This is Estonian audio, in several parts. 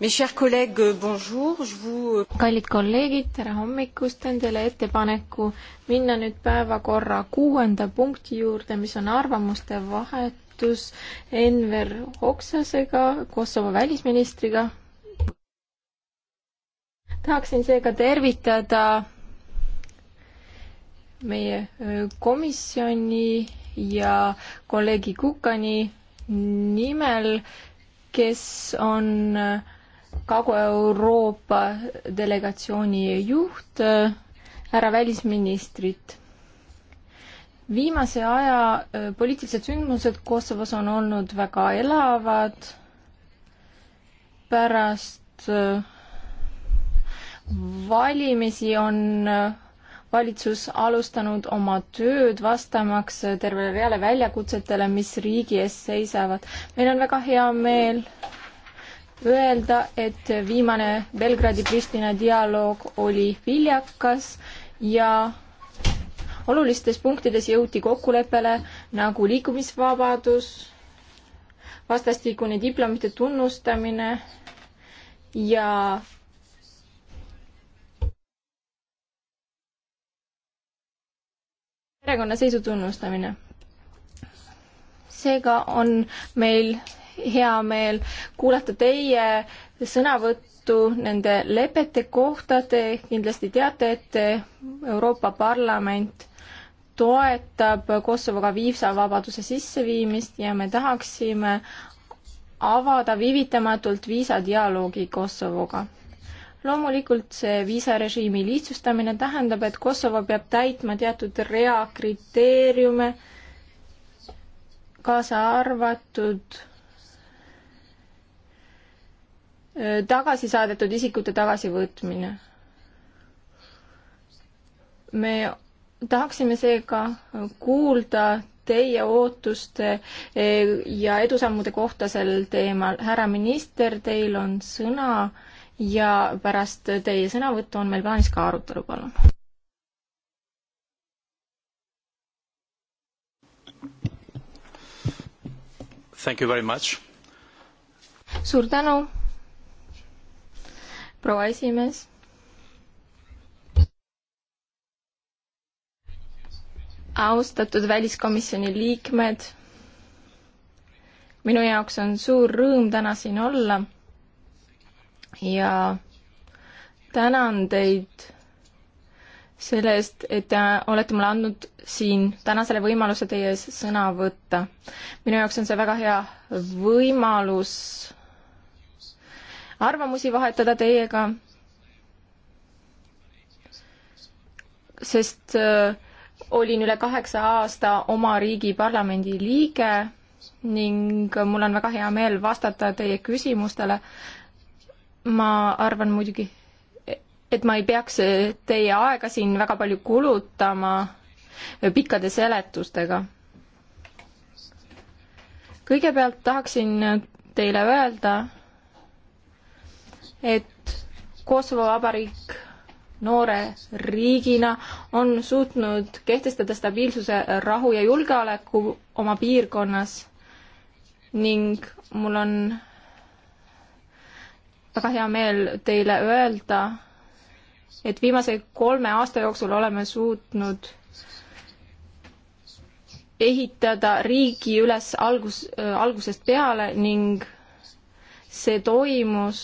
Euh, kallid kolleegid, tere hommikust, teen teile ettepaneku minna nüüd päevakorra kuuenda punkti juurde, mis on arvamuste vahetus Enver Hoksasega, Kosovo välisministriga. tahaksin seega tervitada meie komisjoni ja kolleegi Kukani nimel, kes on äh, Kagu-Euroopa delegatsiooni juht, äh, härra välisministrit. viimase aja äh, poliitilised sündmused Kosovos on olnud väga elavad. pärast äh, valimisi on valitsus alustanud oma tööd vastamaks tervele reale väljakutsetele, mis riigi ees seisavad. meil on väga hea meel öelda, et viimane Belgradi-Pristina dialoog oli viljakas ja olulistes punktides jõuti kokkuleppele nagu liikumisvabadus, vastastikune diplomite tunnustamine ja perekonnaseisu tunnustamine. seega on meil hea meel kuulata teie sõnavõttu nende lepete kohta. Te kindlasti teate, et Euroopa Parlament toetab Kosovoga viisavabaduse sisseviimist ja me tahaksime avada viivitamatult viisadialoogi Kosovoga. loomulikult see viisarežiimi lihtsustamine tähendab, et Kosovo peab täitma teatud rea kriteeriume, kaasa arvatud tagasi saadetud isikute tagasivõtmine. me tahaksime seega kuulda teie ootuste e, ja edusammude kohta sel teemal. härra minister, teil on sõna ja pärast teie sõnavõttu on meil plaanis ka arutelu, palun. suur tänu proua esimees. austatud väliskomisjoni liikmed. minu jaoks on suur rõõm täna siin olla ja tänan teid selle eest, et te olete mulle andnud siin täna selle võimaluse teie ees sõna võtta. minu jaoks on see väga hea võimalus arvamusi vahetada teiega, sest äh, olin üle kaheksa aasta oma riigi parlamendi liige ning mul on väga hea meel vastata teie küsimustele. ma arvan muidugi, et ma ei peaks teie aega siin väga palju kulutama pikkade seletustega. kõigepealt tahaksin teile öelda, et Kosovo Vabariik noore riigina on suutnud kehtestada stabiilsuse, rahu ja julgeoleku oma piirkonnas ning mul on väga hea meel teile öelda, et viimase kolme aasta jooksul oleme suutnud ehitada riigi üles algus äh,, algusest peale ning see toimus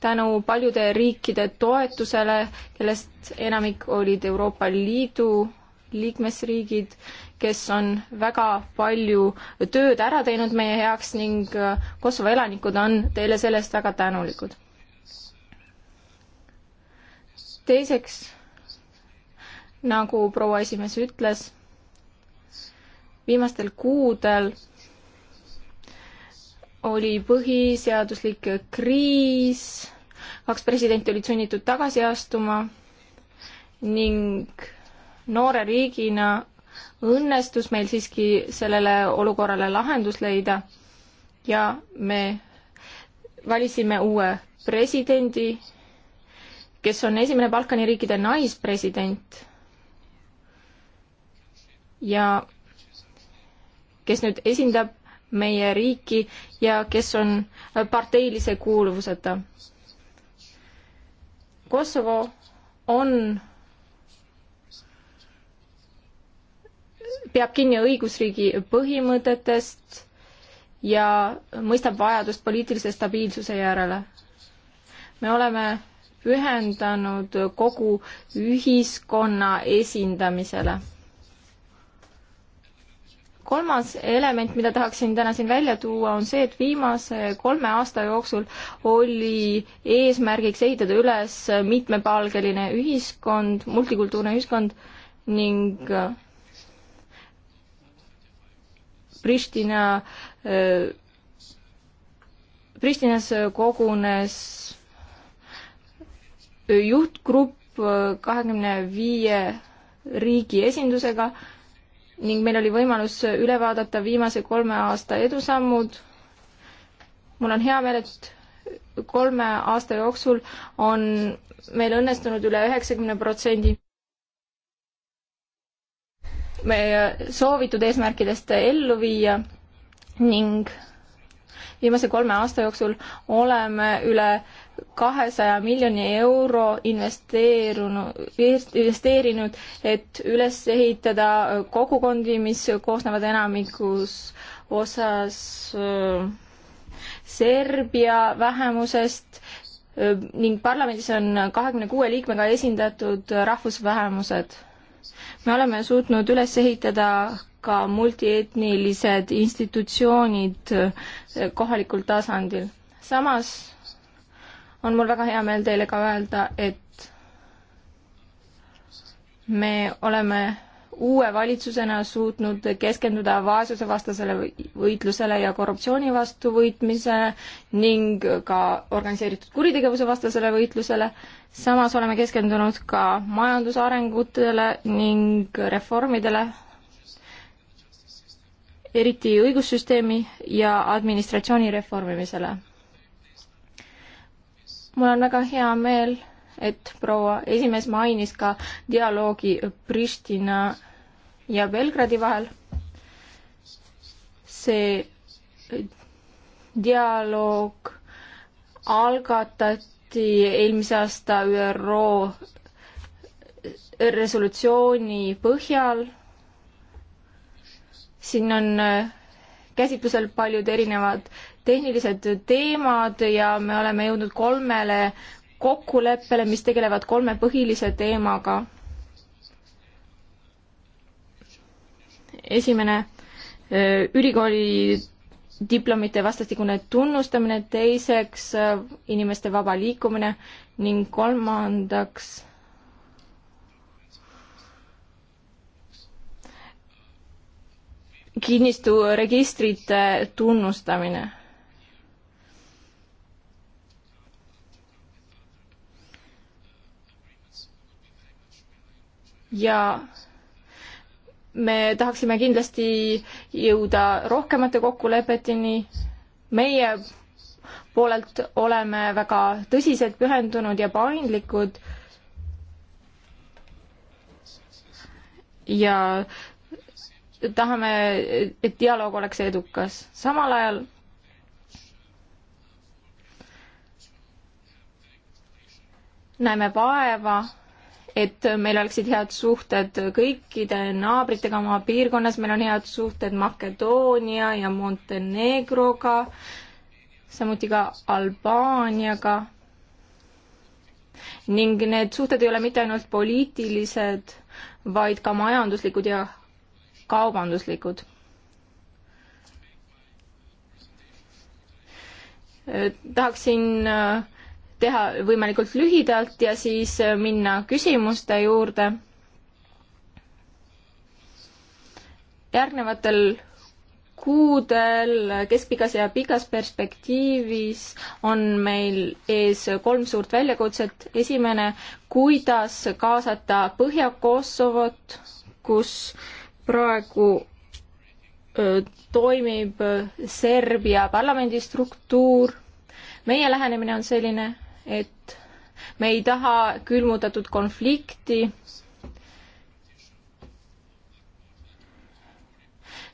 tänu paljude riikide toetusele, kellest enamik olid Euroopa Liidu liikmesriigid, kes on väga palju tööd ära teinud meie heaks ning äh, Kosovo elanikud on teile selle eest väga tänulikud. teiseks, nagu proua esimees ütles, viimastel kuudel oli põhiseaduslik kriis, kaks presidenti olid sunnitud tagasi astuma ning noore riigina õnnestus meil siiski sellele olukorrale lahendus leida ja me valisime uue presidendi, kes on esimene Balkani riikide naispresident ja kes nüüd esindab meie riiki ja kes on parteilise kuuluvuseta. Kosovo on, peab kinni õigusriigi põhimõtetest ja mõistab vajadust poliitilise stabiilsuse järele. me oleme pühendanud kogu ühiskonna esindamisele kolmas element, mida tahaksin täna siin välja tuua, on see, et viimase kolme aasta jooksul oli eesmärgiks ehitada üles mitmepalgeline ühiskond, multikultuurne ühiskond ning äh, Pristina, äh, Pristinas kogunes juhtgrupp kahekümne viie riigi esindusega ning meil oli võimalus üle vaadata viimase kolme aasta edusammud. mul on hea meel, et kolme aasta jooksul on meil õnnestunud üle üheksakümne protsendi meie soovitud eesmärkidest ellu viia ning viimase kolme aasta jooksul oleme üle kahesaja miljoni euro investeerunud, investeerinud, et üles ehitada kogukondi, mis koosnevad enamikus osas äh, Serbia vähemusest äh, ning parlamendis on kahekümne kuue liikmega esindatud rahvusvähemused. me oleme suutnud üles ehitada ka multietnilised institutsioonid äh, kohalikul tasandil. samas on mul väga hea meel teile ka öelda, et me oleme uue valitsusena suutnud keskenduda vaesusevastasele võitlusele ja korruptsiooni vastu võitmisele ning ka organiseeritud kuritegevuse vastasele võitlusele. samas oleme keskendunud ka majandusarengutele ning reformidele, eriti õigussüsteemi ja administratsiooni reformimisele mul on väga hea meel, et proua esimees mainis ka dialoogi Pristina ja Belgradi vahel. see dialoog algatati eelmise aasta ÜRO resolutsiooni põhjal. siin on äh, käsitlusel paljud erinevad tehnilised teemad ja me oleme jõudnud kolmele kokkuleppele, mis tegelevad kolme põhilise teemaga. esimene, ülikooli diplomite vastastikune tunnustamine, teiseks inimeste vaba liikumine ning kolmandaks kinnisturegistrite tunnustamine ja me tahaksime kindlasti jõuda rohkemate kokkulepeteni. meie poolelt oleme väga tõsiselt pühendunud ja paindlikud. ja tahame, et dialoog oleks edukas. samal ajal näeme vaeva et meil oleksid head suhted kõikide naabritega oma piirkonnas, meil on head suhted Makedoonia ja Montenegroga, samuti ka Albaaniaga. ning need suhted ei ole mitte ainult poliitilised, vaid ka majanduslikud ja kaubanduslikud. tahaksin äh, teha võimalikult lühidalt ja siis äh, minna küsimuste juurde. järgnevatel kuudel äh, keskpikas ja pikas perspektiivis on meil ees kolm suurt väljakutset. esimene, kuidas kaasata Põhja-Kosovot, kus praegu öö, äh, toimib Serbia parlamendistruktuur. meie lähenemine on selline, et me ei taha külmutatud konflikti.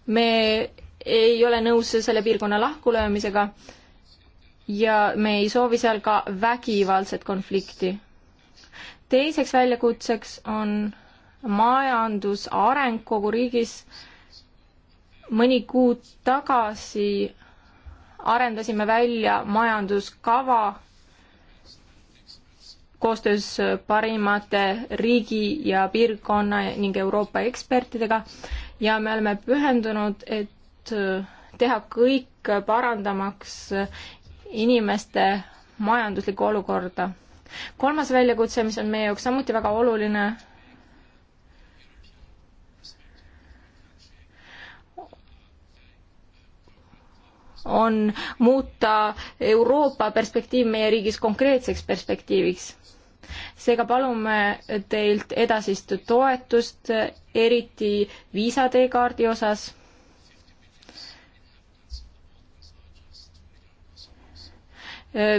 me ei ole nõus selle piirkonna lahkulöömisega ja me ei soovi seal ka vägivaldset konflikti. teiseks väljakutseks on majandusareng kogu riigis. mõni kuu tagasi arendasime välja majanduskava koostöös parimate riigi ja piirkonna ning Euroopa ekspertidega ja me oleme pühendunud, et äh, teha kõik parandamaks äh, inimeste majanduslikku olukorda. kolmas väljakutse, mis on meie jaoks samuti väga oluline, on muuta Euroopa perspektiiv meie riigis konkreetseks perspektiiviks. seega palume teilt edasist toetust, eriti viisa teekaardi osas.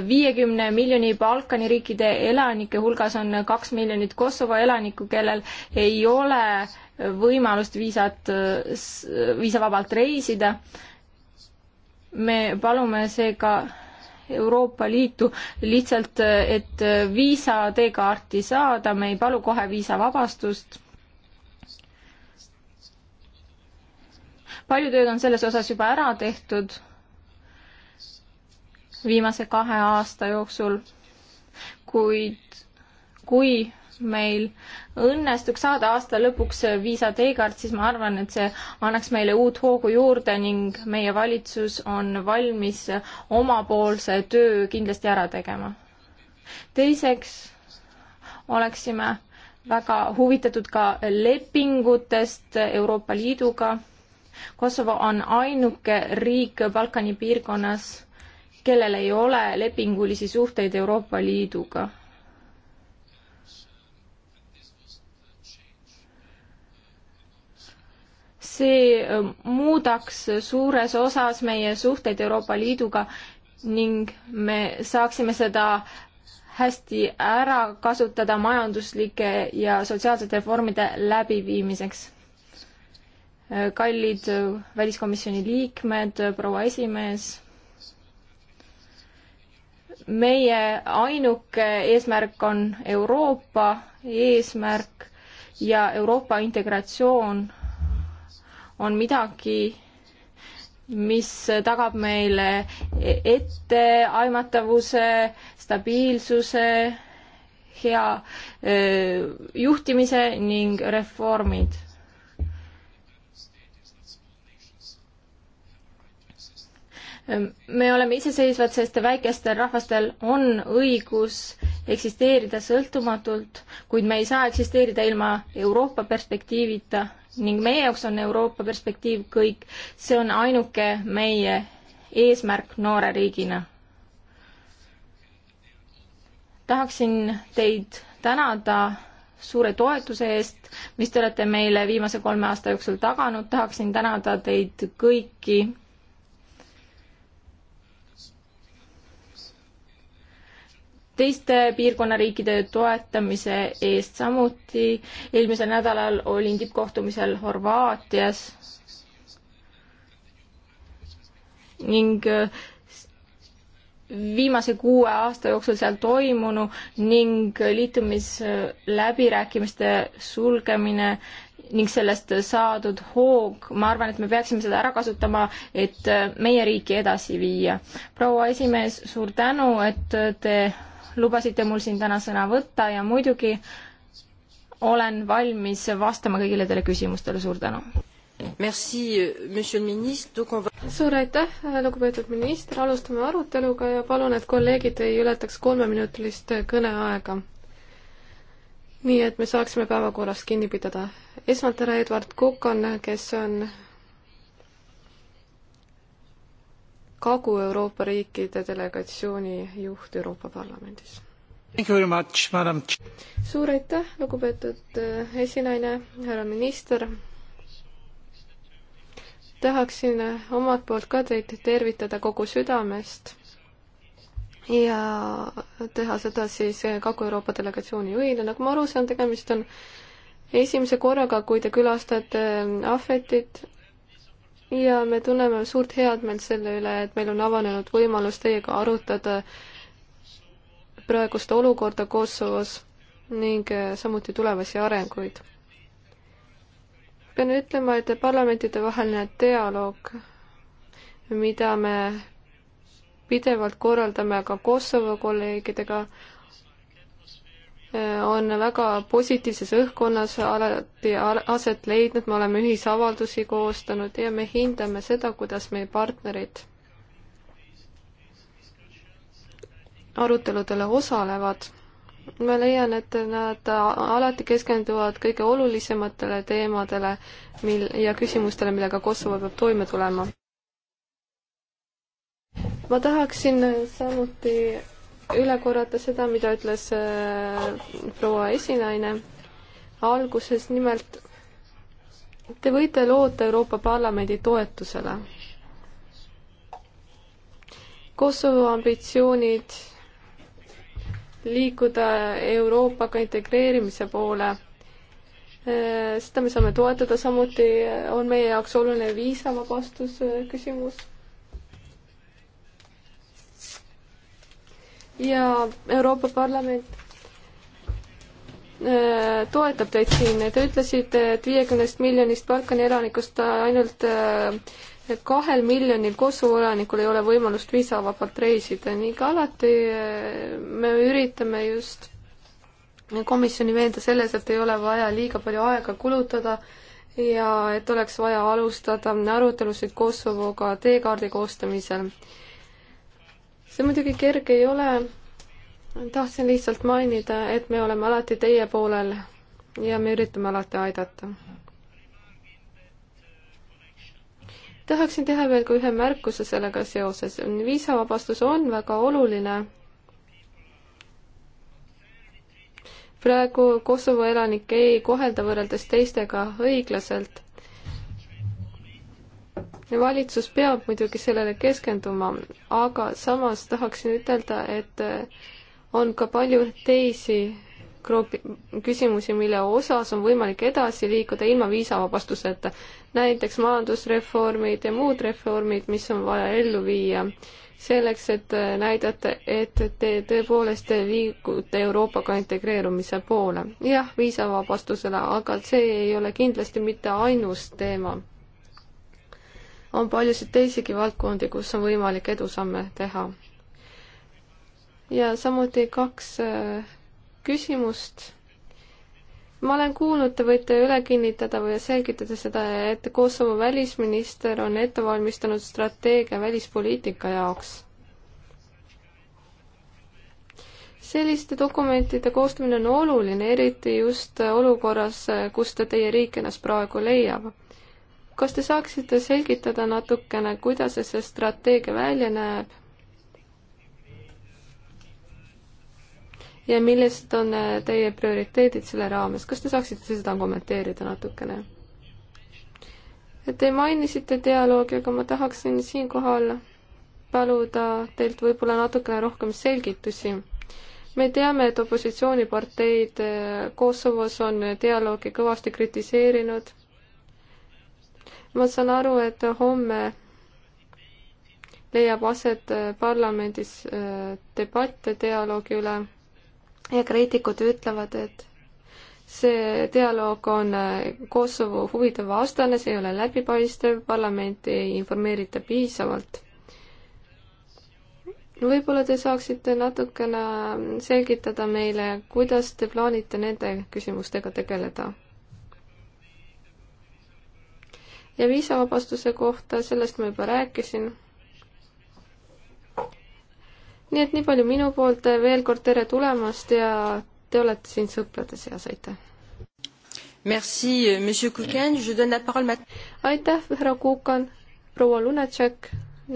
viiekümne miljoni Balkani riikide elanike hulgas on kaks miljonit Kosovo elanikku, kellel ei ole võimalust viisat, viisavabalt reisida me palume seega Euroopa Liitu lihtsalt, et viisa teekaarti saada, me ei palu kohe viisavabastust. palju tööd on selles osas juba ära tehtud viimase kahe aasta jooksul, kuid kui meil õnnestuks saada aasta lõpuks viisa teekaart, siis ma arvan, et see annaks meile uut hoogu juurde ning meie valitsus on valmis omapoolse töö kindlasti ära tegema. teiseks oleksime väga huvitatud ka lepingutest Euroopa Liiduga. Kosovo on ainuke riik Balkani piirkonnas, kellel ei ole lepingulisi suhteid Euroopa Liiduga see äh, muudaks suures osas meie suhteid Euroopa Liiduga ning me saaksime seda hästi ära kasutada majanduslike ja sotsiaalsete reformide läbiviimiseks. Äh, kallid äh, väliskomisjoni liikmed, proua esimees meie ainuke eesmärk on Euroopa eesmärk ja Euroopa integratsioon on midagi, mis tagab meile etteaimatavuse, stabiilsuse, hea juhtimise ning reformid. me oleme iseseisvad, sest väikestel rahvastel on õigus eksisteerida sõltumatult, kuid me ei saa eksisteerida ilma Euroopa perspektiivita ning meie jaoks on Euroopa perspektiiv kõik, see on ainuke meie eesmärk noore riigina. tahaksin teid tänada suure toetuse eest, mis te olete meile viimase kolme aasta jooksul taganud, tahaksin tänada teid kõiki teiste piirkonna riikide toetamise eest samuti. eelmisel nädalal olin tippkohtumisel Horvaatias ning äh, viimase kuue aasta jooksul seal toimunu ning liitumisläbirääkimiste sulgemine ning sellest saadud hoog, ma arvan, et me peaksime seda ära kasutama, et äh, meie riiki edasi viia. proua esimees, suur tänu, et te lubasite mul siin täna sõna võtta ja muidugi olen valmis vastama kõigile teile küsimustele, suur tänu! Euh, suur aitäh, lugupeetud minister, alustame aruteluga ja palun, et kolleegid ei ületaks kolmeminutilist kõneaega. nii et me saaksime päevakorrast kinni pidada. esmalt härra Edward Kukon, kes on Kagu-Euroopa riikide delegatsiooni juht Euroopa Parlamendis. suur aitäh, lugupeetud äh, esinaine, härra minister. tahaksin äh, omalt poolt ka teid tervitada kogu südamest ja teha seda siis äh, Kagu-Euroopa delegatsiooni juhina, nagu ma aru saan, tegemist on esimese korraga, kui te külastate Ahvetit ja me tunneme suurt headmeelt selle üle, et meil on avanenud võimalus teiega arutada praegust olukorda Kosovos ning eh, samuti tulevasi arenguid. pean ütlema, et parlamentidevaheline dialoog, mida me pidevalt korraldame ka Kosovo kolleegidega, on väga positiivses õhkkonnas alati aset leidnud, me oleme ühisavaldusi koostanud ja me hindame seda, kuidas meie partnerid aruteludele osalevad. ma leian, et nad alati keskenduvad kõige olulisematele teemadele, mil- ja küsimustele, millega Kosovo peab toime tulema. ma tahaksin samuti üle korrata seda, mida ütles äh, proua esinaine alguses, nimelt te võite loota Euroopa Parlamendi toetusele. Kosovo ambitsioonid liikuda Euroopaga integreerimise poole, äh, seda me saame toetada, samuti on meie jaoks oluline viisavabastus äh, küsimus ja Euroopa Parlament äh, toetab teid siin, te ütlesite, et viiekümnest miljonist Balkani elanikust ainult äh, kahel miljonil Kosovo elanikul ei ole võimalust viisavabalt reisida ning alati äh, me üritame just komisjoni veenda selles, et ei ole vaja liiga palju aega kulutada ja et oleks vaja alustada arutelusid Kosovoga teekaardi koostamisel see muidugi kerge ei ole. tahtsin lihtsalt mainida, et me oleme alati teie poolel ja me üritame alati aidata. tahaksin teha veel ka ühe märkuse sellega seoses. viisavabastus on väga oluline. praegu Kosovo elanikke ei kohelda võrreldes teistega õiglaselt valitsus peab muidugi sellele keskenduma, aga samas tahaksin ütelda, et eh, on ka palju teisi grupi, küsimusi, mille osas on võimalik edasi liikuda ilma viisavabastuseta. näiteks majandusreformid ja muud reformid, mis on vaja ellu viia selleks, et eh, näidata, et te tõepoolest liigute Euroopaga integreerumise poole. jah, viisavabastusele, aga see ei ole kindlasti mitte ainus teema on paljusid teisigi valdkondi, kus on võimalik edusamme teha. ja samuti kaks äh, küsimust. ma olen kuulnud, te võite üle kinnitada või selgitada seda, et Kosovo välisminister on ette valmistanud strateegia välispoliitika jaoks. selliste dokumentide koostamine on oluline, eriti just olukorras, kus ta teie riik ennast praegu leiab kas te saaksite selgitada natukene, kuidas see strateegia välja näeb? ja millised on äh, teie prioriteedid selle raames, kas te saaksite seda kommenteerida natukene? Te mainisite dialoogi, aga ma tahaksin siinkohal paluda teilt võib-olla natukene rohkem selgitusi me teame, et opositsiooniparteid äh, Kosovos on dialoogi kõvasti kritiseerinud ma saan aru, et homme leiab aset äh, parlamendis äh, debatt dialoogi üle ja kriitikud ütlevad, et see dialoog on äh, Kosovo huvide vastane, see ei ole läbipaistev, parlamenti ei informeerita piisavalt. võib-olla te saaksite natukene selgitada meile, kuidas te plaanite nende küsimustega tegeleda? ja viisavabastuse kohta, sellest ma juba rääkisin. nii et nii palju minu poolt, veel kord tere tulemast ja te olete siin sõprade seas, aitäh! Merci, euh, monsieur Kukan, je donne la parole mat-. aitäh, härra Kukan, proua Lunatšek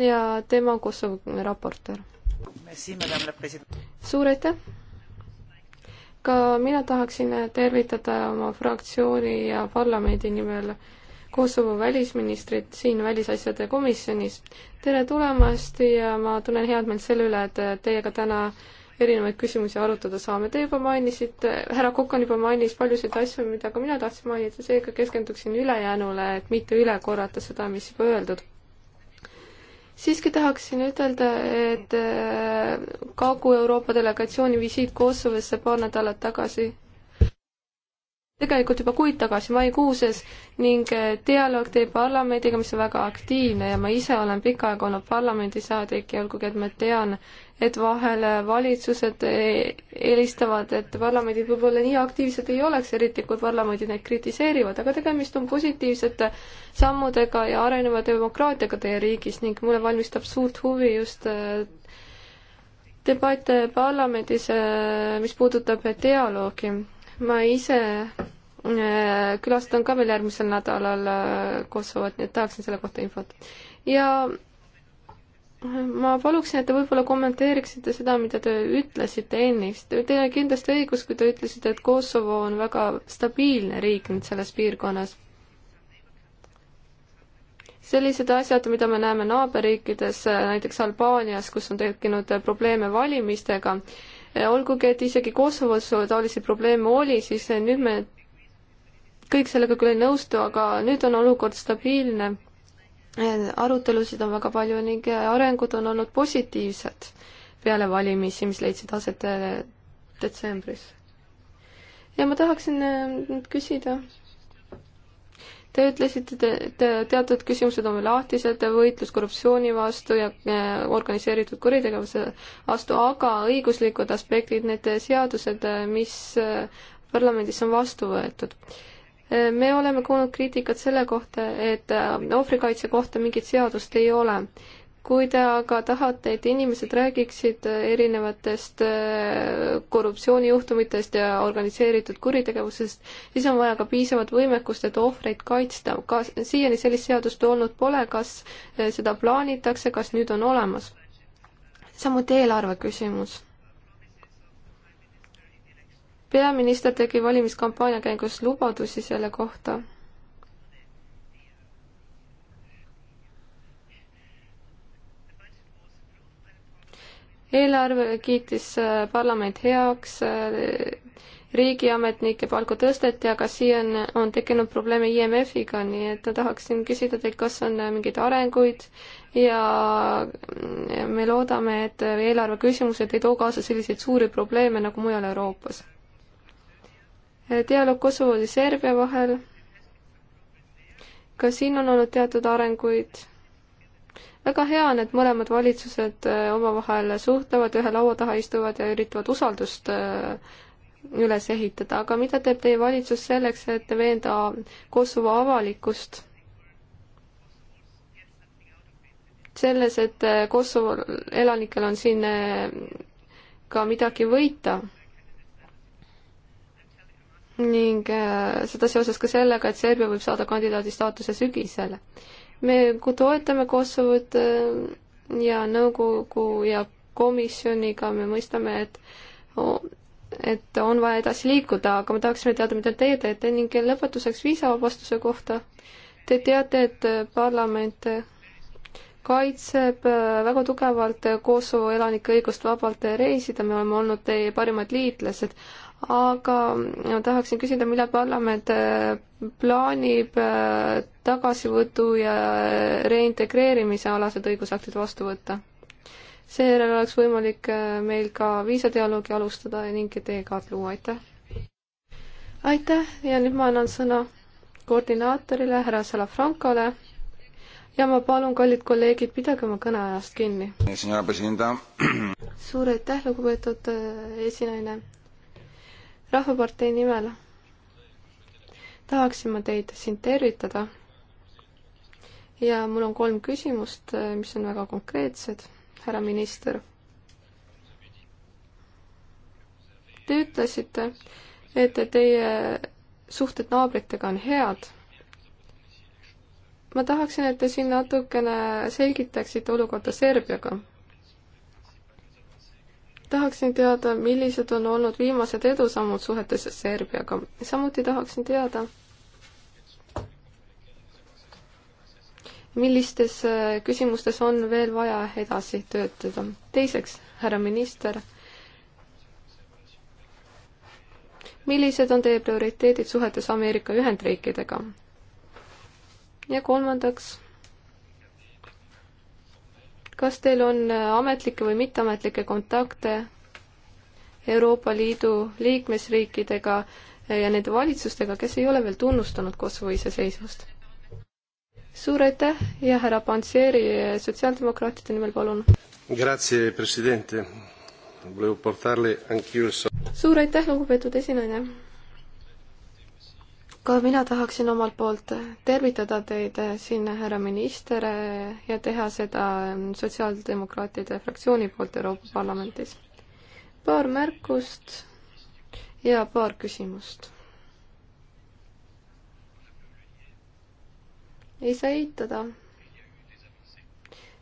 ja tema Kosovo raportöör. suur aitäh! ka mina tahaksin tervitada oma fraktsiooni ja parlamendi nimel äh, Kosovo välisministrit siin Välisasjade komisjonis. tere tulemast ja ma tunnen head meelt selle üle, et teiega täna erinevaid küsimusi arutada saame. Te juba mainisite, härra Kokon juba mainis paljusid asju, mida ka mina tahtsin mainida, seega keskenduksin ülejäänule, et mitte üle korrata seda, mis juba öeldud. siiski tahaksin ütelda, et äh, Kagu-Euroopa delegatsiooni visiit Kosovosse paar nädalat tagasi tegelikult juba kuid tagasi maikuuses ning eh, dialoog teie parlamendiga, mis on väga aktiivne ja ma ise olen pikka aega olnud parlamendisaadik ja olgugi, et ma tean, et vahel eh, valitsused eh, eelistavad, et parlamendid võib-olla nii aktiivsed ei oleks, eriti kui parlamendid neid kritiseerivad, aga tegemist on positiivsete sammudega ja areneva demokraatiaga teie riigis ning mulle valmistab suurt huvi just debatt parlamendis, mis puudutab dialoogi ma ise Äh, külastan ka veel järgmisel nädalal äh, Kosovot, nii et tahaksin selle kohta infot. ja äh, ma paluksin, et te võib-olla kommenteeriksite seda, mida te ütlesite ennist. Teil on kindlasti õigus, kui te ütlesite, et Kosovo on väga stabiilne riik nüüd selles piirkonnas. sellised asjad, mida me näeme naaberriikides, näiteks Albaanias, kus on tekkinud probleeme valimistega, olgugi, et isegi Kosovos taolisi probleeme oli, siis nüüd me kõik sellega küll ei nõustu, aga nüüd on olukord stabiilne. arutelusid on väga palju ning arengud on olnud positiivsed peale valimisi, mis leidsid aset äh, detsembris. ja ma tahaksin nüüd äh, küsida. Te ütlesite, et teatud küsimused on veel lahtised, võitlus korruptsiooni vastu ja äh, organiseeritud kuritegevuse vastu, aga õiguslikud aspektid, need seadused, mis parlamendis on vastu võetud me oleme kuulnud kriitikat selle kohta, et äh, ohvrikaitse kohta mingit seadust ei ole. kui te aga tahate, et inimesed räägiksid äh, erinevatest äh, korruptsioonijuhtumitest ja organiseeritud kuritegevusest, siis on vaja ka piisavat võimekust, et ohvreid kaitsta. kas siiani sellist seadust olnud pole, kas seda plaanitakse, kas nüüd on olemas? samuti eelarve küsimus peaminister tegi valimiskampaania käigus lubadusi selle kohta. eelarve kiitis äh, parlament heaks, äh, riigiametnike palku tõsteti, aga siiani on tekkinud probleeme IMF-iga, nii et tahaksin küsida teilt, kas on äh, mingeid arenguid ja mm, me loodame, et eelarve küsimused ei too kaasa selliseid suuri probleeme nagu mujal Euroopas dialoog Kosovo ja Serbia vahel. ka siin on olnud teatud arenguid. väga hea on, et mõlemad valitsused äh, omavahel suhtlevad, ühe laua taha istuvad ja üritavad usaldust äh, üles ehitada, aga mida teeb teie valitsus selleks, et veenda Kosovo avalikkust selles, et äh, Kosovo elanikel on siin ka midagi võita? ning äh, seda seoses ka sellega, et Serbia võib saada kandidaadi staatuse sügisel. me toetame Kosovot äh, ja nõukogu ja komisjoniga me mõistame, et et on vaja edasi liikuda, aga me tahaksime teada, mida teie teete ning lõpetuseks viisavabastuse kohta. Te teate, et parlament kaitseb äh, väga tugevalt Kosovo elanike õigust vabalt reisida, me oleme olnud teie parimad liitlased, aga ma tahaksin küsida, millal parlament äh, plaanib äh, tagasivõtu ja reintegreerimise alased õigusaktid vastu võtta. seejärel oleks võimalik äh, meil ka viisadialoogi alustada ning teekaart luua, aitäh! aitäh ja nüüd ma annan sõna koordinaatorile härra Salafrancole ja ma palun, kallid kolleegid, pidage oma kõneajast kinni. suur aitäh, lugupeetud esinaine rahvapartei nimel tahaksin ma teid siin tervitada. ja mul on kolm küsimust, eh, mis on väga konkreetsed, härra minister. Te ütlesite, et teie suhted naabritega on head. ma tahaksin, et te siin natukene selgitaksite olukorda Serbiaga tahaksin teada, millised on olnud viimased edusammud suhetes Serbiaga. samuti tahaksin teada, millistes äh, küsimustes on veel vaja edasi töötada. teiseks, härra minister, millised on teie prioriteedid suhetes Ameerika Ühendriikidega? ja kolmandaks kas teil on äh, ametlikke või mitteametlikke kontakte Euroopa Liidu liikmesriikidega äh, ja nende valitsustega, kes ei ole veel tunnustanud Kosovo iseseisvust? suur aitäh ja härra Pansieri äh, sotsiaaldemokraatide nimel, palun. suur aitäh, lugupeetud esinaine ka mina tahaksin omalt poolt tervitada teid siin, härra minister, ja teha seda Sotsiaaldemokraatide fraktsiooni poolt Euroopa Parlamendis. paar märkust ja paar küsimust. ei saa eitada,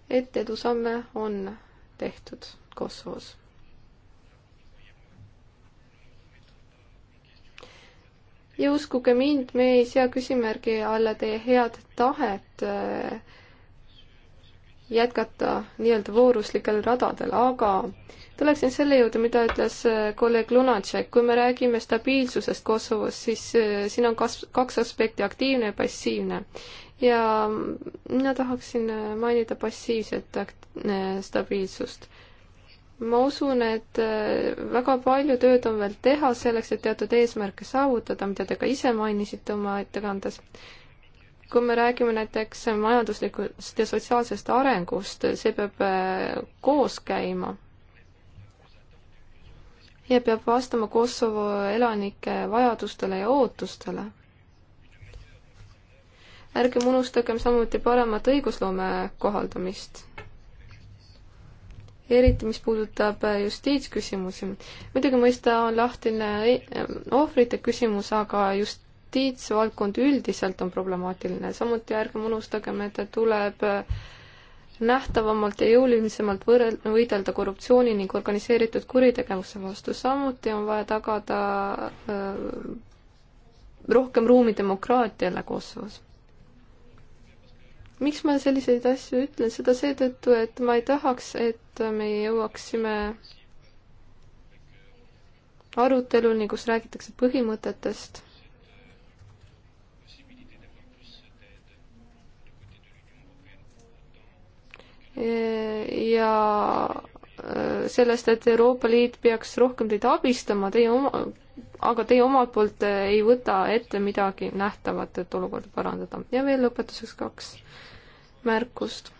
et edusamme on tehtud Kosovos ja uskuge mind, me ei sea küsimärgi alla teie head tahet äh, jätkata nii-öelda vooruslikel radadel, aga tuleksin selle juurde, mida ütles äh, kolleeg Lunatšek, kui me räägime stabiilsusest Kosovos, siis äh, siin on kas-, kaks aspekti, aktiivne ja passiivne. ja mina tahaksin mainida passiivset akt-, stabiilsust ma usun, et äh, väga palju tööd on veel teha selleks, et teatud eesmärke saavutada, mida te ka ise mainisite oma ettekandes. kui me räägime näiteks majanduslikust ja sotsiaalsest arengust, see peab äh, koos käima. ja peab vastama Kosovo elanike vajadustele ja ootustele. ärgem unustagem samuti paremat õigusloome kohaldamist eriti mis puudutab äh, justiitsküsimusi. muidugi mõista on lahtine äh, ohvrite küsimus, aga justiitsvaldkond üldiselt on problemaatiline, samuti ärgem unustagem, et tuleb äh, nähtavamalt ja jõulisemalt võrrel-, võidelda korruptsiooni ning organiseeritud kuritegevuse vastu, samuti on vaja tagada öö, rohkem ruumi demokraatiale Kosovos miks ma selliseid asju ütlen, seda seetõttu, et ma ei tahaks, et me jõuaksime aruteluni, kus räägitakse põhimõtetest. ja äh, sellest, et Euroopa Liit peaks rohkem teid abistama, teie oma, aga teie omalt poolt äh, ei võta ette midagi nähtavat, et olukorda parandada. ja veel lõpetuseks kaks märkust.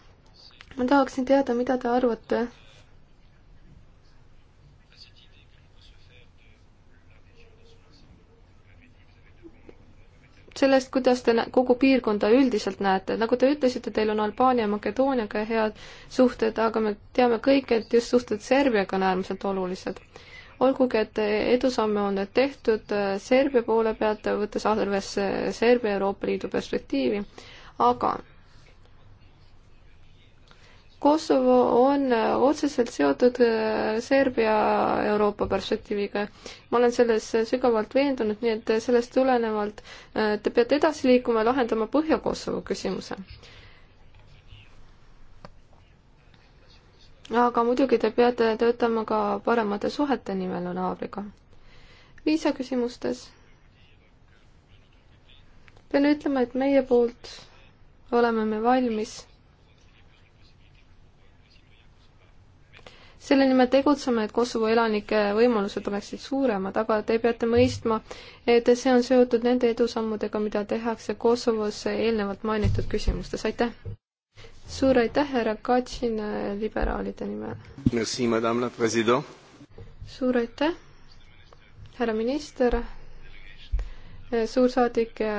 ma tahaksin teada, mida te arvate sellest, kuidas te kogu piirkonda üldiselt näete, nagu te ütlesite, teil on Albaania ja Makedooniaga head suhted, aga me teame kõik, et just suhted Serbiaga on äärmiselt olulised. olgugi, et edusamme on tehtud äh, Serbia poole pealt, võttes arvesse Serbia Euroopa Liidu perspektiivi, aga Kosovo on äh, otseselt seotud äh, Serbia Euroopa perspektiiviga. ma olen selles äh, sügavalt veendunud, nii et sellest tulenevalt te peate edasi liikuma ja lahendama Põhja-Kosovo küsimuse. aga muidugi te peate töötama ka paremate suhete nimel naabriga. viisaküsimustes pean ütlema, et meie poolt oleme me valmis selle nimel tegutseme, et Kosovo elanike võimalused oleksid suuremad, aga te peate mõistma, et see on seotud nende edusammudega, mida tehakse Kosovos eelnevalt mainitud küsimustes, aitäh! suur aitäh, härra Katsin äh, liberaalide nimel! suur aitäh, härra minister, äh, suursaadik ja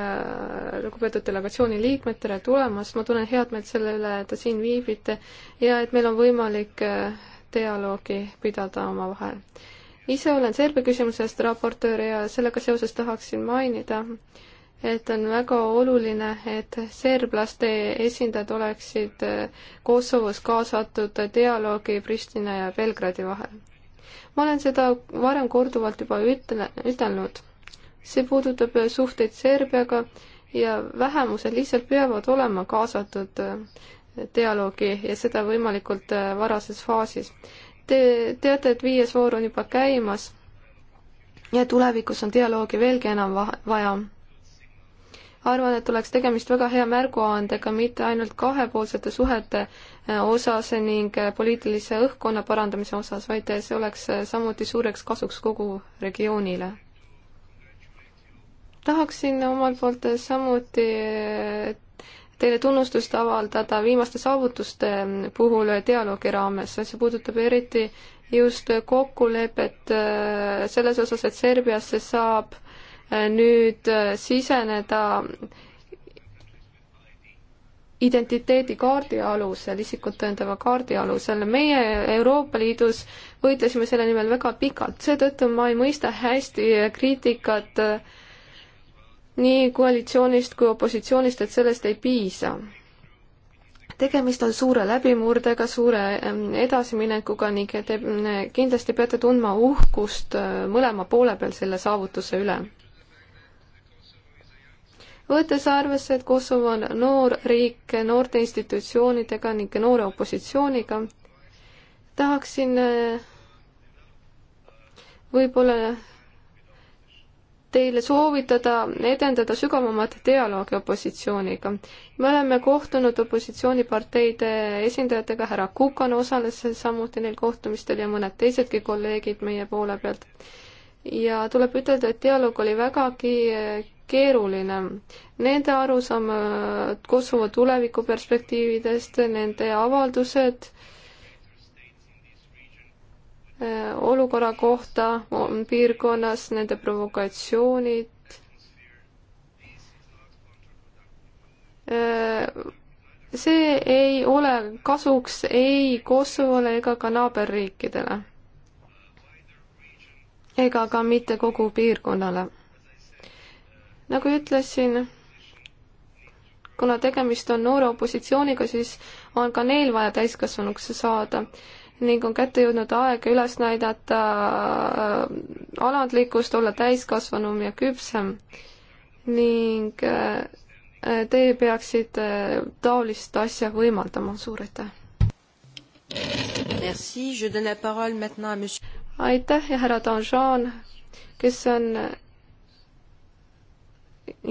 lugupeetud delegatsiooni liikmed, tere tulemast, ma tunnen head meelt selle üle, et te siin viibite ja et meil on võimalik äh, dialoogi pidada omavahel. ise olen Serbia küsimusest raportöör ja sellega seoses tahaksin mainida, et on väga oluline, et serblaste esindajad oleksid Kosovos kaasatud dialoogi Pristina ja Belgradi vahel. ma olen seda varem korduvalt juba ütle, ütelnud. see puudutab suhteid Serbiaga ja vähemused lihtsalt peavad olema kaasatud dialoogi ja seda võimalikult äh, varases faasis. Te teate, et viies voor on juba käimas ja tulevikus on dialoogi veelgi enam vaja. arvan, et oleks tegemist väga hea märguandega mitte ainult kahepoolsete suhete äh, osas ning äh, poliitilise õhkkonna parandamise osas, vaid see oleks samuti suureks kasuks kogu regioonile. tahaksin omalt poolt samuti teile tunnustust avaldada viimaste saavutuste puhul dialoogi raames, see puudutab eriti just kokkulepet äh, selles osas, et Serbiasse saab äh, nüüd äh, siseneda identiteedikaardi alusel, isikut tõendava kaardi alusel. meie Euroopa Liidus võitlesime selle nimel väga pikalt, seetõttu ma ei mõista hästi kriitikat äh, nii koalitsioonist kui opositsioonist, et sellest ei piisa. tegemist on suure läbimurdega, suure edasiminekuga ning te kindlasti peate tundma uhkust äh, mõlema poole peal selle saavutuse üle. võttes arvesse, et Kosovo on noor riik noorte institutsioonidega ning noore opositsiooniga, tahaksin äh, võib-olla teile soovitada edendada sügavamat dialoogi opositsiooniga. me oleme kohtunud opositsiooniparteide esindajatega, härra Kukan osales samuti neil kohtumistel ja mõned teisedki kolleegid meie poole pealt. ja tuleb ütelda, et dialoog oli vägagi eh, keeruline. Nende arusaam Kosovo tulevikuperspektiividest, nende avaldused äh, olukorra kohta piirkonnas, nende provokatsioonid. see ei ole kasuks ei Kosovole ega ka naaberriikidele ega ka mitte kogu piirkonnale. nagu ütlesin, kuna tegemist on noore opositsiooniga, siis on ka neil vaja täiskasvanuks saada ning on kätte jõudnud aeg üles näidata äh, alandlikkust, olla täiskasvanum ja küpsem. ning äh, teie peaksite äh, taolist asja võimaldama, suur aitäh! aitäh ja härra Danjean, kes on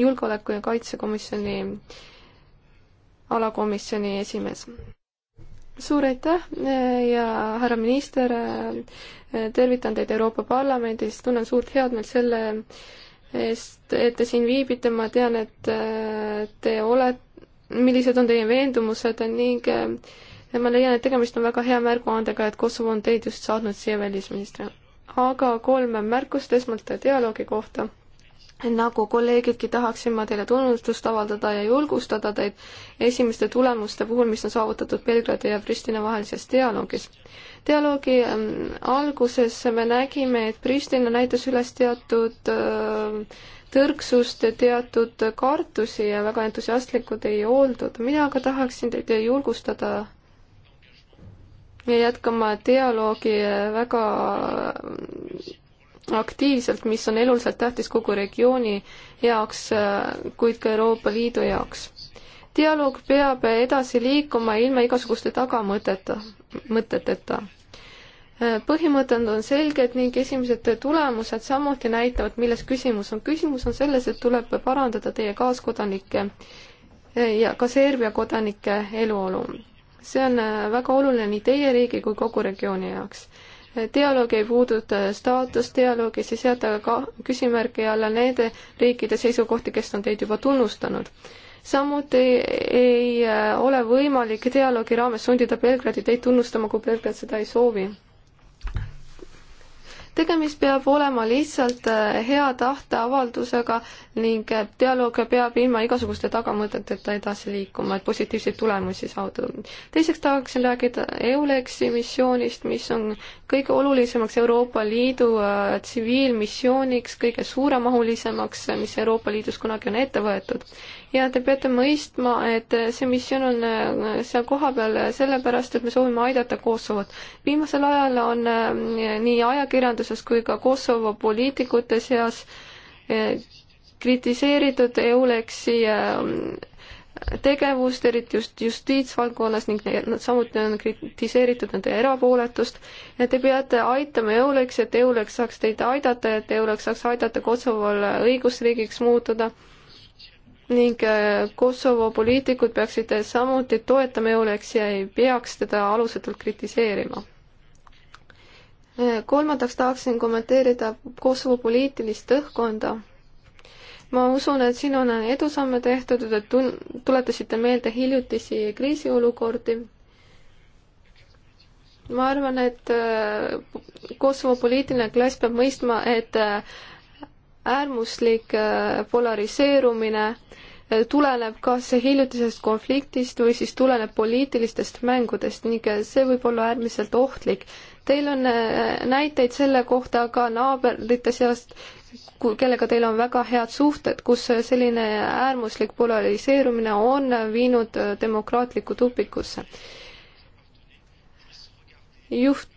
julgeoleku- ja kaitsekomisjoni alakomisjoni esimees suur aitäh eh, ja härra minister, eh, tervitan teid Euroopa Parlamendis, tunnen suurt headmeelt selle eest, et te siin viibite, ma tean, et eh, te olete, millised on teie veendumused ning ma leian, et tegemist on väga hea märguandega, et Kosovo on teid just saatnud siia välisministrina. aga kolm märkust esmalt dialoogi kohta nagu kolleegidki tahaksin ma teile tunnustust avaldada ja julgustada teid esimeste tulemuste puhul, mis on saavutatud Belgradi ja Pristina vahelises dialoogis. dialoogi ähm, alguses me nägime, et Pristina näitas üles teatud äh, tõrksust ja teatud kartusi ja väga entusiastlikud ei oldud. mina aga tahaksin teid julgustada ja jätkama dialoogi väga aktiivselt, mis on eluliselt tähtis kogu regiooni jaoks, kuid ka Euroopa Liidu jaoks. dialoog peab edasi liikuma ilma igasuguste tagamõteta, mõteteta. põhimõtted on selged ning esimesed tulemused samuti näitavad, milles küsimus on. küsimus on selles, et tuleb parandada teie kaaskodanike ja ka Serbia kodanike eluolu. see on väga oluline nii teie riigi kui kogu regiooni jaoks dialoog ei puuduta staatust, dialoogi, siis jääda ka küsimärgi alla nende riikide seisukohti, kes on teid juba tunnustanud. samuti ei äh, ole võimalik dialoogi raames sundida Belgradi teid tunnustama, kui Belgrad seda ei soovi tegemist peab olema lihtsalt äh, hea tahteavaldusega ning äh, dialoog peab ilma igasuguste tagamõteteta edasi liikuma, et positiivseid tulemusi saavutada. teiseks tahaksin rääkida EULEX-i missioonist, mis on kõige olulisemaks Euroopa Liidu äh, tsiviilmissiooniks, kõige suuremahulisemaks, mis Euroopa Liidus kunagi on ette võetud ja te peate mõistma, et see missioon on äh, seal kohapeal sellepärast, et me soovime aidata Kosovot. viimasel ajal on äh, nii ajakirjanduses kui ka Kosovo poliitikute seas äh, kritiseeritud EULEX-i tegevust, eriti just justiitsvaldkonnas ning samuti on kritiseeritud nende erapooletust. ja te peate aitama EULEX, et EULEX saaks teid aidata, et EULEX saaks aidata Kosovol õigusriigiks muutuda ning äh, Kosovo poliitikud peaksid samuti toetama Euleksi ja ei peaks teda alusetult kritiseerima. Äh, kolmandaks tahaksin kommenteerida Kosovo poliitilist õhkkonda. ma usun, et siin on edusamme tehtud, te tuletasite meelde hiljutisi kriisiolukordi. ma arvan, et äh, Kosovo poliitiline klass peab mõistma, et äärmuslik äh, polariseerumine äh, tuleneb kas hiljutisest konfliktist või siis tuleneb poliitilistest mängudest ning äh, see võib olla äärmiselt ohtlik. Teil on näiteid selle kohta ka naaberite seast, kellega teil on väga head suhted, kus selline äärmuslik polariseerumine on viinud demokraatlikku tupikusse. juht,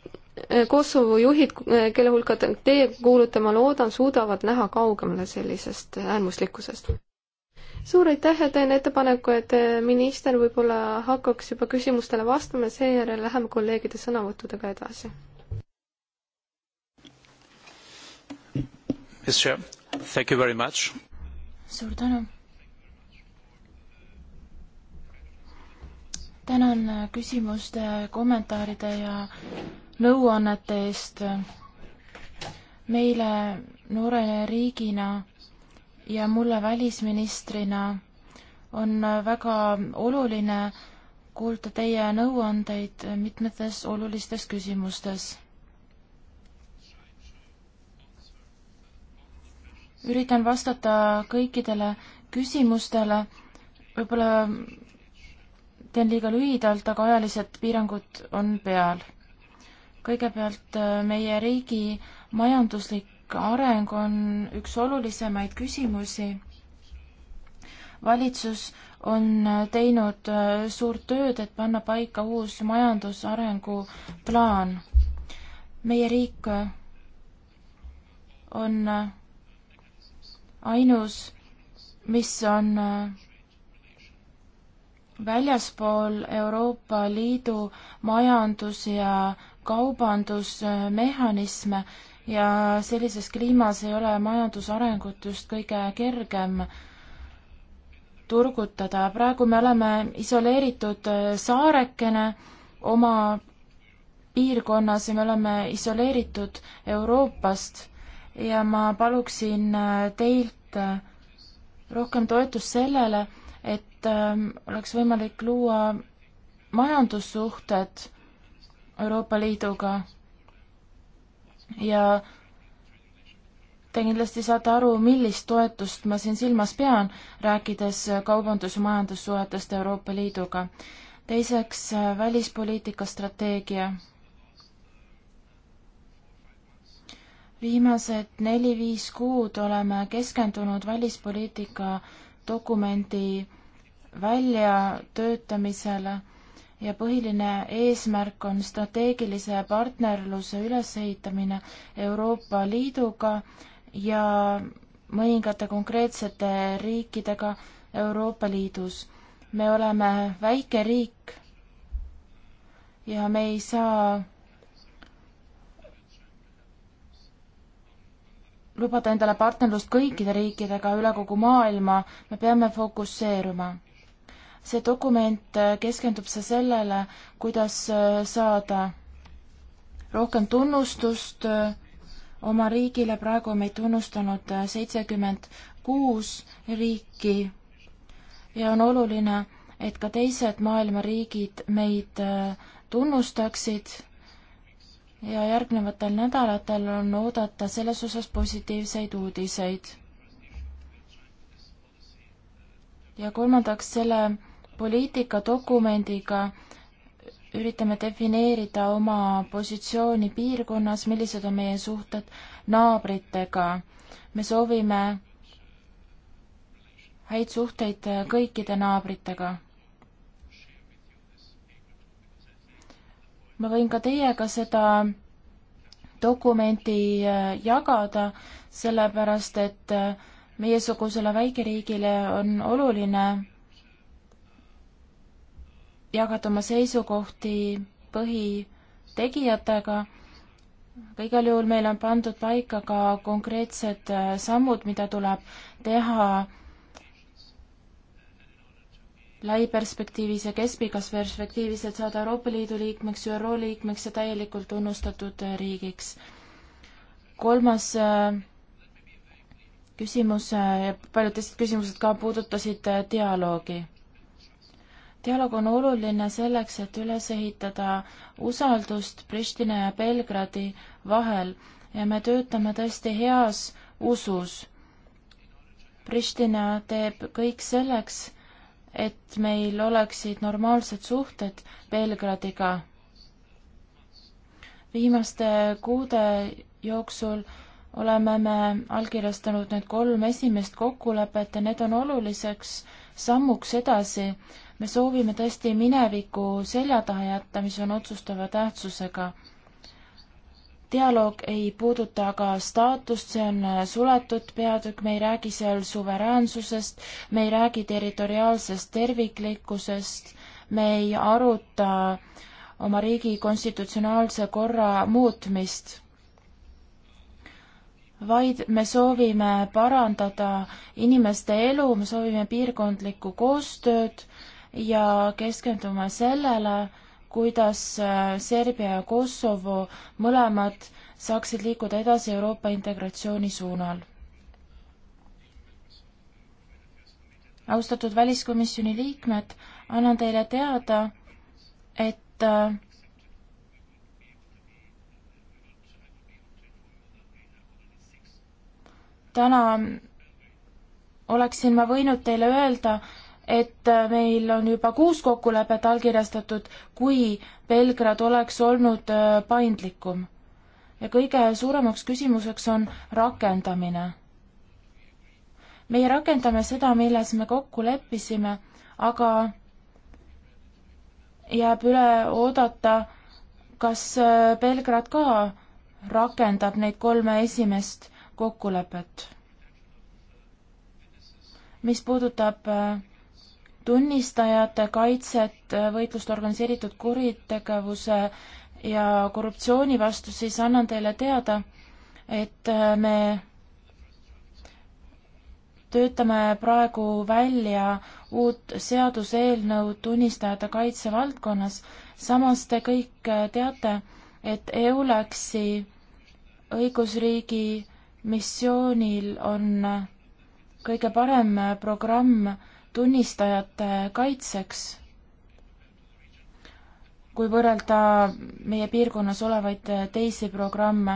Kosovo juhid, kelle hulka teie kuulute, ma loodan, suudavad näha kaugemale sellisest äärmuslikkusest. suur aitäh ja teen ettepaneku, et minister võib-olla hakkaks juba küsimustele vastama ja seejärel läheme kolleegide sõnavõttudega edasi. suur tänu. tänan küsimuste, kommentaaride ja nõuannete eest. meile noorele riigina ja mulle välisministrina on väga oluline kuulda teie nõuandeid mitmetes olulistes küsimustes. üritan vastata kõikidele küsimustele, võib-olla teen liiga lühidalt, aga ajalised piirangud on peal kõigepealt äh, meie riigi majanduslik areng on üks olulisemaid küsimusi. valitsus on äh, teinud äh, suurt tööd, et panna paika uus majandusarengu plaan. meie riik on ainus, mis on väljaspool Euroopa Liidu majandus- ja kaubandusmehhanisme ja sellises kliimas ei ole majandusarengut just kõige kergem turgutada. praegu me oleme isoleeritud äh, saarekene oma piirkonnas ja me oleme isoleeritud Euroopast ja ma paluksin äh, teilt äh, rohkem toetust sellele, et ähm, oleks võimalik luua majandussuhted Euroopa Liiduga ja te kindlasti saate aru, millist toetust ma siin silmas pean, rääkides kaubandus- ja majandussuhetest Euroopa Liiduga. teiseks, välispoliitika strateegia. viimased neli-viis kuud oleme keskendunud välispoliitika dokumendi väljatöötamisele ja põhiline eesmärk on strateegilise partnerluse ülesehitamine Euroopa Liiduga ja mõningate konkreetsete riikidega Euroopa Liidus. me oleme väike riik ja me ei saa lubada endale partnerlust kõikide riikidega üle kogu maailma, me peame fokusseeruma see dokument äh, keskendub see sellele, kuidas äh, saada rohkem tunnustust äh, oma riigile, praegu on meid tunnustanud seitsekümmend kuus riiki ja on oluline, et ka teised maailma riigid meid tunnustaksid ja järgnevatel nädalatel on oodata selles osas positiivseid uudiseid. ja kolmandaks, selle poliitikadokumendiga üritame defineerida oma positsiooni piirkonnas, millised on meie suhted naabritega. me soovime häid suhteid kõikide naabritega. ma võin ka teiega seda dokumenti äh, jagada, sellepärast et äh, meiesugusele väikeriigile on oluline jagad oma seisukohti põhitegijatega. igal juhul meil on pandud paika ka konkreetsed äh, sammud, mida tuleb teha lai perspektiivis ja keskpikas perspektiivis, et saada Euroopa Liidu liikmeks, ÜRO liikmeks ja täielikult tunnustatud äh, riigiks. kolmas äh, küsimus, paljud teised küsimused ka puudutasid dialoogi dialoog on oluline selleks, et üles ehitada usaldust Pristina ja Belgradi vahel ja me töötame tõesti heas usus. Pristina teeb kõik selleks, et meil oleksid normaalsed suhted Belgradiga. viimaste kuude jooksul oleme me allkirjastanud need kolm esimest kokkulepet ja need on oluliseks sammuks edasi me soovime tõesti mineviku selja taha jätta, mis on otsustava tähtsusega. dialoog ei puuduta aga staatust, see on suletud peatükk, me ei räägi seal suveräänsusest, me ei räägi territoriaalsest terviklikkusest, me ei aruta oma riigi konstitutsionaalse korra muutmist vaid me soovime parandada inimeste elu, me soovime piirkondlikku koostööd ja keskendume sellele, kuidas äh, Serbia ja Kosovo mõlemad saaksid liikuda edasi Euroopa integratsiooni suunal. austatud väliskomisjoni liikmed, annan teile teada, et äh, täna oleksin ma võinud teile öelda, et äh, meil on juba kuus kokkulepet allkirjastatud, kui Belgrad oleks olnud äh, paindlikum. ja kõige suuremaks küsimuseks on rakendamine. meie rakendame seda, milles me kokku leppisime, aga jääb üle oodata, kas äh, Belgrad ka rakendab neid kolme esimest kokkulepet. mis puudutab äh, tunnistajate kaitset, võitlust organiseeritud kuritegevuse ja korruptsiooni vastu, siis annan teile teada, et äh, me töötame praegu välja uut seaduseelnõu tunnistajate kaitse valdkonnas. samas te kõik äh, teate, et EULEX-i õigusriigi missioonil on äh, kõige parem programm tunnistajate kaitseks. kui võrrelda meie piirkonnas olevaid teisi programme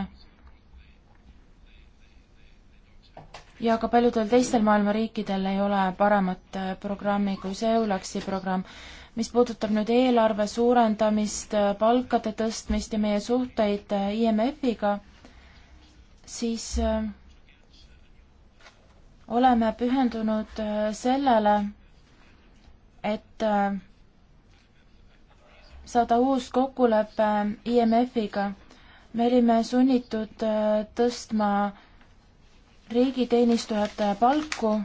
ja ka paljudel teistel maailma riikidel ei ole paremat programmi kui see EULAX-i programm. mis puudutab nüüd eelarve suurendamist, palkade tõstmist ja meie suhteid IMF-iga, siis äh, oleme pühendunud äh, sellele, et äh, saada uus kokkulepe IMF-iga. me olime sunnitud äh, tõstma riigiteenistujate palku.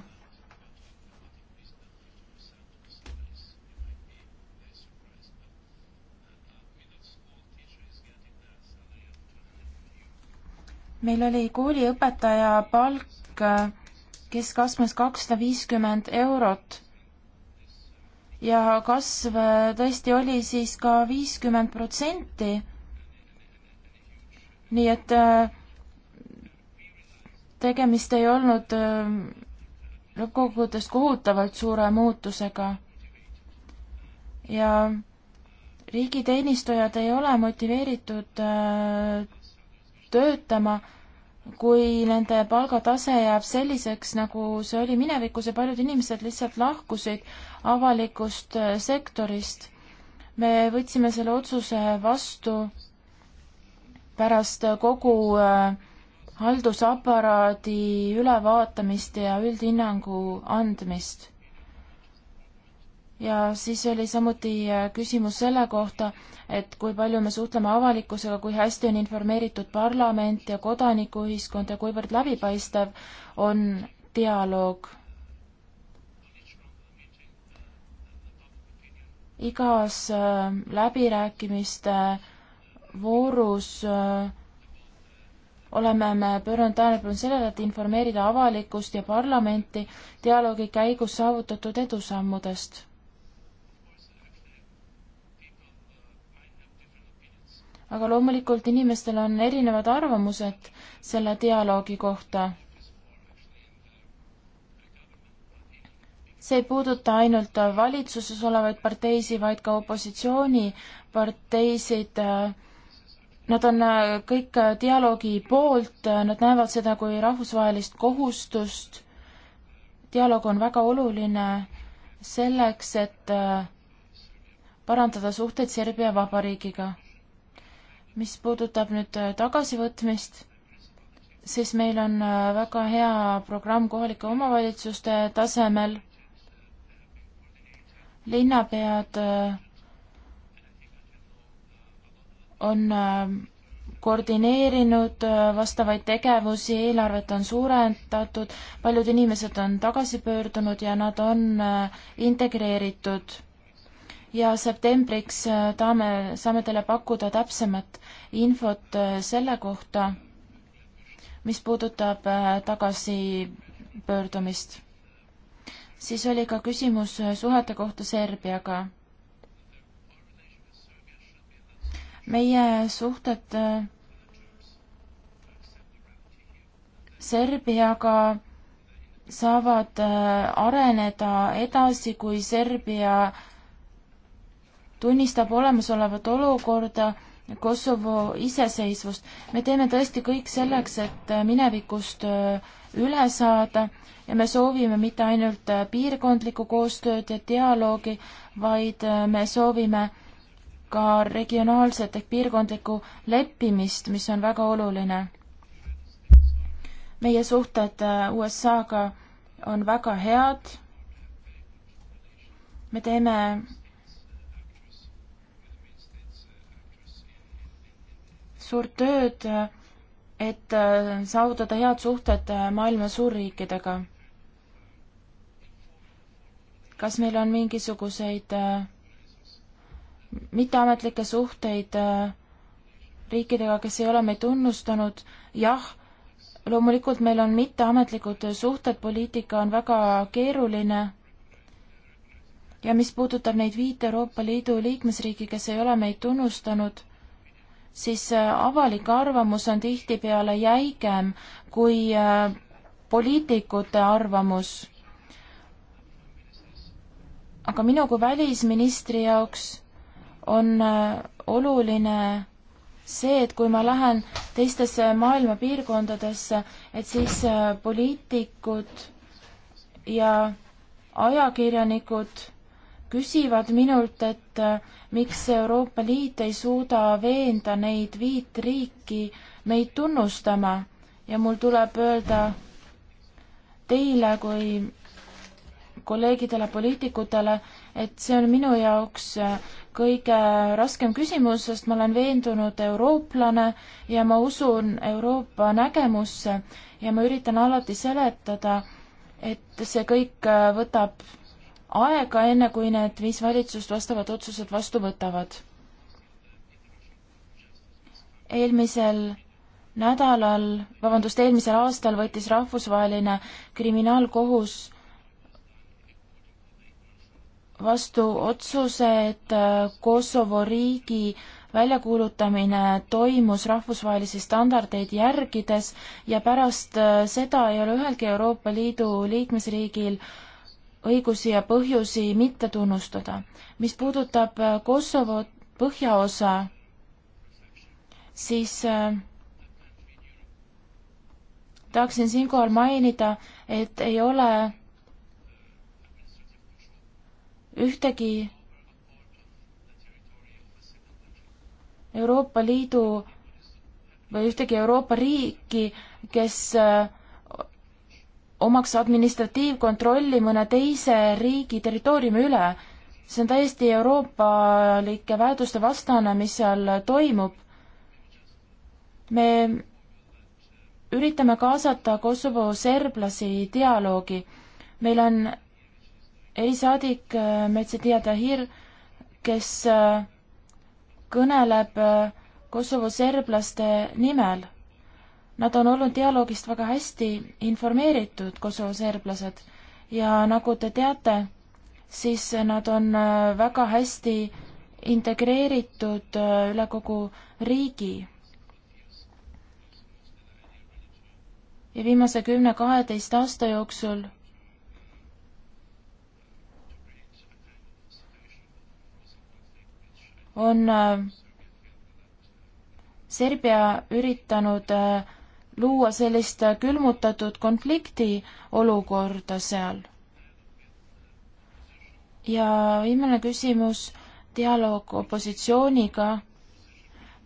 meil oli kooliõpetaja palk keskastmes kakssada viiskümmend eurot ja kasv äh, tõesti oli siis ka viiskümmend protsenti. nii et äh, tegemist ei olnud äh, lõppkokkuvõttes kohutavalt suure muutusega. ja riigiteenistujad ei ole motiveeritud töötama kui nende palgatase jääb selliseks, nagu see oli minevikus ja paljud inimesed lihtsalt lahkusid avalikust äh, sektorist. me võtsime selle otsuse vastu pärast äh, kogu äh, haldusaparaadi ülevaatamist ja üldhinnangu andmist ja siis oli samuti äh, küsimus selle kohta, et kui palju me suhtleme avalikkusega, kui hästi on informeeritud parlament ja kodanikuühiskond ja kuivõrd läbipaistev on dialoog. igas äh, läbirääkimiste voorus äh, oleme me pööranud tähelepanu sellele, et informeerida avalikkust ja parlamenti dialoogi käigus saavutatud edusammudest aga loomulikult inimestel on erinevad arvamused selle dialoogi kohta. see ei puuduta ainult valitsuses olevaid parteisid, vaid ka opositsiooniparteisid. Nad on kõik dialoogi poolt, nad näevad seda kui rahvusvahelist kohustust. dialoog on väga oluline selleks, et parandada suhteid Serbia Vabariigiga mis puudutab nüüd äh, tagasivõtmist, siis meil on äh, väga hea programm kohalike omavalitsuste tasemel. linnapead äh, on koordineerinud vastavaid tegevusi, eelarvet on suurendatud, paljud inimesed on tagasi pöördunud ja nad on integreeritud ja septembriks äh, taame, saame teile pakkuda täpsemat infot äh, selle kohta, mis puudutab äh, tagasipöördumist. siis oli ka küsimus suhete kohta Serbiaga. meie suhted Serbiaga saavad areneda edasi, kui Serbia tunnistab olemasolevat olukorda Kosovo iseseisvust. me teeme tõesti kõik selleks, et äh, minevikust äh, üle saada ja me soovime mitte ainult äh, piirkondlikku koostööd ja dialoogi, vaid me soovime ka regionaalset ehk piirkondlikku leppimist, mis on väga oluline. meie suhted USA-ga on väga head. me teeme suurt tööd, et äh, saavutada head suhted äh, maailma suurriikidega. kas meil on mingisuguseid äh, mitteametlikke suhteid riikidega, kes ei ole meid tunnustanud, jah, loomulikult meil on mitteametlikud suhted, poliitika on väga keeruline. ja mis puudutab neid viite Euroopa Liidu liikmesriigi, kes ei ole meid tunnustanud, siis äh, avalik arvamus on tihtipeale jäigem kui äh, poliitikute arvamus. aga minu kui välisministri jaoks on äh, oluline see, et kui ma lähen teistesse maailma piirkondadesse, et siis poliitikud ja ajakirjanikud küsivad minult, et äh, miks Euroopa Liit ei suuda veenda neid viit riiki meid tunnustama ja mul tuleb öelda teile kui kolleegidele poliitikutele, et see on minu jaoks äh, kõige raskem küsimus, sest ma olen veendunud eurooplane ja ma usun Euroopa nägemusse ja ma üritan alati seletada, et see kõik äh, võtab aega, enne kui need viis valitsust vastavad otsused vastu võtavad. eelmisel nädalal, vabandust, eelmisel aastal võttis rahvusvaheline kriminaalkohus vastu otsuse, et äh, Kosovo riigi väljakuulutamine toimus rahvusvahelisi standardeid järgides ja pärast äh, seda ei ole ühelgi Euroopa Liidu liikmesriigil äh, õigusi ja põhjusi mitte tunnustada. mis puudutab äh, Kosovo põhjaosa, siis äh, tahaksin siinkohal mainida, et ei ole ühtegi Euroopa Liidu või ühtegi Euroopa riiki, kes äh, omaks administratiivkontrolli mõne teise riigi territooriumi üle. see on täiesti euroopalike väärtuste vastane, mis seal toimub. me üritame kaasata Kosovo serblasi dialoogi. meil on erisaadik äh, Metsedia Tahir, kes äh, kõneleb äh, Kosovo serblaste nimel Nad on olnud dialoogist väga hästi informeeritud, Kosovo serblased, ja nagu te teate, siis nad on äh, väga hästi integreeritud äh, üle kogu riigi. ja viimase kümne-kaheteist aasta jooksul on äh, Serbia üritanud äh, luua sellist külmutatud konflikti olukorda seal. ja viimane küsimus, dialoog opositsiooniga.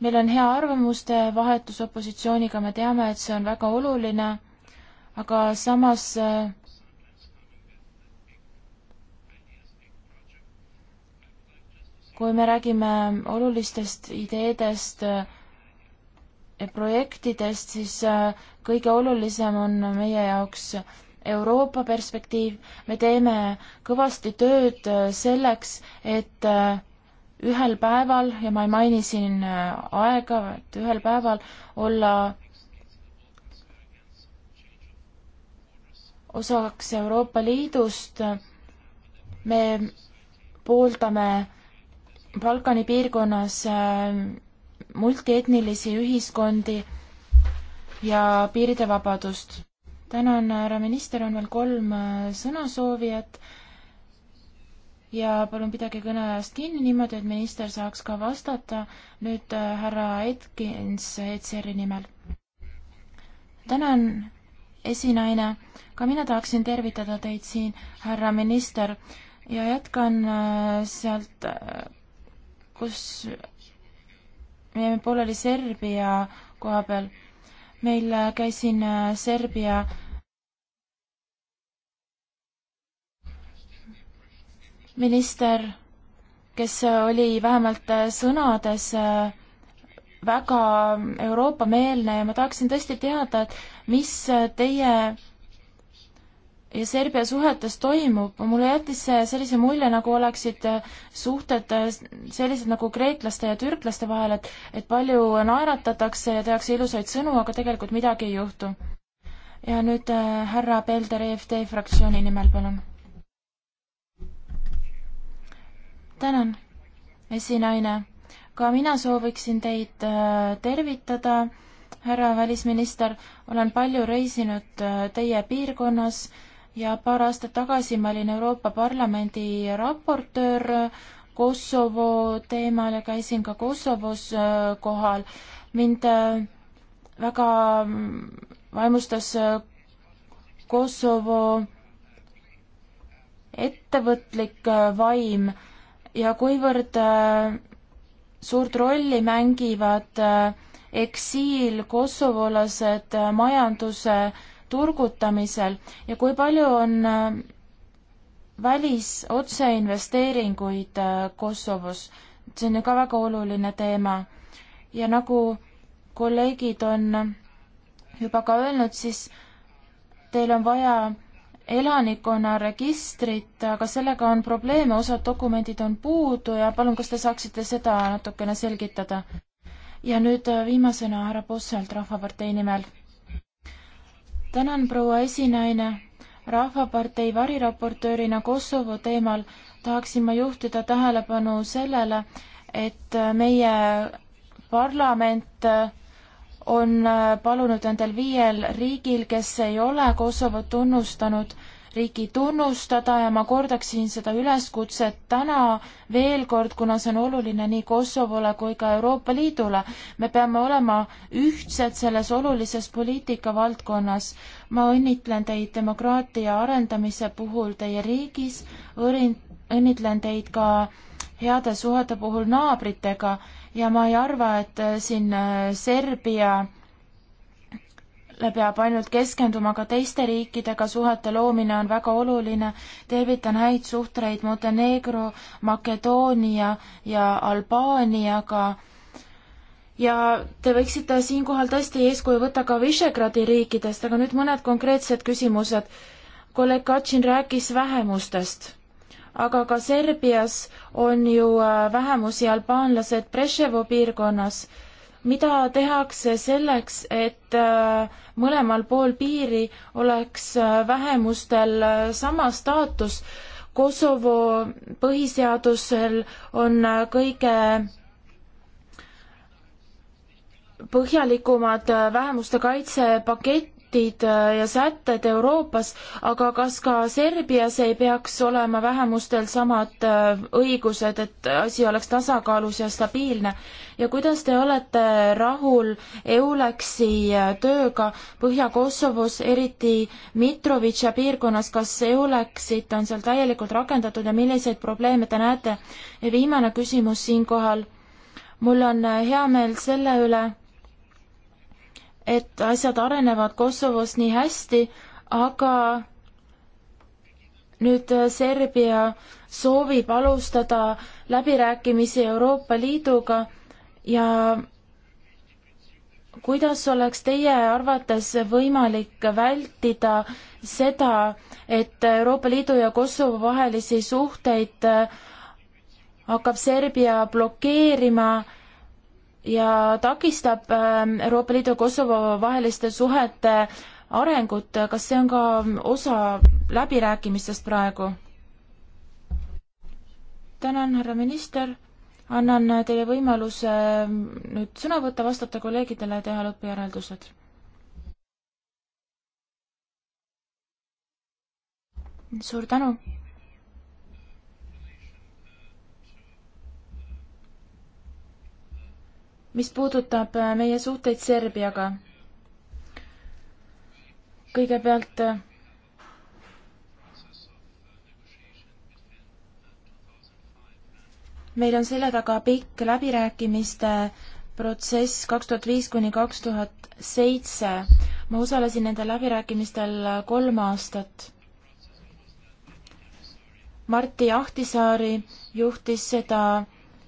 meil on hea arvamuste vahetus opositsiooniga, me teame, et see on väga oluline, aga samas äh, kui me räägime olulistest ideedest, äh, projektidest, siis äh, kõige olulisem on meie jaoks Euroopa perspektiiv, me teeme kõvasti tööd äh, selleks, et äh, ühel päeval, ja ma ei maini siin aega, et ühel päeval olla osaks Euroopa Liidust, me pooldame Balkani piirkonnas multietnilisi ühiskondi ja piiride vabadust. tänan, härra minister, on veel kolm äh, sõnasoovijat ja palun pidage kõneajast kinni niimoodi, et minister saaks ka vastata. nüüd äh, härra Edkins ECR-i nimel. tänan, esinaine. ka mina tahaksin tervitada teid siin, härra minister, ja jätkan äh, sealt, kus me jäime pooleli Serbia koha peal. meil äh, käisin äh, Serbia minister, kes äh, oli vähemalt sõnades väga Euroopa-meelne ja ma tahaksin tõesti teada, et mis teie ja Serbia suhetes toimub, mulle jättis see sellise mulje, nagu oleksid äh, suhted äh, sellised nagu kreeklaste ja türklaste vahel, et, et palju naeratatakse ja tehakse ilusaid sõnu, aga tegelikult midagi ei juhtu. ja nüüd äh, härra Pelder EFD fraktsiooni nimel, palun. tänan, esinaine. ka mina sooviksin teid äh, tervitada härra välisminister, olen palju reisinud äh, teie piirkonnas ja paar aastat tagasi ma olin Euroopa Parlamendi raportöör Kosovo teemal ja käisin ka Kosovos äh, kohal. mind äh, väga mm, vaimustas äh, Kosovo ettevõtlik vaim ja kuivõrd suurt rolli mängivad eksiil kosovolased majanduse turgutamisel ja kui palju on äh, välisotseinvesteeringuid äh, Kosovos, see on ju ka väga oluline teema. ja nagu kolleegid on äh, juba ka öelnud, siis teil on vaja elanikkonnaregistrit, aga sellega on probleeme, osad dokumendid on puudu ja palun, kas te saaksite seda natukene selgitada? ja nüüd viimasena härra Posselt Rahvapartei nimel tänan, proua esinaine. rahvapartei variraportöörina Kosovo teemal tahaksin ma juhtida tähelepanu sellele, et meie parlament on palunud nendel viiel riigil, kes ei ole Kosovot tunnustanud, riiki tunnustada ja ma kordaksin seda üleskutset täna veel kord, kuna see on oluline nii Kosovole kui ka Euroopa Liidule. me peame olema ühtsed selles olulises poliitikavaldkonnas. ma õnnitlen teid demokraatia arendamise puhul teie riigis, õnnitlen teid ka heade suhete puhul naabritega ja ma ei arva, et äh, siin äh, Serbia Le peab ainult keskenduma, ka teiste riikidega suhete loomine on väga oluline. tervitan häid suhtreid Montenegro, Makedoonia ja Albaaniaga. ja te võiksite siinkohal tõesti eeskuju võtta ka Visegradi riikidest, aga nüüd mõned konkreetsed küsimused. kolleeg Katšin rääkis vähemustest, aga ka Serbias on ju äh, vähemusi albaanlased Preševo piirkonnas mida tehakse selleks, et äh, mõlemal pool piiri oleks äh, vähemustel äh, sama staatus? Kosovo põhiseadusel on kõige põhjalikumad vähemuste kaitsepakett, aktid äh, ja sätted Euroopas, aga kas ka Serbias ei peaks olema vähemustel samad äh, õigused, et asi oleks tasakaalus ja stabiilne? ja kuidas te olete rahul EULEX-i äh, tööga Põhja-Kosovos, eriti Mitrovitša piirkonnas, kas EULEX-it on seal täielikult rakendatud ja milliseid probleeme te näete? ja viimane küsimus siinkohal. mul on hea meel selle üle, et asjad arenevad Kosovos nii hästi, aga nüüd äh, Serbia soovib alustada läbirääkimisi Euroopa Liiduga ja kuidas oleks teie arvates võimalik vältida seda, et Euroopa Liidu ja Kosovo vahelisi suhteid äh, hakkab Serbia blokeerima ja takistab ähm, Euroopa Liidu ja Kosovo vaheliste suhete arengut, kas see on ka osa läbirääkimistest praegu? tänan, härra minister, annan teile võimaluse ähm, nüüd sõna võtta, vastata kolleegidele ja teha lõppjäreldused. suur tänu! mis puudutab äh, meie suhteid Serbiaga, kõigepealt äh, meil on selja taga pikk läbirääkimiste protsess kaks tuhat viis kuni kaks tuhat seitse. ma osalesin nendel läbirääkimistel kolm aastat. Martti Ahtisaari juhtis seda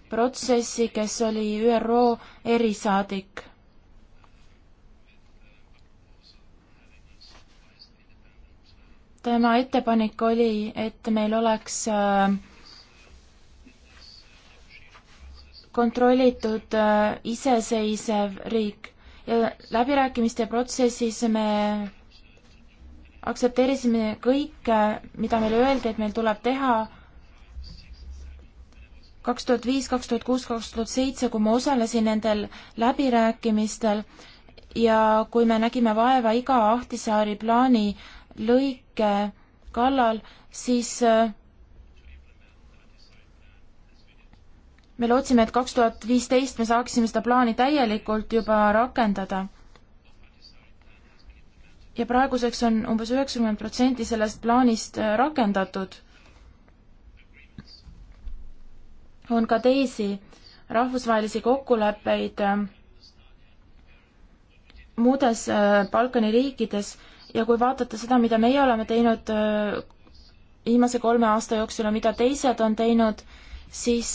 protsessi, kes oli ÜRO erisaadik. tema ettepanek oli, et meil oleks äh, kontrollitud äh, iseseisev riik ja läbirääkimiste protsessis me aktsepteerisime kõike, äh, mida meile öeldi, et meil tuleb teha kaks tuhat viis, kaks tuhat kuus, kaks tuhat seitse, kui ma osalesin nendel läbirääkimistel ja kui me nägime vaeva iga Ahtisaari plaani lõike kallal, siis äh, me lootsime, et kaks tuhat viisteist me saaksime seda plaani täielikult juba rakendada. ja praeguseks on umbes üheksakümmend protsenti sellest plaanist äh, rakendatud on ka teisi rahvusvahelisi kokkuleppeid äh, muudes äh, Balkani riikides ja kui vaadata seda, mida meie oleme teinud äh, viimase kolme aasta jooksul ja mida teised on teinud, siis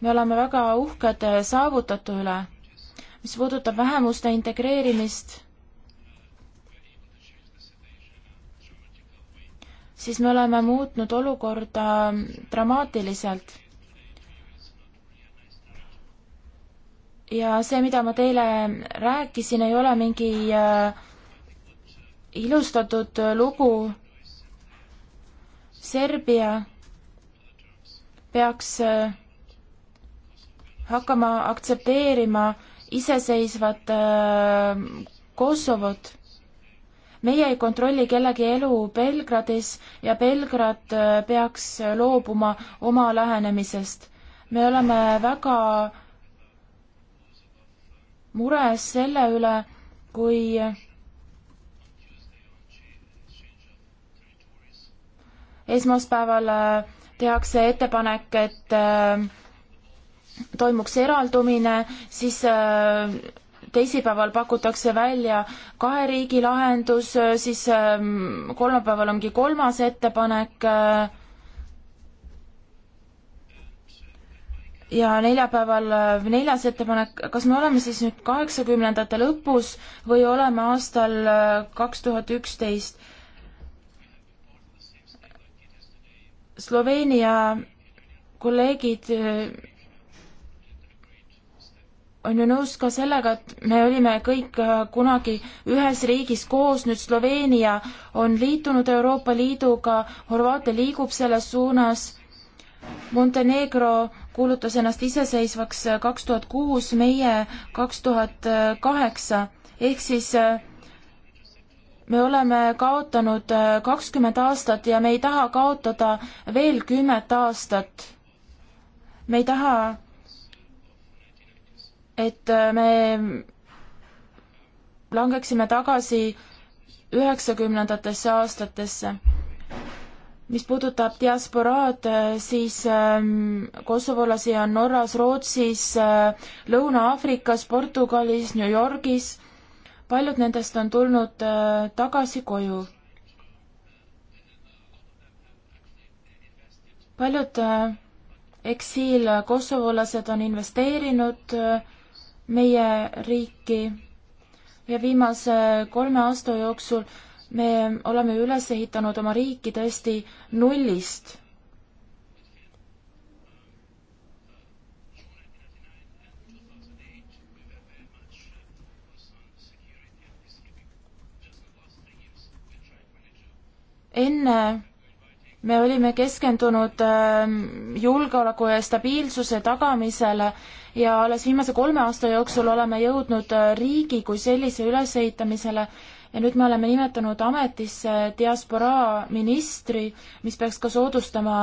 me oleme väga uhked saavutatu üle. mis puudutab vähemuste integreerimist siis me oleme muutnud olukorda dramaatiliselt. ja see, mida ma teile rääkisin, ei ole mingi äh, ilustatud lugu. Serbia peaks äh, hakkama aktsepteerima iseseisvat äh, Kosovot meie ei kontrolli kellegi elu Belgradis ja Belgrad äh, peaks äh, loobuma oma lähenemisest. me oleme väga mures selle üle, kui äh, esmaspäeval tehakse ettepanek, et toimuks eraldumine, siis teisipäeval pakutakse välja kahe riigi lahendus, siis ähm, kolmapäeval ongi kolmas ettepanek. Äh, ja neljapäeval äh, neljas ettepanek, kas me oleme siis nüüd kaheksakümnendate lõpus või oleme aastal äh, kaks tuhat üksteist? Sloveenia kolleegid on ju nõus ka sellega, et me olime kõik äh, kunagi ühes riigis koos, nüüd Sloveenia on liitunud Euroopa Liiduga, Horvaatia liigub selles suunas. Montenegro kuulutas ennast iseseisvaks äh, kaks tuhat kuus, meie kaks tuhat äh, kaheksa ehk siis me oleme kaotanud kakskümmend aastat ja me ei taha kaotada veel kümmet aastat. me ei taha et äh, me langeksime tagasi üheksakümnendatesse aastatesse. mis puudutab diasporaad, äh, siis ähm, kosovolasi on Norras, Rootsis, äh, Lõuna-Aafrikas, Portugalis, New Yorgis. paljud nendest on tulnud tagasi koju. paljud eksiil kosovolased on investeerinud äh, meie riiki ja viimase kolme aasta jooksul me oleme üles ehitanud oma riiki tõesti nullist. enne me olime keskendunud ähm, julgeoleku ja stabiilsuse tagamisele ja alles viimase kolme aasta jooksul oleme jõudnud äh, riigi kui sellise ülesehitamisele ja nüüd me oleme nimetanud ametisse diasporaa ministri, mis peaks ka soodustama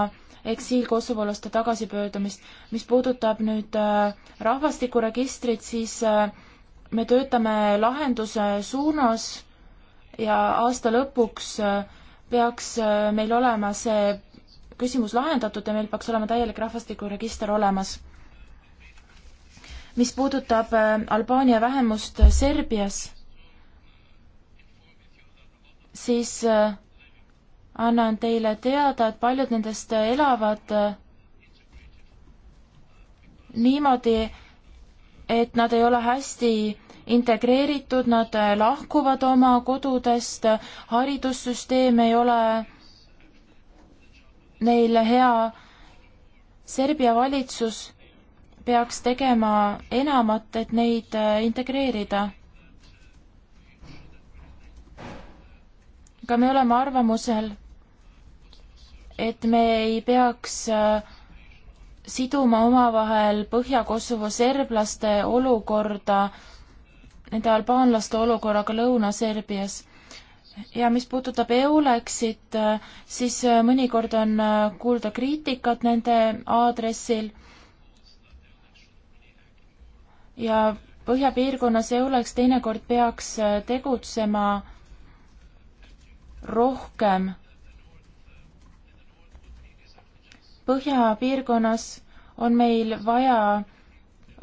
eksiilkosovolaste tagasipöördumist. mis puudutab nüüd äh, rahvastikuregistrit, siis äh, me töötame lahenduse suunas ja aasta lõpuks äh, peaks äh, meil olema see küsimus lahendatud ja meil peaks olema täielik rahvastikuregister olemas. mis puudutab äh, Albaania vähemust äh, Serbias, siis annan teile teada, et paljud nendest elavad niimoodi, et nad ei ole hästi integreeritud, nad äh, lahkuvad oma kodudest, haridussüsteem ei ole neil hea. Serbia valitsus peaks tegema enamat, et neid äh, integreerida. aga me oleme arvamusel, et me ei peaks äh, siduma omavahel Põhja-Kosovo serblaste olukorda nende albaanlaste olukorraga Lõuna-Serbias. ja mis puudutab EULEX-it, siis äh, mõnikord on äh, kuulda kriitikat nende aadressil ja põhjapiirkonnas EULEX teinekord peaks äh, tegutsema rohkem. põhjapiirkonnas on meil vaja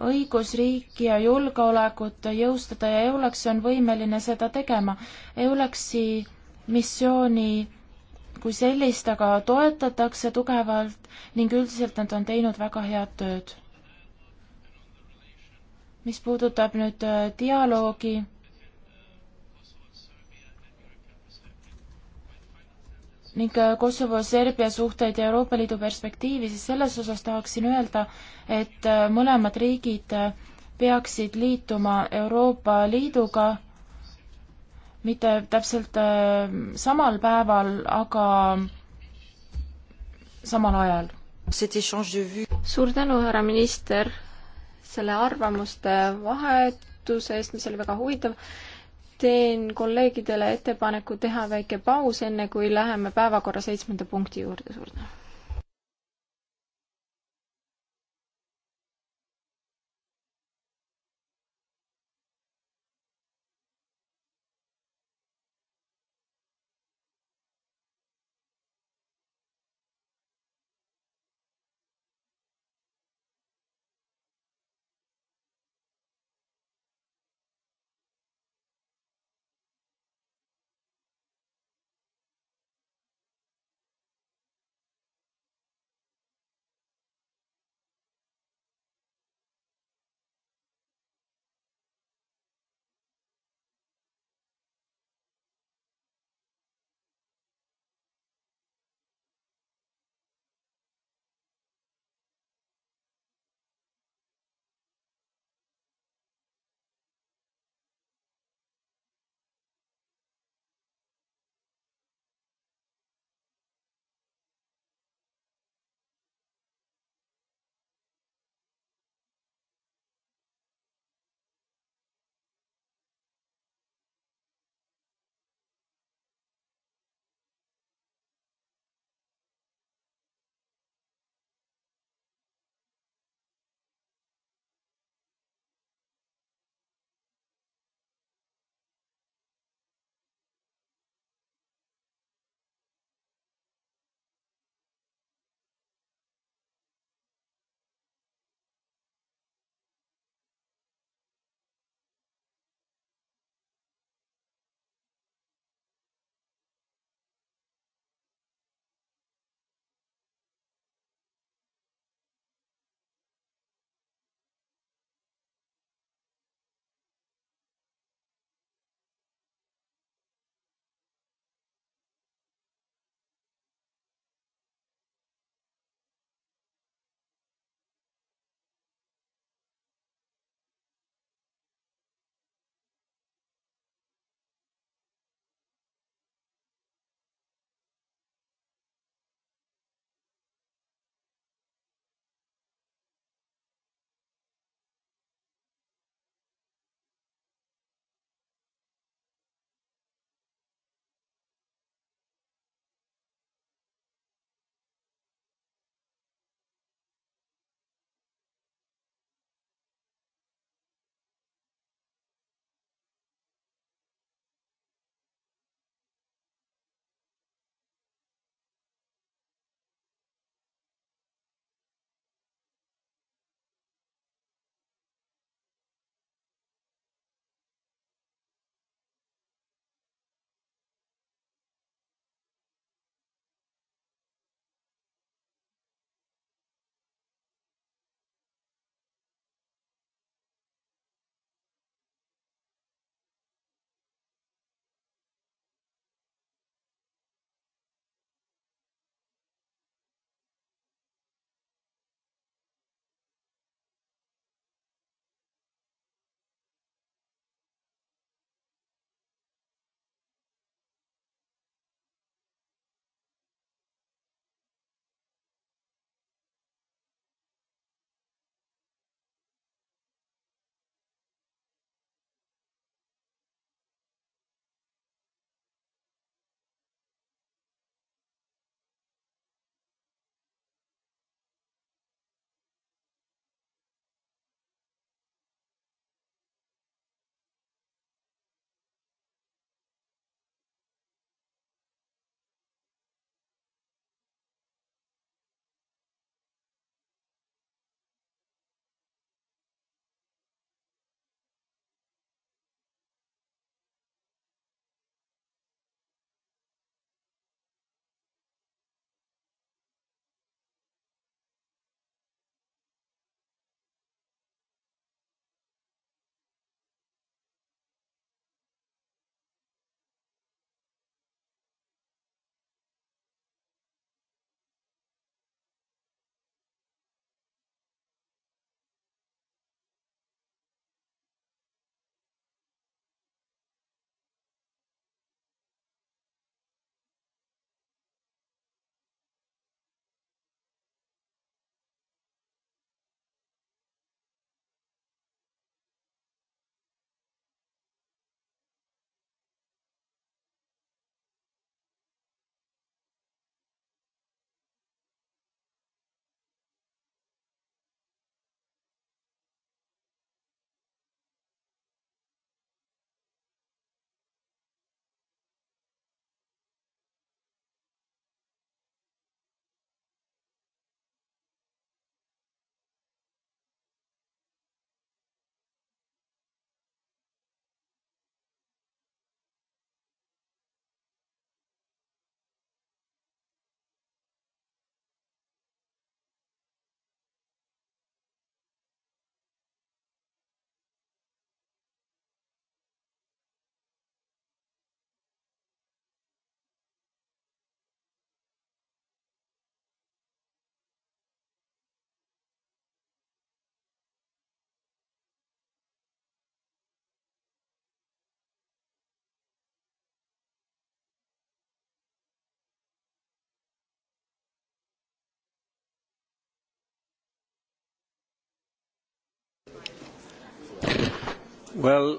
õigusriiki ja julgeolekut jõustada ja EULEX on võimeline seda tegema. EULEX-i missiooni kui sellist aga toetatakse tugevalt ning üldiselt nad on teinud väga head tööd. mis puudutab nüüd äh, dialoogi ning äh, Kosovo-Serbia suhteid ja Euroopa Liidu perspektiivi, siis selles osas tahaksin öelda, et äh, mõlemad riigid äh, peaksid liituma Euroopa Liiduga mitte täpselt samal päeval, aga samal ajal. suur tänu, härra minister, selle arvamuste vahetuse eest, mis oli väga huvitav teen kolleegidele ettepaneku teha väike paus, enne kui läheme päevakorra seitsmenda punkti juurde, suur tänu. well,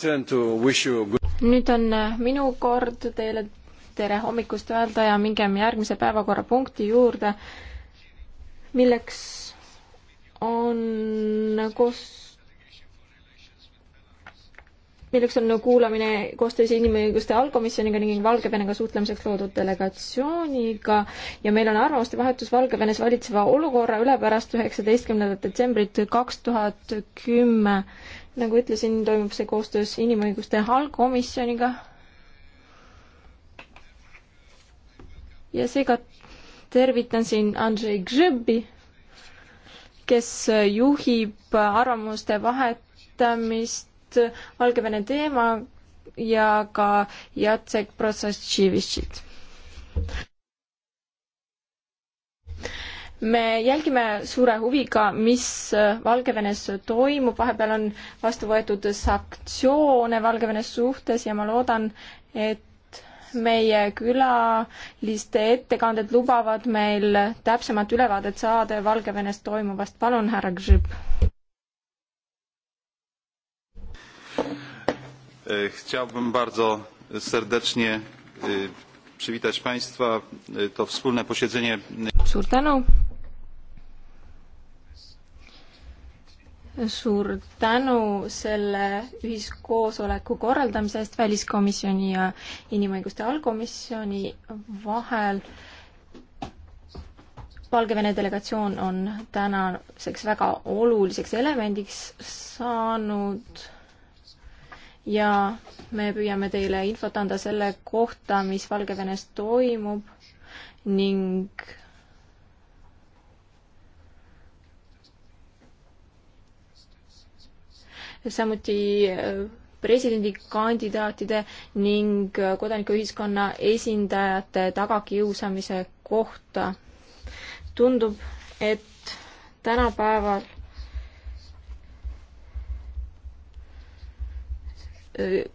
good... nüüd on äh, minu kord teile tere hommikust öelda ja mingem järgmise päevakorrapunkti juurde, milleks on koos milleks on kuulamine koostöös inimõiguste allkomisjoniga ning Valgevenega suhtlemiseks loodud delegatsiooniga ja meil on arvamuste vahetus Valgevenes valitseva olukorra üle pärast üheksateistkümnendat detsembrit kaks tuhat kümme. nagu ütlesin, toimub see koostöös inimõiguste allkomisjoniga. ja seega tervitan siin Andrei Grzybi, kes juhib arvamuste vahetamist just Valgevene teema ja ka Jacek Protasevitšit. me jälgime suure huviga, mis Valgevenes toimub, vahepeal on vastu võetud sanktsioone Valgevene suhtes ja ma loodan, et meie külaliste ettekanded lubavad meil täpsemat ülevaadet saada Valgevenes toimuvast. palun, härra Grzyb. E, chciałbym bardzo serdecznie e, przywitać Państwa. E, to wspólne posiedzenie. Suur tänu. suur tänu selle ühiskoosoleku korraldamise eest väliskomisjoni ja inimõiguste allkomisjoni vahel. Valgevene delegatsioon on tänaseks väga oluliseks elemendiks saanud ja me püüame teile infot anda selle kohta, mis Valgevenes toimub ning samuti äh, presidendikandidaatide ning äh, kodanikuühiskonna esindajate tagakiusamise kohta. tundub, et tänapäeval Äh,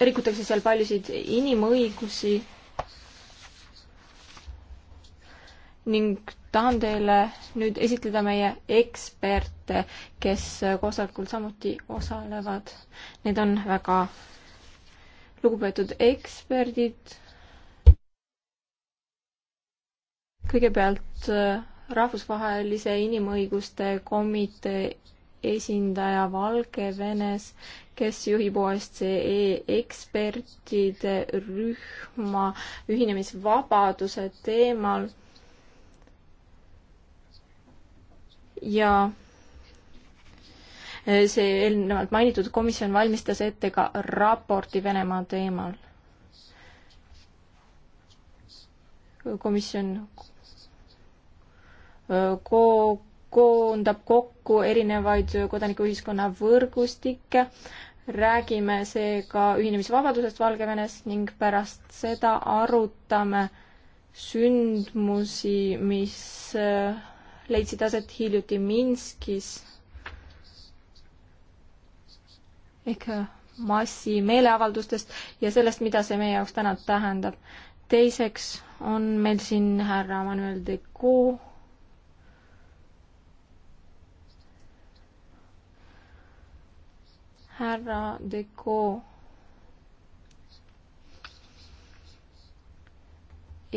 rikutakse seal paljusid inimõigusi ning tahan teile nüüd esitleda meie eksperte, kes koosolekul samuti osalevad. Need on väga lugupeetud eksperdid. kõigepealt äh, Rahvusvahelise Inimõiguste Komitee esindaja Valgevenes kes juhib OSCE ekspertide rühma ühinemisvabaduse teemal. ja see eelnevalt mainitud komisjon valmistas ette ka raporti Venemaa teemal. komisjon ko-, koondab kokku erinevaid kodanikuühiskonna võrgustikke. räägime seega ühinemisvabadusest Valgevenes ning pärast seda arutame sündmusi, mis äh, leidsid aset hiljuti Minskis ehk äh, massimeeleavaldustest ja sellest, mida see meie jaoks täna tähendab. teiseks on meil siin härra Manuel Deco härra Deco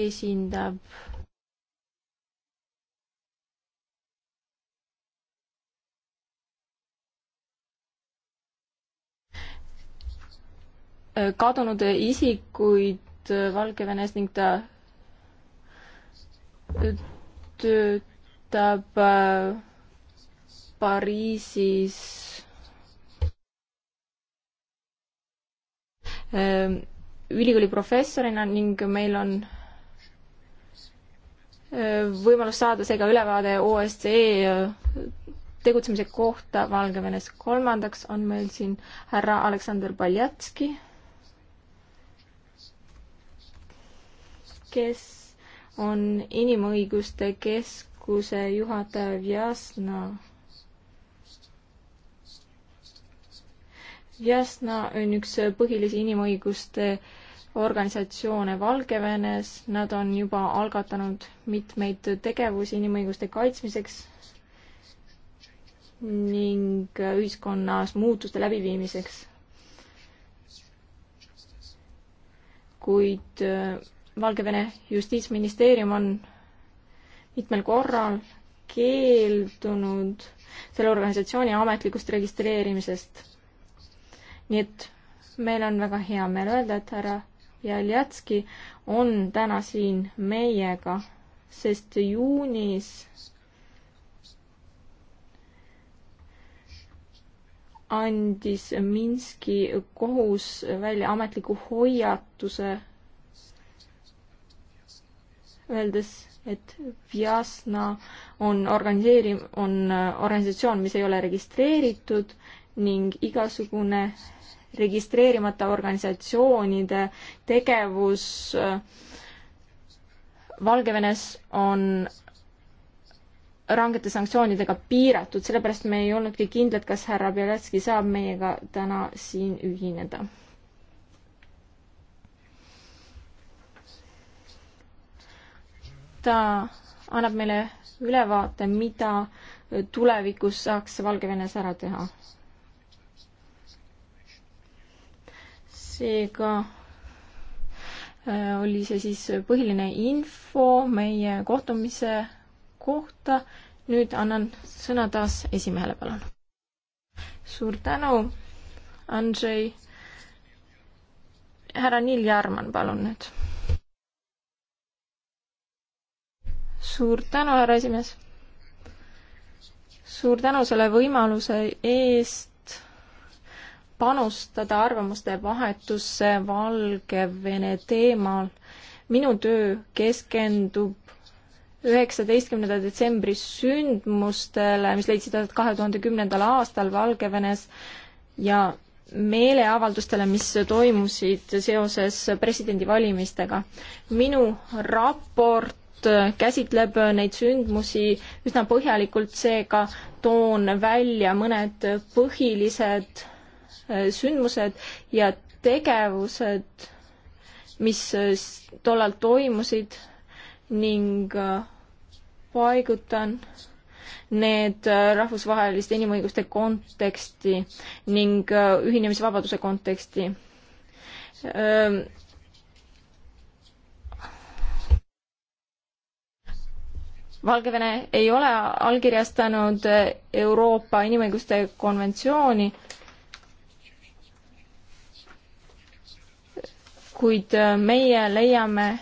esindab kadunud isikuid Valgevenes ning ta töötab Pariisis Ehm, ülikooli professorina ning meil on ehm, võimalus saada seega ülevaade OSCE eh, tegutsemise kohta Valgevenes. kolmandaks on meil siin härra Aleksander Baljatski, kes on Inimõiguste Keskuse juhataja Vjasna no Jasna on üks põhilisi inimõiguste organisatsioone Valgevenes, nad on juba algatanud mitmeid tegevusi inimõiguste kaitsmiseks ning ühiskonnas muutuste läbiviimiseks. kuid äh, Valgevene justiitsministeerium on mitmel korral keeldunud selle organisatsiooni ametlikust registreerimisest nii et meil on väga hea meel öelda, et härra Jaljatski on täna siin meiega, sest juunis andis Minski kohus välja ametliku hoiatuse, öeldes, et Vjasna on organiseeri-, on äh, organisatsioon, mis ei ole registreeritud ning igasugune registreerimata organisatsioonide tegevus äh, Valgevenes on rangete sanktsioonidega piiratud, sellepärast me ei olnudki kindlad, kas härra Bieletski saab meiega täna siin ühineda. ta annab meile ülevaate, mida tulevikus saaks Valgevenes ära teha seega äh, oli see siis põhiline info meie kohtumise kohta. nüüd annan sõna taas esimehele, palun. suur tänu, Andrei. härra Neil Jarman, palun nüüd. suur tänu, härra esimees. suur tänu selle võimaluse eest panustada arvamuste vahetusse Valgevene teemal. minu töö keskendub üheksateistkümnenda detsembri sündmustele, mis leidsid aset kahe tuhande kümnendal aastal Valgevenes ja meeleavaldustele, mis toimusid seoses presidendivalimistega. minu raport käsitleb neid sündmusi üsna põhjalikult, seega toon välja mõned põhilised Äh, sündmused ja tegevused, mis äh, tollal toimusid ning äh, paigutan need rahvusvaheliste inimõiguste konteksti ning ühinemisvabaduse konteksti. Ähm, Valgevene ei ole allkirjastanud Euroopa inimõiguste konventsiooni kuid äh, meie leiame,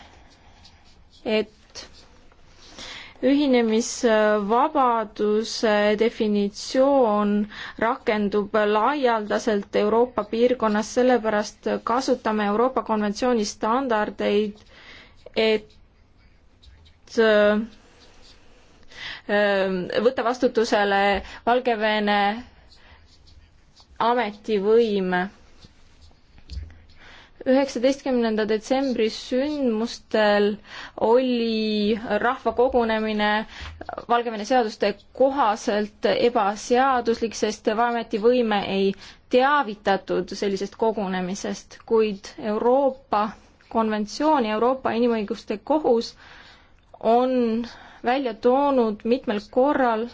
et ühinemisvabaduse definitsioon rakendub laialdaselt Euroopa piirkonnas, sellepärast kasutame Euroopa konventsiooni standardeid, et äh, võtta vastutusele Valgevene ametivõime üheksateistkümnenda detsembri sündmustel oli rahvakogunemine Valgevene seaduste kohaselt ebaseaduslik, sest ametivõime ei teavitatud sellisest kogunemisest, kuid Euroopa konventsioon ja Euroopa Inimõiguste Kohus on välja toonud mitmel korral,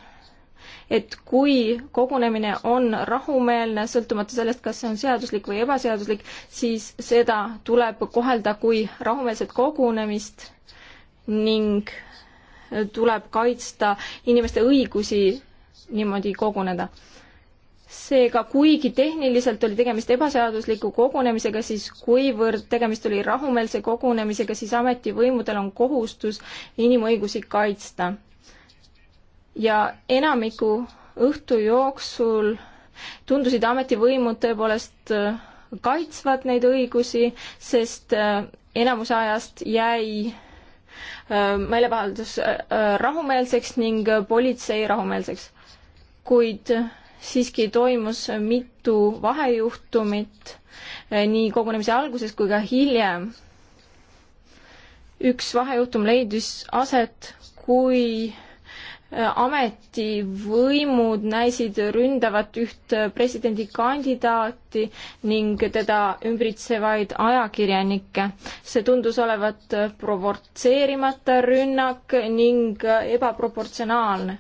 et kui kogunemine on rahumeelne, sõltumata sellest, kas see on seaduslik või ebaseaduslik, siis seda tuleb kohelda kui rahumeelset kogunemist ning tuleb kaitsta inimeste õigusi niimoodi koguneda. seega, kuigi tehniliselt oli tegemist ebaseadusliku kogunemisega, siis kuivõrd tegemist oli rahumeelse kogunemisega, siis ametivõimudel on kohustus inimõigusi kaitsta ja enamiku õhtu jooksul tundusid ametivõimud tõepoolest äh, kaitsvat neid õigusi, sest äh, enamuse ajast jäi äh, meeleavaldus rahumeelseks ning politsei rahumeelseks. kuid siiski toimus mitu vahejuhtumit nii kogunemise alguses kui ka hiljem. üks vahejuhtum leidis aset, kui ametivõimud näisid ründavat üht presidendikandidaati ning teda ümbritsevaid ajakirjanikke. see tundus olevat provotseerimata rünnak ning ebaproportsionaalne.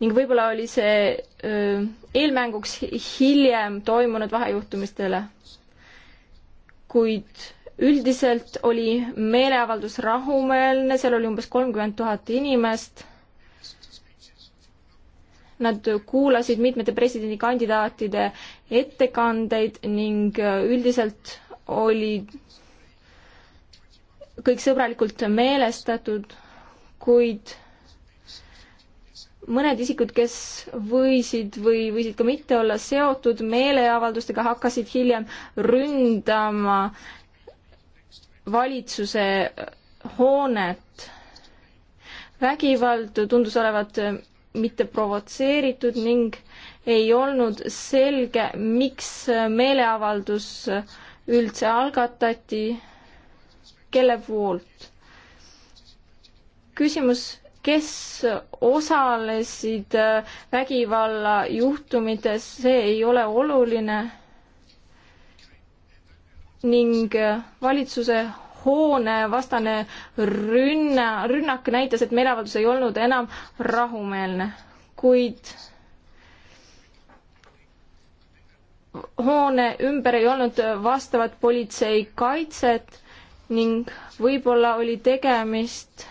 ning võib-olla oli see öö, eelmänguks hiljem toimunud vahejuhtumistele. kuid üldiselt oli meeleavaldus rahumeelne, seal oli umbes kolmkümmend tuhat inimest. Nad kuulasid mitmete presidendikandidaatide ettekandeid ning äh, üldiselt oli kõik sõbralikult meelestatud, kuid mõned isikud, kes võisid või võisid ka mitte olla seotud meeleavaldustega, hakkasid hiljem ründama äh, valitsuse hoonet. vägivald tundus olevat äh, mitte provotseeritud ning ei olnud selge, miks äh, meeleavaldus äh, üldse algatati, kelle poolt. küsimus, kes osalesid vägivallajuhtumites, see ei ole oluline ning valitsuse hoone vastane rünna, rünnak näitas, et meeleavaldus ei olnud enam rahumeelne, kuid hoone ümber ei olnud vastavat politseikaitset ning võib-olla oli tegemist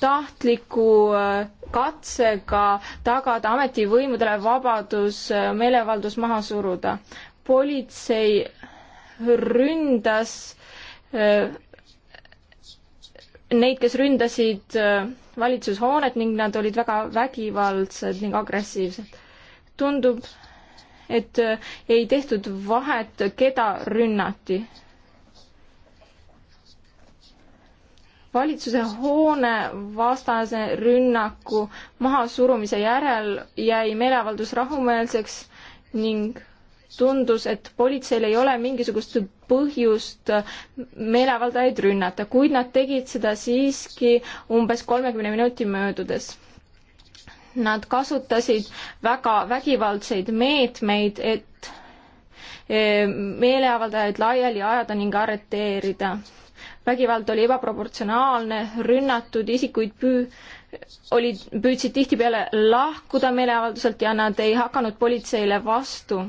tahtliku äh, katsega tagada ametivõimudele vabadus äh, meeleavaldus maha suruda. politsei ründas äh, neid, kes ründasid äh, valitsushoonet ning nad olid väga vägivaldsed ning agressiivsed. tundub, et äh, ei tehtud vahet, keda rünnati. valitsuse hoone vastase rünnaku mahasurumise järel jäi meeleavaldus rahumeelseks ning tundus, et politseil ei ole mingisugust põhjust meeleavaldajaid rünnata, kuid nad tegid seda siiski umbes kolmekümne minuti möödudes. Nad kasutasid väga vägivaldseid meetmeid, et e, meeleavaldajaid laiali ajada ning arreteerida. vägivald oli ebaproportsionaalne, rünnatud isikuid püü-, olid, püüdsid tihtipeale lahkuda meeleavalduselt ja nad ei hakanud politseile vastu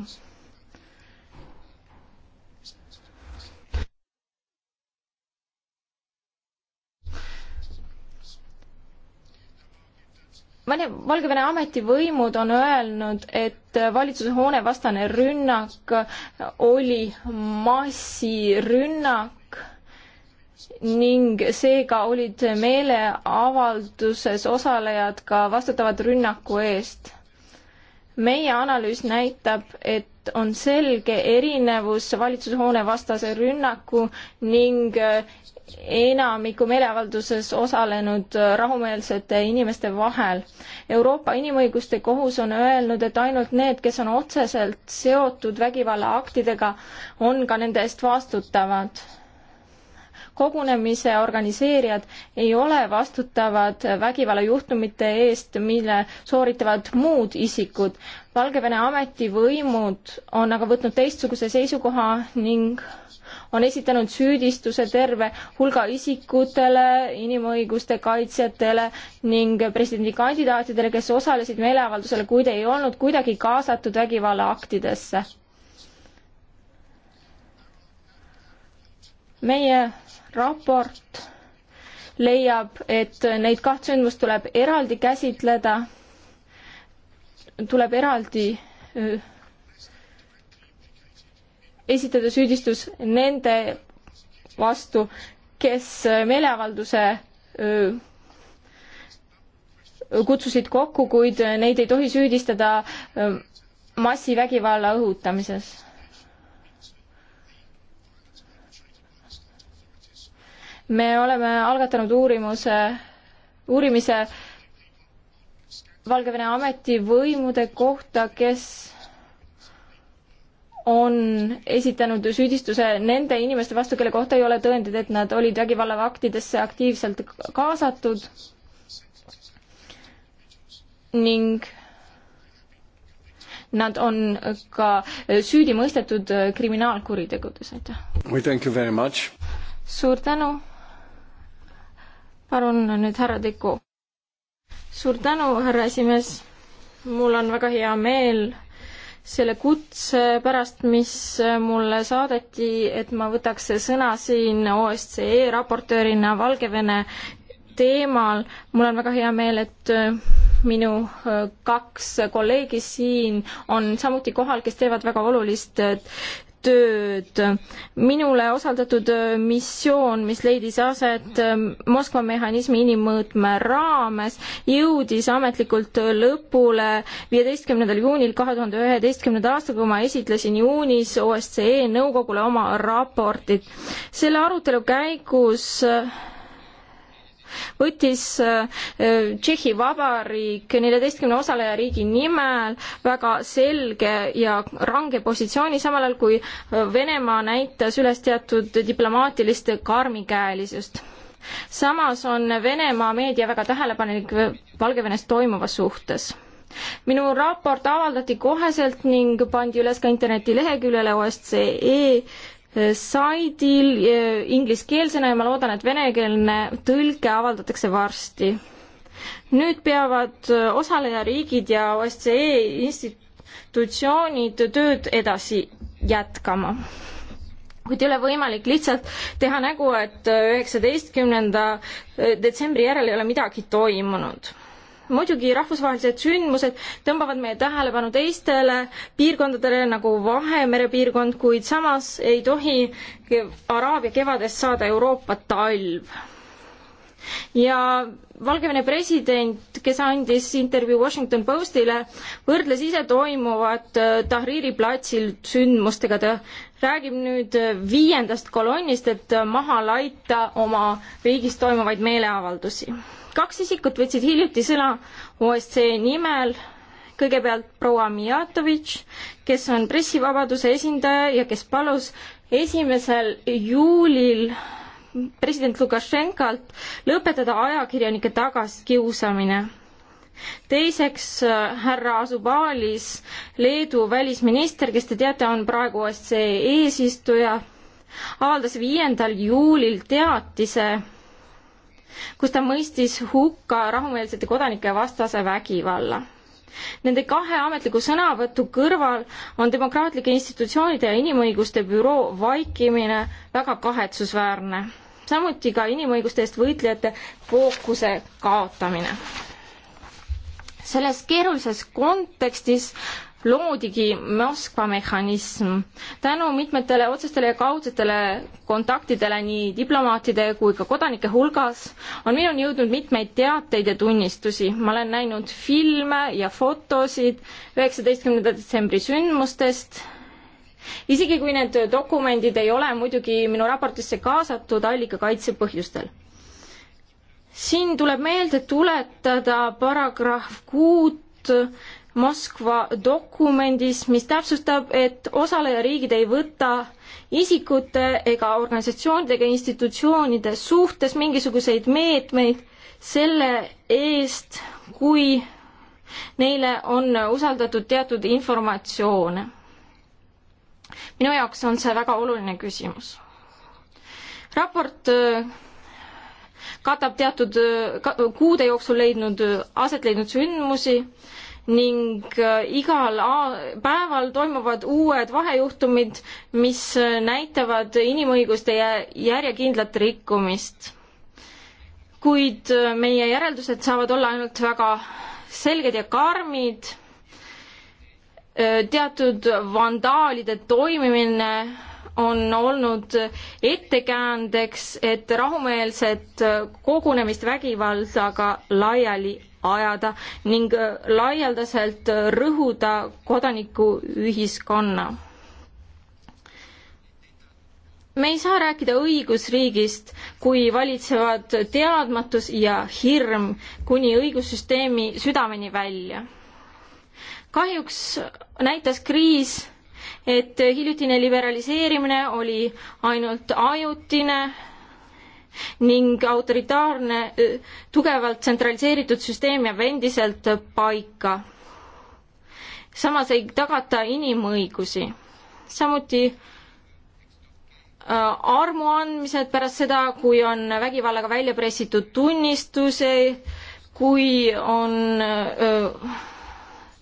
Valgevene ametivõimud on öelnud, et valitsuse hoone vastane rünnak oli massirünnak ning seega olid meeleavalduses osalejad ka vastutavad rünnaku eest. meie analüüs näitab, et on selge erinevus valitsushoone vastase rünnaku ning enamiku meeleavalduses osalenud äh, rahumeelsete inimeste vahel. Euroopa Inimõiguste Kohus on öelnud, et ainult need, kes on otseselt seotud vägivallaaktidega, on ka nende eest vastutavad. kogunemise organiseerijad ei ole vastutavad vägivallajuhtumite eest, mille sooritavad muud isikud. Valgevene ametivõimud on aga võtnud teistsuguse seisukoha ning on esitanud süüdistuse terve hulga isikutele, inimõiguste kaitsjatele ning presidendikandidaatidele, kes osalesid meeleavaldusel, kuid ei olnud kuidagi kaasatud vägivallaaktidesse. meie raport leiab, et neid kaht sündmust tuleb eraldi käsitleda, tuleb eraldi esitada süüdistus nende vastu, kes meeleavalduse kutsusid kokku, kuid neid ei tohi süüdistada massivägivalla õhutamises. me oleme algatanud uurimuse, uurimise Valgevene ametivõimude kohta, kes on esitanud süüdistuse nende inimeste vastu, kelle kohta ei ole tõendeid, et nad olid vägivallaaktidesse aktiivselt kaasatud ning nad on ka süüdi mõistetud kriminaalkuritegudes, aitäh! suur tänu! palun nüüd härra Tiku. suur tänu, härra esimees! mul on väga hea meel selle kutse pärast, mis äh, mulle saadeti, et ma võtaks sõna siin OSCE raportöörina Valgevene teemal. mul on väga hea meel, et äh, minu äh, kaks kolleegi siin on samuti kohal, kes teevad väga olulist tööd. minule osaldatud äh, missioon, mis leidis aset äh, Moskva mehhanismi inimmõõtme raames, jõudis ametlikult lõpule viieteistkümnendal juunil kahe tuhande üheteistkümnenda aastal, kui ma esitlesin juunis OSCE nõukogule oma raportit. selle arutelu käigus äh, võttis äh, Tšehhi Vabariik neljateistkümne osalejariigi nimel väga selge ja range positsiooni, samal ajal kui äh, Venemaa näitas üles teatud diplomaatilist karmikäelisust samas on Venemaa meedia väga tähelepanelik Valgevenes toimuva suhtes. minu raport avaldati koheselt ning pandi üles ka internetileheküljele OSCE saidil eh, ingliskeelsena ja ma loodan, et venekeelne tõlge avaldatakse varsti. nüüd peavad eh, osalejariigid ja OSCE institutsioonid tööd edasi jätkama kuid ei ole võimalik lihtsalt teha nägu, et eh, üheksateistkümnenda detsembri järel ei ole midagi toimunud muidugi rahvusvahelised sündmused tõmbavad meie tähelepanu teistele piirkondadele nagu Vahemere piirkond, kuid samas ei tohi Araabia kevadest saada Euroopa talv. ja Valgevene president, kes andis intervjuu Washington Postile, võrdles ise toimuvat äh, Tahriri platsil sündmustega, ta räägib nüüd äh, viiendast kolonnist, et äh, maha laita oma riigis toimuvaid meeleavaldusi kaks isikut võtsid hiljuti sõna OSCE nimel, kõigepealt proua Mijatovitš, kes on pressivabaduse esindaja ja kes palus esimesel juulil president Lukašenkalt lõpetada ajakirjanike tagakiusamine. teiseks härra Asubalis, Leedu välisminister, kes te teate, on praegu OSCE eesistuja, avaldas viiendal juulil teatise kus ta mõistis hukka rahumeelsete kodanike vastase vägivalla. Nende kahe ametliku sõnavõtu kõrval on demokraatlike institutsioonide ja inimõiguste büroo vaikimine väga kahetsusväärne, samuti ka inimõiguste eest võitlejate fookuse kaotamine selles keerulises kontekstis loodigi Moskva mehhanism. tänu mitmetele otsestele ja kaudsetele kontaktidele nii diplomaatide kui ka kodanike hulgas on minuni jõudnud mitmeid teateid ja tunnistusi. ma olen näinud filme ja fotosid üheksateistkümnenda detsembri sündmustest, isegi kui need dokumendid ei ole muidugi minu raportisse kaasatud allikakaitse põhjustel siin tuleb meelde tuletada paragrahv kuut Moskva dokumendis, mis täpsustab, et osalejariigid ei võta isikute ega organisatsioonide ega institutsioonide suhtes mingisuguseid meetmeid selle eest, kui neile on usaldatud teatud informatsioone. minu jaoks on see väga oluline küsimus. raport äh, katab teatud kuude jooksul leidnud, aset leidnud sündmusi, ning äh, igal päeval toimuvad uued vahejuhtumid, mis äh, näitavad inimõiguste järjekindlat rikkumist. kuid äh, meie järeldused saavad olla ainult väga selged ja karmid. teatud vandaalide toimimine on olnud ettekäändeks, et rahumeelset kogunemist vägivaldaga laiali ajada ning äh, laialdaselt äh, rõhuda kodanikuühiskonna. me ei saa rääkida õigusriigist, kui valitsevad teadmatus ja hirm kuni õigussüsteemi südameni välja. kahjuks näitas kriis, et hiljutine liberaliseerimine oli ainult ajutine ning autoritaarne, tugevalt tsentraliseeritud süsteem jääb endiselt paika. samas ei tagata inimõigusi. samuti äh, armu andmised pärast seda, kui on vägivallaga välja pressitud tunnistusi, kui on äh,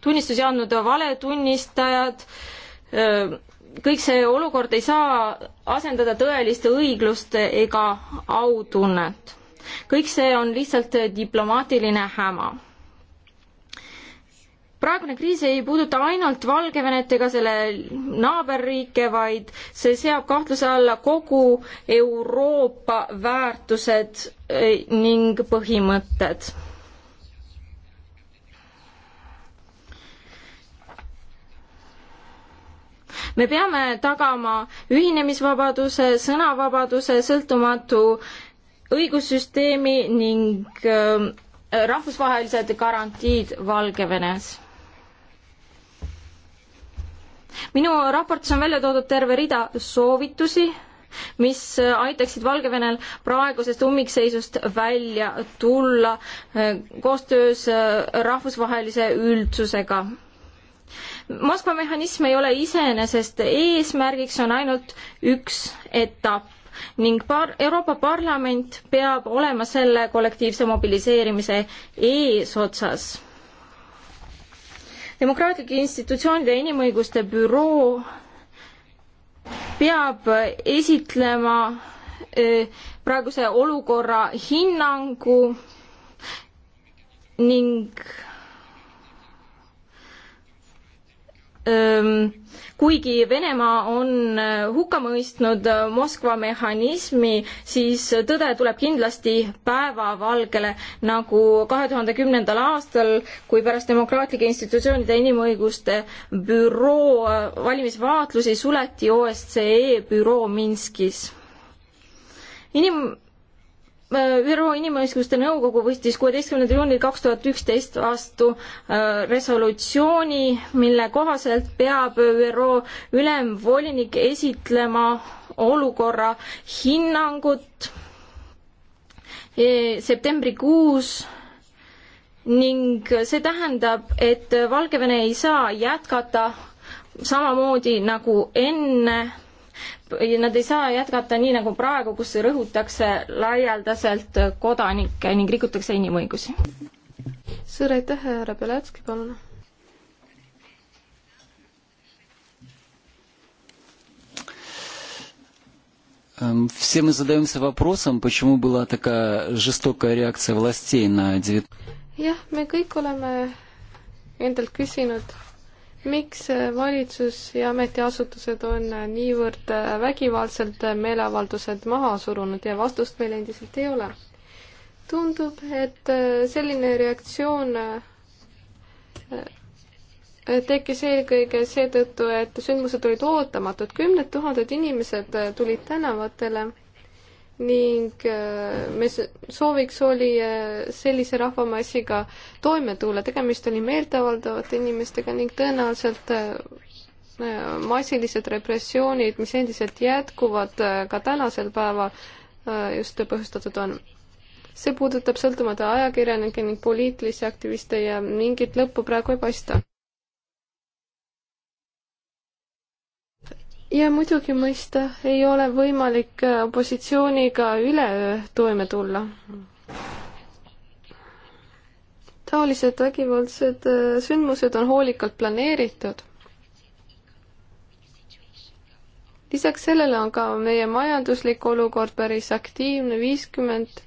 tunnistusi andnud valetunnistajad, äh, kõik see olukord ei saa asendada tõelist õiglust ega autunnet. kõik see on lihtsalt diplomaatiline häma. praegune kriis ei puuduta ainult Valgevenet ega selle naaberriike, vaid see seab kahtluse alla kogu Euroopa väärtused eh, ning põhimõtted me peame tagama ühinemisvabaduse, sõnavabaduse, sõltumatu õigussüsteemi ning ähm, rahvusvahelised garantiid Valgevenes minu raportis on välja toodud terve rida soovitusi, mis aitaksid Valgevenel praegusest ummikseisust välja tulla äh, koostöös äh, rahvusvahelise üldsusega Moskva mehhanism ei ole iseenesest eesmärgiks, on ainult üks etapp ning par-, Euroopa Parlament peab olema selle kollektiivse mobiliseerimise eesotsas. demokraatlike institutsioonide ja inimõiguste büroo peab esitlema praeguse olukorra hinnangu ning kuigi Venemaa on hukka mõistnud Moskva mehhanismi, siis tõde tuleb kindlasti päevavalgele, nagu kahe tuhande kümnendal aastal, kui pärast demokraatlike institutsioonide inimõiguste büroo valimisvaatlusi suleti OSCE büroo Minskis. inim-, Äh, ÜRO Inimõiguste Nõukogu võttis kuueteistkümnendal juunil kaks tuhat üksteist vastu äh, resolutsiooni, mille kohaselt peab ÜRO ülemvolinik esitlema olukorra hinnangut e, septembrikuus ning see tähendab, et Valgevene ei saa jätkata samamoodi nagu enne nad ei saa jätkata nii nagu praegu, kus rõhutakse laialdaselt kodanikke ning rikutakse inimõigusi. suur aitäh, härra Beletski, palun. Все мы задаемся вопросом, почему была такая жестокая реакция властей на 19... jah, me kõik oleme endalt küsinud miks valitsus ja ametiasutused on niivõrd vägivaldselt meeleavaldused maha surunud ja vastust meil endiselt ei ole? tundub, et äh, selline reaktsioon äh, äh, tekkis eelkõige seetõttu, et sündmused olid ootamatud, kümned tuhanded inimesed tulid tänavatele ning äh, me sooviks oli äh, sellise rahvamassiga toime tulla, tegemist oli meelteavaldavate inimestega ning tõenäoliselt äh, massilised repressioonid, mis endiselt jätkuvad ka tänasel päeval, just põhjustatud on. see puudutab sõltumata ajakirjanikke ning poliitilisi aktiviste ja mingit lõppu praegu ei paista. ja muidugi mõista ei ole võimalik äh, opositsiooniga üleöö äh, toime tulla. taolised vägivaldsed äh, sündmused on hoolikalt planeeritud. lisaks sellele on ka meie majanduslik olukord päris aktiivne, viiskümmend,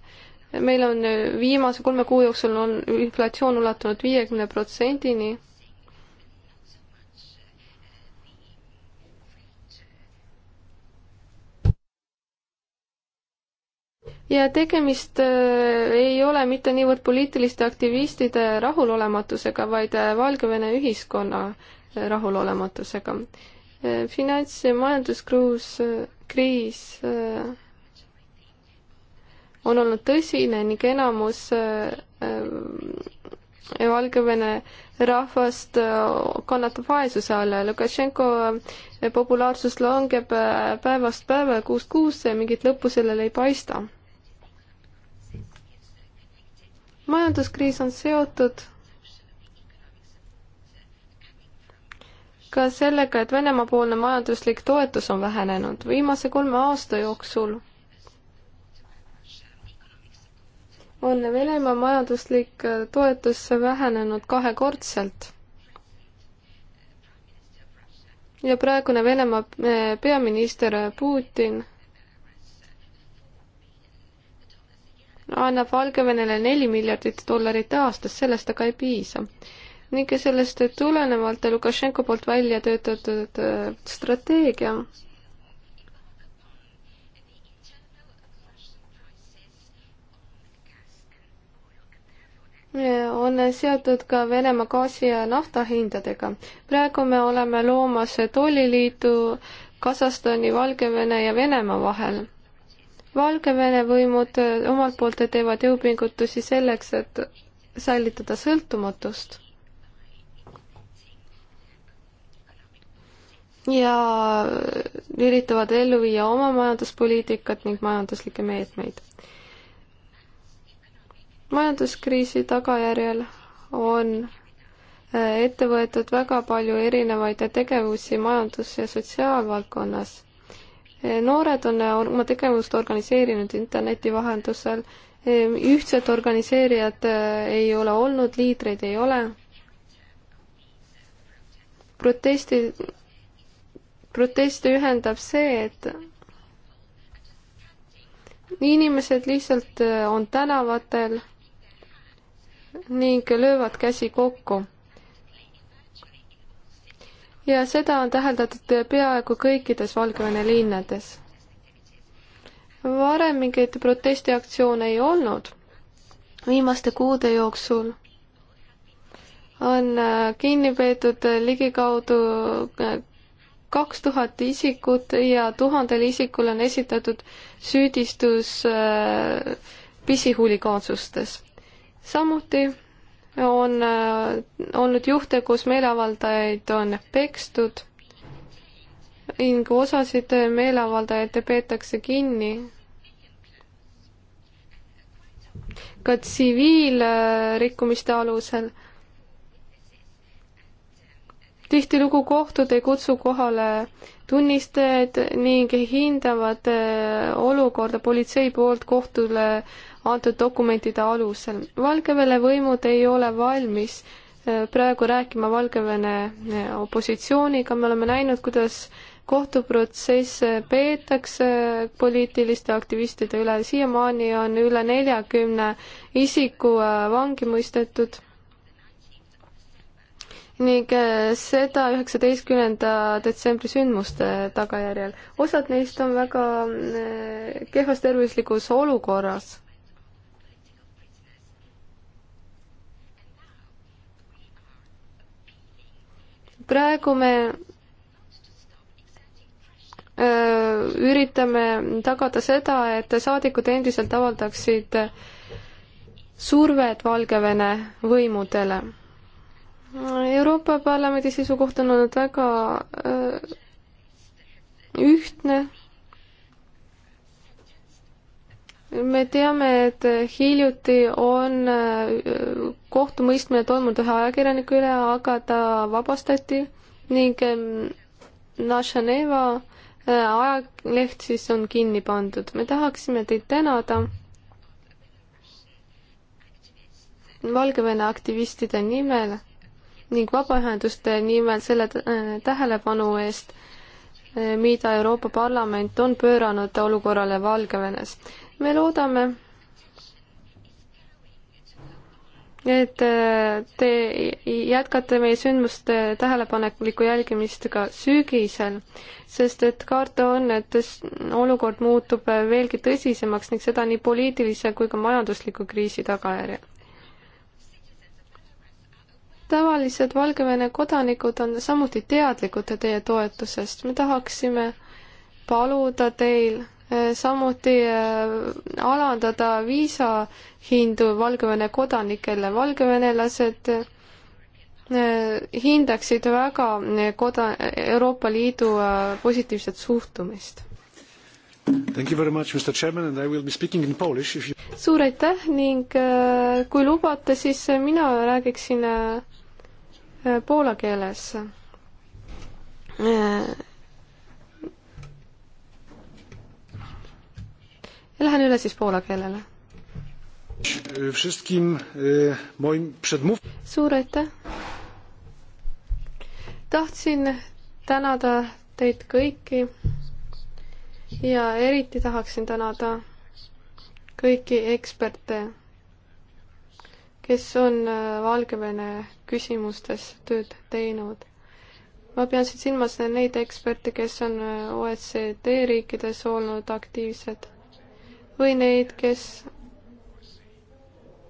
meil on viimase kolme kuu jooksul on inflatsioon ulatunud viiekümne protsendini ja tegemist äh, ei ole mitte niivõrd poliitiliste aktivistide rahulolematusega, vaid äh, Valgevene ühiskonna äh, rahulolematusega. finants- ja majanduskruus, kriis on olnud tõsine ning enamus Valgevene rahvast kannatab vaesuse all. Lukašenko populaarsus langeb päevast päeva kuust kuusse ja mingit lõppu sellele ei paista. majanduskriis on seotud ka sellega, et Venemaa-poolne majanduslik toetus on vähenenud viimase kolme aasta jooksul. on Venemaa majanduslik toetus vähenenud kahekordselt. ja praegune Venemaa eh, peaminister Putin annab Valgevenele neli miljardit dollarit aastas, sellest aga ei piisa. ning sellest tulenevalt Lukašenko poolt välja töötatud äh, strateegia on seotud ka Venemaa gaasi ja nafta hindadega. praegu me oleme loomas tolliliitu Kasahstani, Valgevene ja Venemaa vahel Valgevene võimud äh, omalt poolt teevad jõupingutusi selleks, et säilitada sõltumatust. ja äh, üritavad ellu viia oma majanduspoliitikat ning majanduslikke meetmeid. majanduskriisi tagajärjel on äh, ette võetud väga palju erinevaid tegevusi majandus- ja sotsiaalvaldkonnas noored on oma tegevust organiseerinud interneti vahendusel, ehm, ühtset organiseerijat äh, ei ole olnud, liidreid ei ole. protesti, proteste ühendab see, et inimesed lihtsalt äh, on tänavatel ning löövad käsi kokku ja seda on täheldatud peaaegu kõikides Valgevene linnades. varem mingeid protestiaktsioone ei olnud. viimaste kuude jooksul on äh, kinni peetud ligikaudu äh, kaks tuhat isikut ja tuhandele isikule on esitatud süüdistus äh, pisihuligaansustest. samuti on äh, olnud juhte, kus meeleavaldajaid on pekstud ning osasid meeleavaldajaid peetakse kinni. ka tsiviilrikkumiste alusel. tihtilugu kohtud ei kutsu kohale tunnistajaid ning hindavad äh, olukorda politsei poolt kohtule äh, antud dokumentide alusel. Valgevene võimud ei ole valmis äh, praegu rääkima Valgevene äh, opositsiooniga, me oleme näinud, kuidas kohtuprotsesse peetakse poliitiliste aktivistide üle, siiamaani on üle neljakümne isiku äh, vangi mõistetud ning seda üheksateistkümnenda detsembri sündmuste tagajärjel. osad neist on väga kehvas tervislikus olukorras. praegu me üritame tagada seda, et saadikud endiselt avaldaksid survet Valgevene võimudele. Euroopa Parlamendi seisukoht on olnud väga ühtne me teame, et hiljuti on äh, kohtumõistmine toimunud ühe ajakirjaniku üle, aga ta vabastati ning ähm, Našaneva äh, ajaleht siis on kinni pandud. me tahaksime teid tänada Valgevene aktivistide nimel ning vabaühenduste nimel selle äh, tähelepanu eest, mida Euroopa Parlament on pööranud olukorrale Valgevenes me loodame, et äh, te jätkate meie sündmuste tähelepanelikku jälgimist ka sügisel, sest et karta on, et olukord muutub äh, veelgi tõsisemaks ning seda nii poliitilise kui ka majandusliku kriisi tagajärjel. tavalised Valgevene kodanikud on samuti teadlikud teie toetusest, me tahaksime paluda teil Äh, samuti äh, alandada viisahindu Valgevene kodanikele. valgevenelased äh, hindaksid väga koda-, Euroopa Liidu positiivset suhtumist. suur aitäh ning kui lubate, siis mina räägiksin poola keeles Lähen üle siis poola keelele. suur aitäh! tahtsin tänada teid kõiki ja eriti tahaksin tänada kõiki eksperte, kes on Valgevene küsimustes tööd teinud ma pean siin silmas neid eksperte, kes on OECD riikides olnud aktiivsed või neid, kes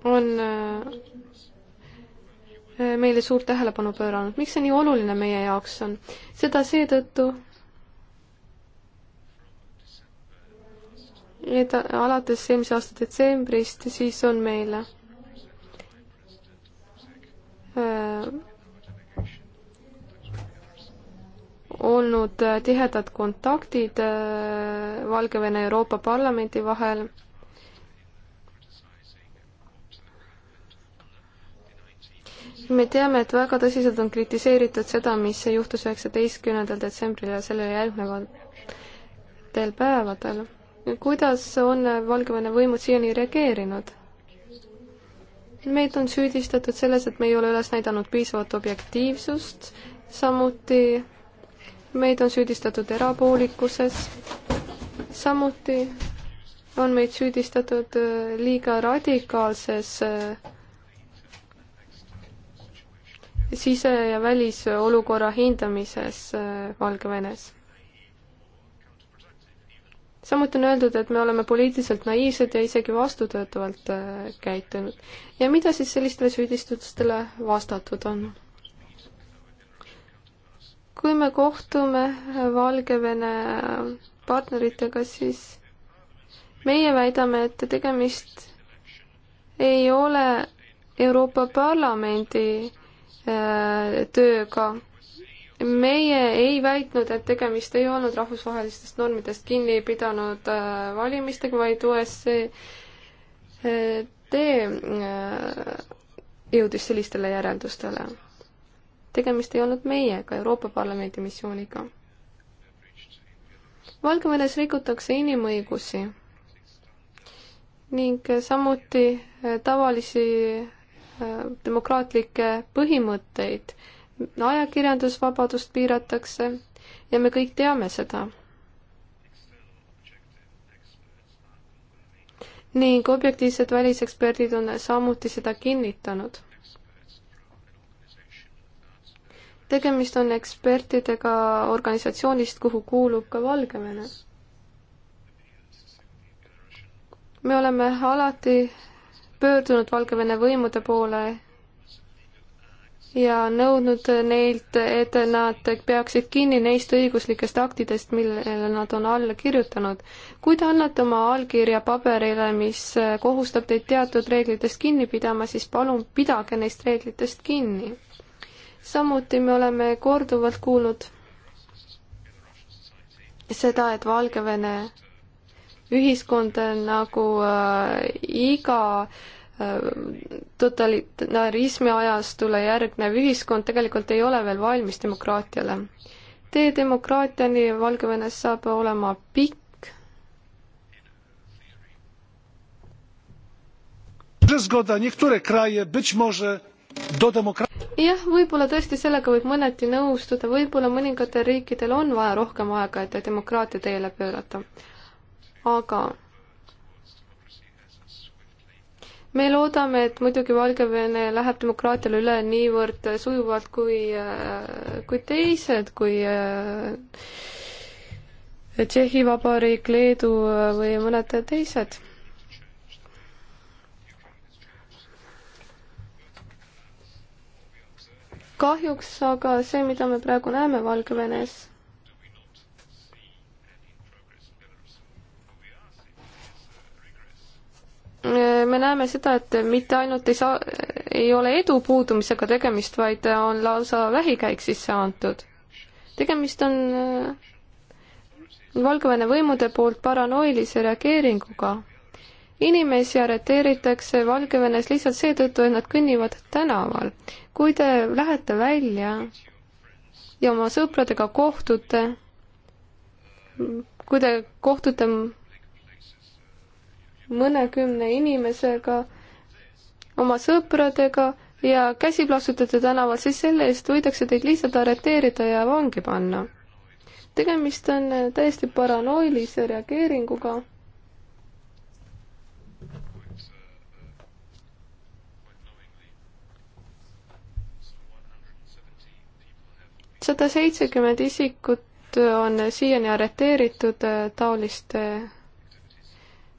on äh, äh, meile suurt tähelepanu pööranud. miks see nii oluline meie jaoks on? seda seetõttu, et alates eelmise aasta detsembrist, siis on meile äh, olnud äh, tihedad kontaktid äh, Valgevene ja Euroopa Parlamendi vahel. me teame, et väga tõsiselt on kritiseeritud seda, mis juhtus üheksateistkümnendal detsembril ja sellele järgnevatel päevadel. kuidas on Valgevene võimud siiani reageerinud? meid on süüdistatud selles, et me ei ole üles näidanud piisavat objektiivsust, samuti meid on süüdistatud erapoolikuses, samuti on meid süüdistatud äh, liiga radikaalses äh, sise- ja välisolukorra hindamises äh, Valgevenes. samuti on öeldud, et me oleme poliitiliselt naiivsed ja isegi vastutöötavalt käitunud. ja mida siis sellistele süüdistustele vastatud on? kui me kohtume Valgevene partneritega, siis meie väidame, et tegemist ei ole Euroopa Parlamendi äh, tööga. meie ei väitnud, et tegemist ei olnud rahvusvahelistest normidest kinni pidanud äh, valimistega, vaid OSCD äh, jõudis sellistele järeldustele tegemist ei olnud meiega, Euroopa Parlamendi missiooniga. Valgevenes rikutakse inimõigusi ning samuti eh, tavalisi eh, demokraatlikke põhimõtteid. ajakirjandusvabadust piiratakse ja me kõik teame seda. ning objektiivsed väliseksperdid on samuti seda kinnitanud tegemist on ekspertidega organisatsioonist, kuhu kuulub ka Valgevene. me oleme alati pöördunud Valgevene võimude poole ja nõudnud neilt, et nad peaksid kinni neist õiguslikest aktidest, millele nad on alla kirjutanud. kui te annate oma allkirja paberile, mis kohustab teid teatud reeglitest kinni pidama, siis palun pidage neist reeglitest kinni samuti me oleme korduvalt kuulnud seda, et Valgevene ühiskond nagu äh, iga äh, totalitarismi ajastule järgnev ühiskond tegelikult ei ole veel valmis demokraatiale. tee demokraatiani Valgevenes saab olema pikk. zgoda niektóre kraje być może jah, võib-olla tõesti sellega võib mõneti nõustuda, võib-olla mõningatel riikidel on vaja rohkem aega, et demokraatia teele pöörata. aga me loodame, et muidugi Valgevene läheb demokraatiale üle niivõrd sujuvalt kui, äh, kui teised, kui äh, Tšehhi Vabariik, Leedu äh, või mõned teised kahjuks aga see, mida me praegu näeme Valgevenes, me näeme seda, et mitte ainult ei saa, ei ole edu puudumisega tegemist, vaid on lausa vähikäik sisse antud. tegemist on äh, Valgevene võimude poolt paranoilise reageeringuga inimesi arreteeritakse Valgevenes lihtsalt seetõttu, et nad kõnnivad tänaval. kui te lähete välja ja oma sõpradega kohtute, kui te kohtute mõnekümne inimesega, oma sõpradega ja käsi plaksutate tänaval, siis selle eest võidakse teid lihtsalt arreteerida ja vangi panna. tegemist on täiesti paranoilise reageeringuga sada seitsekümmend isikut on siiani arreteeritud äh, taoliste,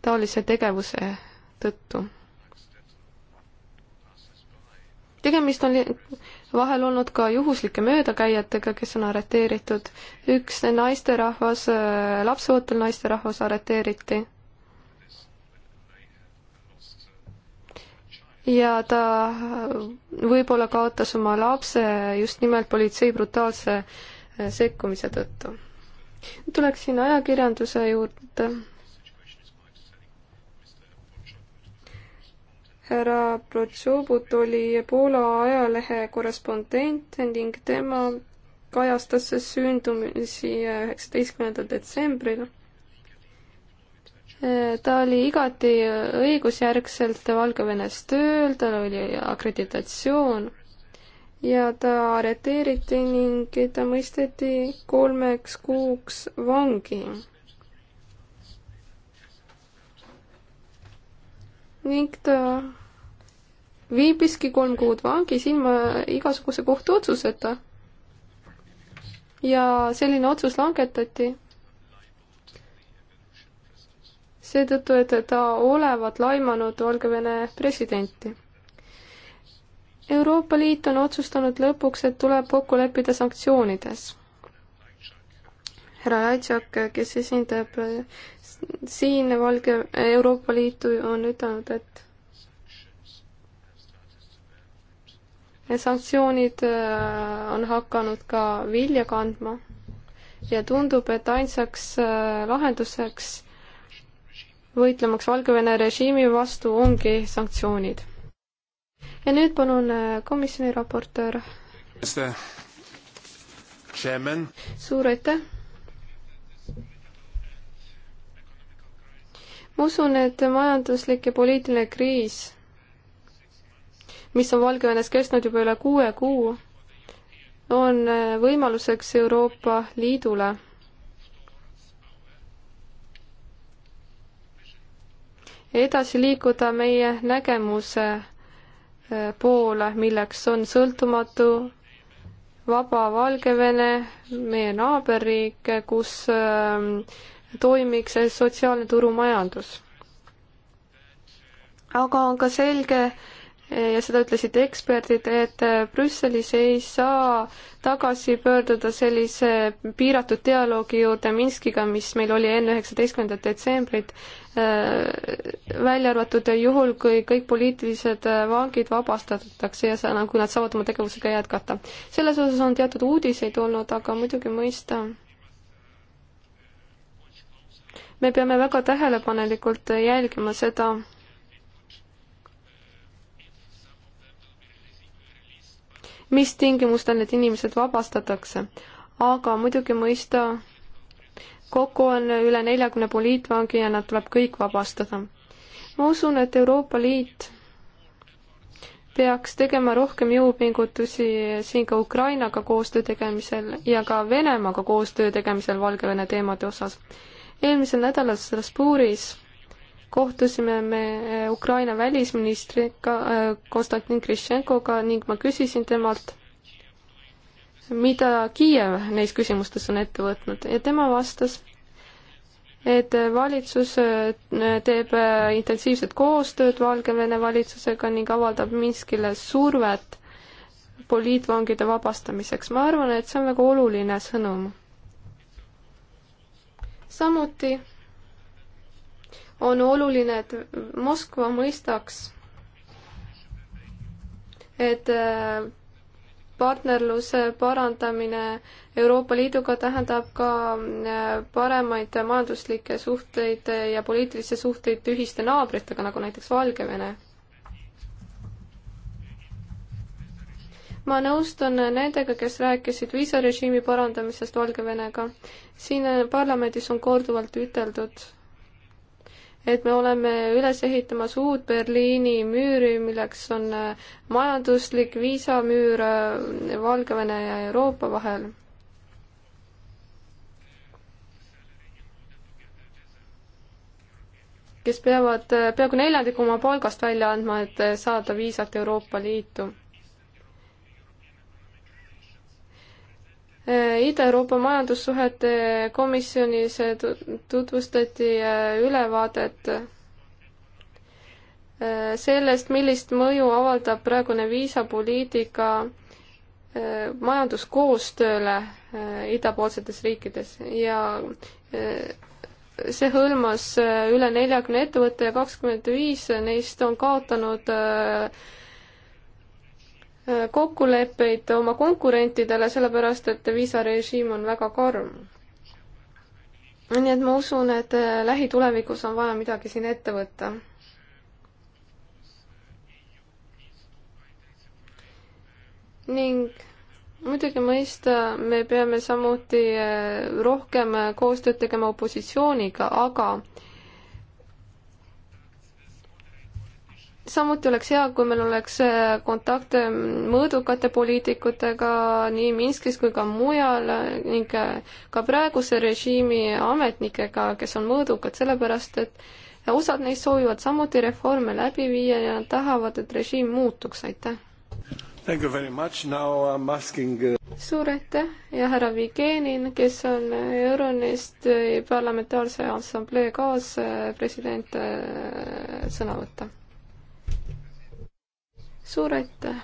taolise tegevuse tõttu. tegemist on vahel olnud ka juhuslike möödakäijatega, kes on arreteeritud. üks naisterahvas, äh, lapseootel naisterahvas arreteeriti ja ta võib-olla kaotas oma lapse just nimelt politsei brutaalse äh, sekkumise tõttu. tuleksin ajakirjanduse juurde. härra Protšobut oli Poola ajalehe korrespondent ning tema kajastas sündumisi üheksateistkümnendal detsembril ta oli igati õigusjärgselt Valgevenes tööl, tal oli akreditatsioon ja ta arreteeriti ning ta mõisteti kolmeks kuuks vangi. ning ta viibiski kolm kuud vangis ilma igasuguse kohtuotsuseta. ja selline otsus langetati seetõttu, et ta olevat laimanud Valgevene presidenti. Euroopa Liit on otsustanud lõpuks, et tuleb kokku leppida sanktsioonides. härra Laitšak, kes esindab siin Valge, Euroopa Liitu, on ütelnud, et sanktsioonid äh, on hakanud ka vilja kandma ja tundub, et ainsaks äh, lahenduseks võitlemaks Valgevene režiimi vastu, ongi sanktsioonid. ja nüüd palun äh, komisjoni raportöör. suur aitäh ma usun, et majanduslik ja poliitiline kriis, mis on Valgevenes kestnud juba üle kuue kuu, on äh, võimaluseks Euroopa Liidule edasi liikuda meie nägemuse eh, poole, milleks on sõltumatu vaba Valgevene, meie naaberriik, kus eh, toimiks sotsiaalne turumajandus. aga on ka selge, eh, ja seda ütlesid eksperdid, et Brüsselis ei saa tagasi pöörduda sellise piiratud dialoogi juurde Minskiga, mis meil oli enne üheksateistkümnendat detsembrit Äh, välja arvatud juhul, kui kõik poliitilised äh, vangid vabastatakse ja seal, kui nad saavad oma tegevusega jätkata. selles osas on teatud uudiseid olnud, aga muidugi mõista. me peame väga tähelepanelikult jälgima seda, mis tingimustel need inimesed vabastatakse. aga muidugi mõista kokku on üle neljakümne poliitvangi ja nad tuleb kõik vabastada. ma usun, et Euroopa Liit peaks tegema rohkem jõupingutusi siin ka Ukrainaga koostöö tegemisel ja ka Venemaaga koostöö tegemisel Valgevene teemade osas. eelmisel nädalal Strasbourgis kohtusime me eh, Ukraina välisministriga eh, Konstantin Krišenkoga ning ma küsisin temalt, mida Kiiev neis küsimustes on ette võtnud ja tema vastas, et valitsus äh, teeb äh, intensiivset koostööd Valgevene valitsusega ning avaldab Minskile survet poliitvangide vabastamiseks. ma arvan, et see on väga oluline sõnum. samuti on oluline, et Moskva mõistaks, et äh, partnerluse parandamine Euroopa Liiduga tähendab ka äh, paremaid majanduslikke suhteid ja poliitilisi suhteid ühiste naabritega, nagu näiteks Valgevene. ma nõustun nendega, kes rääkisid viisarežiimi parandamisest Valgevenega. siin äh, parlamendis on korduvalt üteldud et me oleme üles ehitamas uut Berliini müüri, milleks on äh, majanduslik viisamüür äh, Valgevene ja Euroopa vahel kes peavad äh, peaaegu neljandiku oma palgast välja andma, et saada viisat Euroopa Liitu. Äh, Ida-Euroopa majandussuhete komisjonis äh, tutvustati äh, ülevaadet sellest, millist mõju avaldab praegune viisapoliitika majanduskoostööle idapoolsetes riikides ja see hõlmas üle neljakümne ettevõtte ja kakskümmend viis neist on kaotanud kokkuleppeid oma konkurentidele, sellepärast et viisarežiim on väga karm. nii et ma usun, et äh, lähitulevikus on vaja midagi siin ette võtta. ning muidugi mõista, me peame samuti äh, rohkem äh, koostööd tegema opositsiooniga, aga samuti oleks hea, kui meil oleks äh, kontakte äh, mõõdukate poliitikutega nii Minskis kui ka mujal ning äh, ka praeguse režiimi ametnikega, kes on mõõdukad, sellepärast et osad neist soovivad samuti reforme läbi viia ja nad tahavad, et režiim muutuks, aitäh. Thank you very much, now I am asking uh, suur aitäh ja härra Vigenin, kes on Euronist parlamentaarse assamblee kaaspresident, sõna võtta suur aitäh!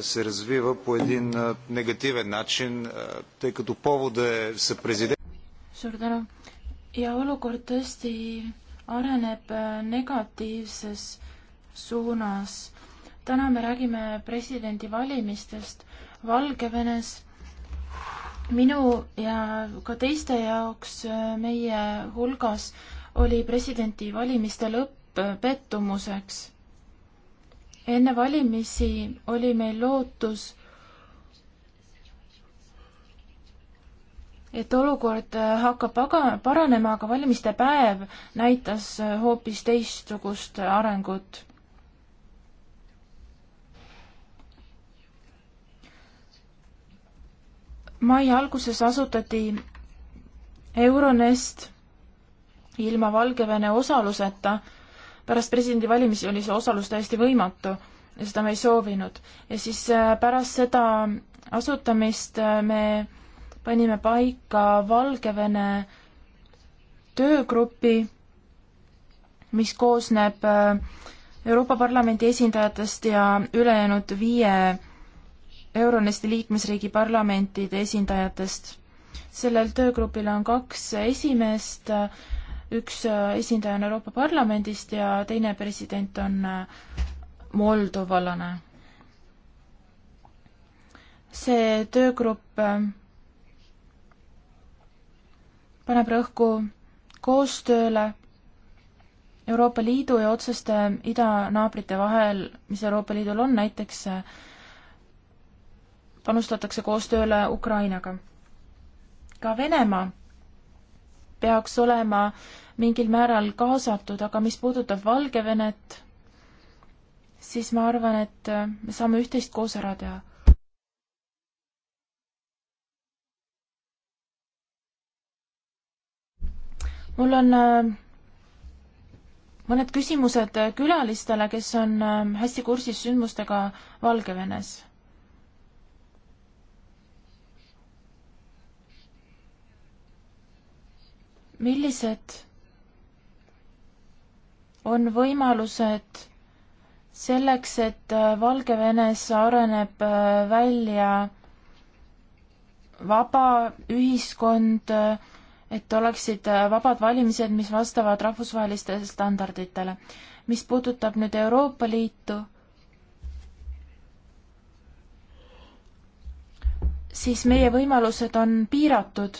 се развива по един негативен начин, тъй като повода е са президент. Suur tänu! ja olukord tõesti areneb negatiivses suunas. täna me räägime presidendivalimistest Valgevenes. minu ja ka teiste jaoks e, meie hulgas oli presidendivalimise lõpp e, pettumuseks enne valimisi oli meil lootus, et olukord hakkab aga paranema, aga valimiste päev näitas hoopis teistsugust arengut. mai alguses asutati Euronest ilma Valgevene osaluseta pärast presidendivalimisi oli see osalus täiesti võimatu ja seda me ei soovinud. ja siis äh, pärast seda asutamist äh, me panime paika Valgevene töögrupi, mis koosneb äh, Euroopa Parlamendi esindajatest ja ülejäänud viie Euronesti liikmesriigi parlamentide esindajatest. sellel töögrupil on kaks esimeest, üks äh, esindaja on Euroopa Parlamendist ja teine president on äh, moldovalane. see töögrupp äh, paneb rõhku koostööle Euroopa Liidu ja otseste idanaabrite vahel, mis Euroopa Liidul on, näiteks panustatakse koostööle Ukrainaga. ka Venemaa peaks olema mingil määral kaasatud, aga mis puudutab Valgevenet, siis ma arvan, et äh, me saame üht-teist koos ära teha. mul on äh, mõned küsimused äh, külalistele, kes on hästi kursis sündmustega Valgevenes millised on võimalused selleks, et äh, Valgevenes areneb äh, välja vaba ühiskond, äh, et oleksid vabad valimised, mis vastavad rahvusvahelistele standarditele. mis puudutab nüüd Euroopa Liitu, siis meie võimalused on piiratud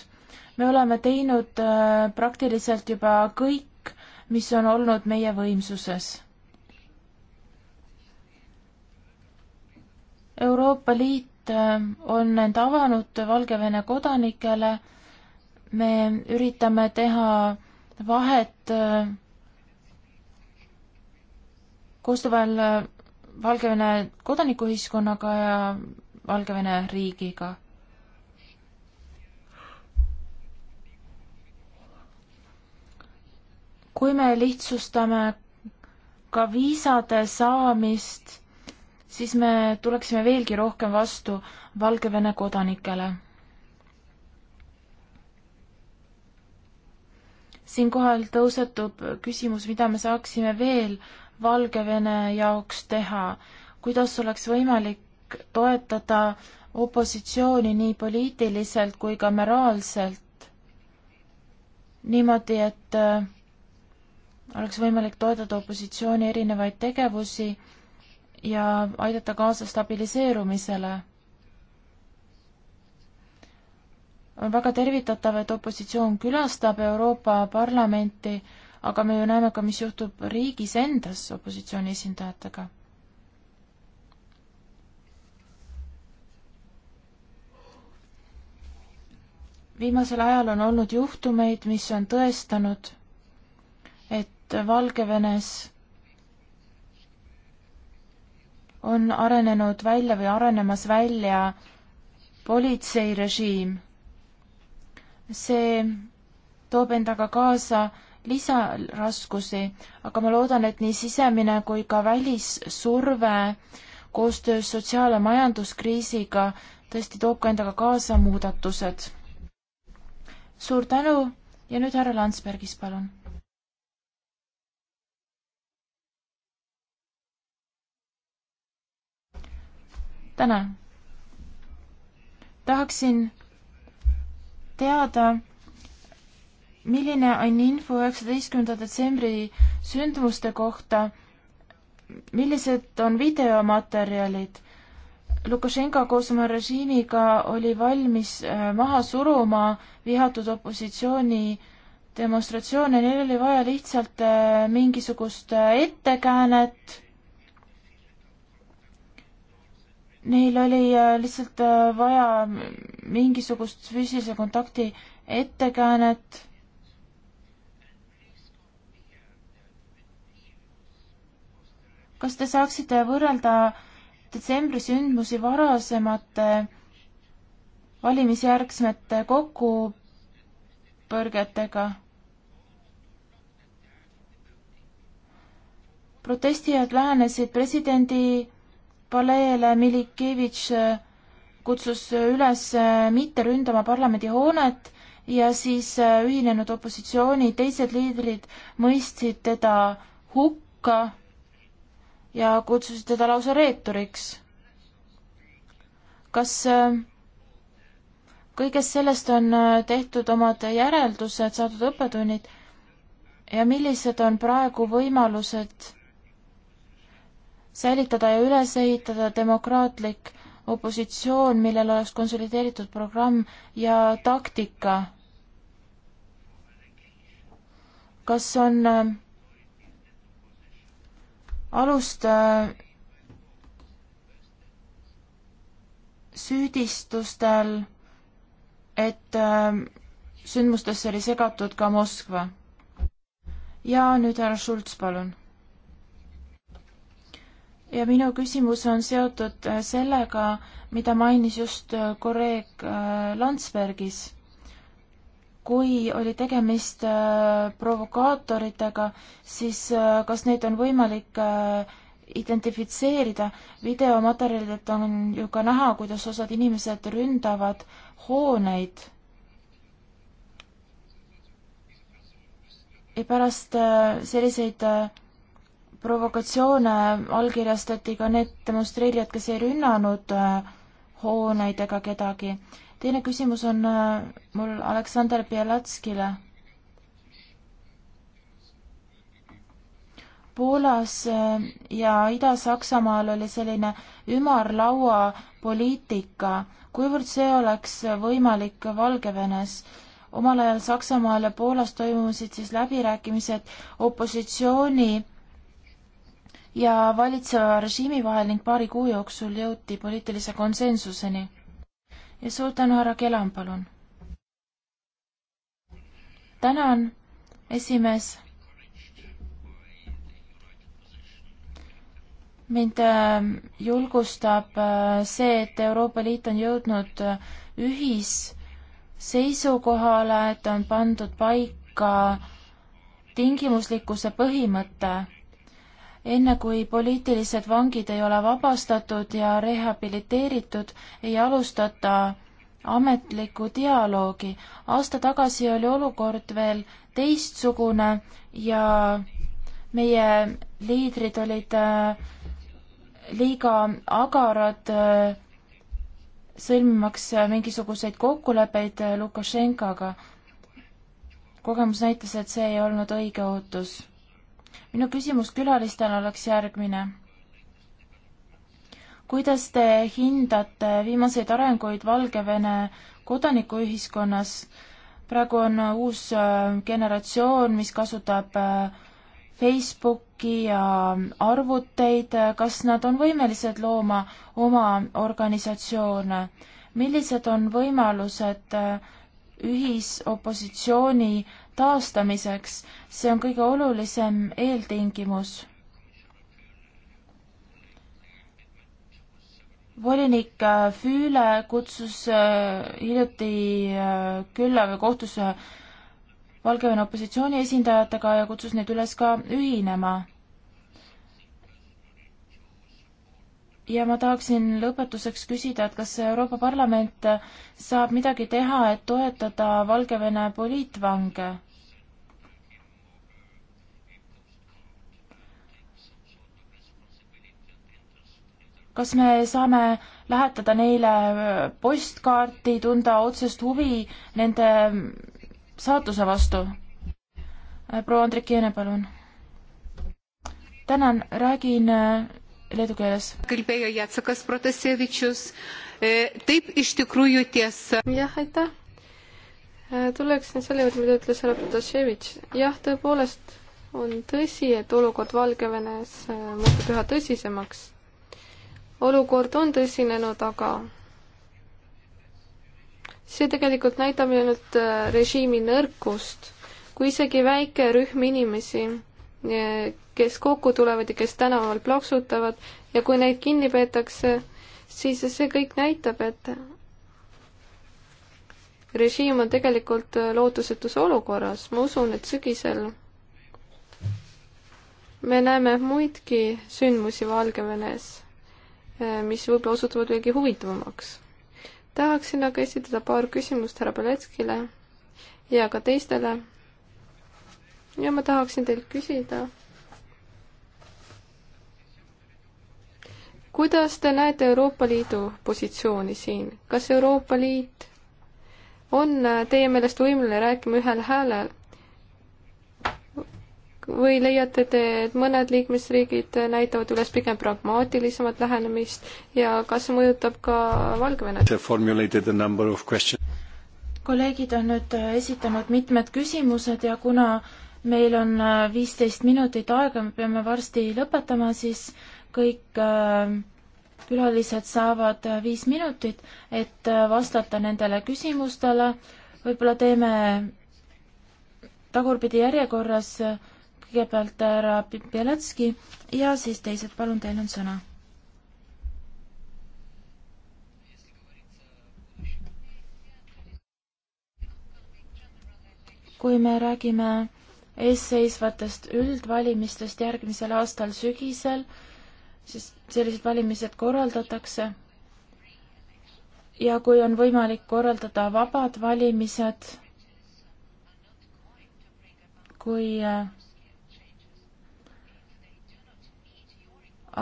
me oleme teinud äh, praktiliselt juba kõik, mis on olnud meie võimsuses. Euroopa Liit äh, on end avanud Valgevene kodanikele, me üritame teha vahet äh, koostööväel Valgevene kodanikuühiskonnaga ja Valgevene riigiga kui me lihtsustame ka viisade saamist, siis me tuleksime veelgi rohkem vastu Valgevene kodanikele. siinkohal tõusetub küsimus, mida me saaksime veel Valgevene jaoks teha, kuidas oleks võimalik toetada opositsiooni nii poliitiliselt kui ka moraalselt, niimoodi, et äh, oleks võimalik toetada opositsiooni erinevaid tegevusi ja aidata kaasa stabiliseerumisele. on väga tervitatav, et opositsioon külastab Euroopa Parlamenti, aga me ju näeme ka, mis juhtub riigis endas opositsiooni esindajatega. viimasel ajal on olnud juhtumeid, mis on tõestanud Valgevenes on arenenud välja või arenemas välja politseirežiim. see toob endaga kaasa lisaraskusi, aga ma loodan, et nii sisemine kui ka välissurve koostöös sotsiaal- ja majanduskriisiga tõesti toob ka endaga kaasa muudatused. suur tänu ja nüüd härra Landsbergis, palun tänan. tahaksin teada, milline on info üheksateistkümnenda detsembri sündmuste kohta, millised on videomaterjalid? Lukašenka koos oma režiimiga oli valmis äh, maha suruma vihatud opositsiooni demonstratsioone, neil oli vaja lihtsalt äh, mingisugust äh, ettekäänet neil oli äh, lihtsalt äh, vaja mingisugust füüsilise kontakti ettekäänet. kas te saaksite võrrelda detsembri sündmusi varasemate valimisjärgsemate kokkupõrgetega? protestijad lähenesid presidendi paleele Milikevitš äh, kutsus äh, üles äh, mitte ründama parlamendihoonet ja siis ühinenud opositsiooni teised liidrid mõistsid teda hukka ja kutsusid teda lausa reeturiks. kas kõigest sellest on tehtud omad järeldused, saadud õppetunnid ja millised on praegu võimalused säilitada ja üles ehitada demokraatlik opositsioon, millel oleks konsolideeritud programm ja taktika. kas on äh, alust äh, süüdistustel, et äh, sündmustesse oli segatud ka Moskva? ja nüüd härra Schultz, palun ja minu küsimus on seotud äh, sellega, mida mainis just äh, kolleeg äh, Landsbergis. kui oli tegemist provokaatoritega, siis kas neid on võimalik identifitseerida, videomaterjalidelt on ju ka näha, kuidas osad inimesed ründavad hooneid. ja pärast selliseid provokatsioone allkirjastati ka need demonstreerijad, kes ei rünnanud äh, hooneid ega kedagi. teine küsimus on äh, mul Aleksander Bielatskile. Poolas äh, ja Ida-Saksamaal oli selline ümarlaua poliitika, kuivõrd see oleks võimalik Valgevenes? omal ajal Saksamaal ja Poolas toimusid siis läbirääkimised opositsiooni ja valitseva režiimi vahel ning paari kuu jooksul jõuti poliitilise konsensuseni. ja suur tänu, härra Kelam, palun. tänan, esimees. mind ähm, julgustab äh, see, et Euroopa Liit on jõudnud äh, ühisseisukohale, et on pandud paika tingimuslikkuse põhimõte enne kui poliitilised vangid ei ole vabastatud ja rehabiliteeritud, ei alustata ametlikku dialoogi. aasta tagasi oli olukord veel teistsugune ja meie liidrid olid äh, liiga agarad äh, sõlmimaks mingisuguseid kokkuleppeid äh, Lukašenkaga. kogemus näitas, et see ei olnud õige ootus minu küsimus külalistele oleks järgmine. kuidas te hindate viimaseid arenguid Valgevene kodanikuühiskonnas? praegu on uus äh, generatsioon, mis kasutab äh, Facebooki ja arvuteid, kas nad on võimelised looma oma organisatsioone? millised on võimalused äh, ühisopositsiooni taastamiseks. see on kõige olulisem eeltingimus. volinik äh, Füüle kutsus äh, hiljuti äh, külla või kohtus Valgevene opositsiooni esindajatega ja kutsus neid üles ka ühinema ja ma tahaksin lõpetuseks küsida, et kas Euroopa Parlament saab midagi teha, et toetada Valgevene poliitvange? kas me saame lähetada neile postkaarti, tunda otsest huvi nende saatuse vastu? proua Andrik Jeene, palun. tänan, räägin äh, leedu keeles. kalbėjo Jatsakas Protasevitšus. E, taip iš tikrųjų tiesa. jah, aitäh. E, tuleksin selle juurde, mida ütles härra Protasevitš. jah, tõepoolest on tõsi, et olukord Valgevenes e, muutub üha tõsisemaks. olukord on tõsinenud, aga see tegelikult näitab ainult režiimi nõrkust, kui isegi väike rühm inimesi kes kokku tulevad ja kes tänaval plaksutavad ja kui neid kinni peetakse, siis see kõik näitab, et režiim on tegelikult lootusetus olukorras, ma usun, et sügisel me näeme muidki sündmusi Valgevenes, mis võib-olla osutuvad veelgi huvitavamaks. tahaksin aga esitada paar küsimust härra Beletskile ja ka teistele ja ma tahaksin teilt küsida. kuidas te näete Euroopa Liidu positsiooni siin, kas Euroopa Liit on teie meelest võimeline rääkima ühel häälel? või leiate te, et mõned liikmesriigid näitavad üles pigem pragmaatilisemat lähenemist ja kas see mõjutab ka Valgevenet? kolleegid on nüüd esitanud mitmed küsimused ja kuna meil on äh, viisteist minutit aega, me peame varsti lõpetama, siis kõik äh, külalised saavad äh, viis minutit, et vastata nendele küsimustele. võib-olla teeme tagurpidi järjekorras kõigepealt härra Bielatski ja siis teised, palun, teil on sõna kui me räägime eesseisvatest üldvalimistest järgmisel aastal sügisel, siis sellised valimised korraldatakse. ja kui on võimalik korraldada vabad valimised, kui äh,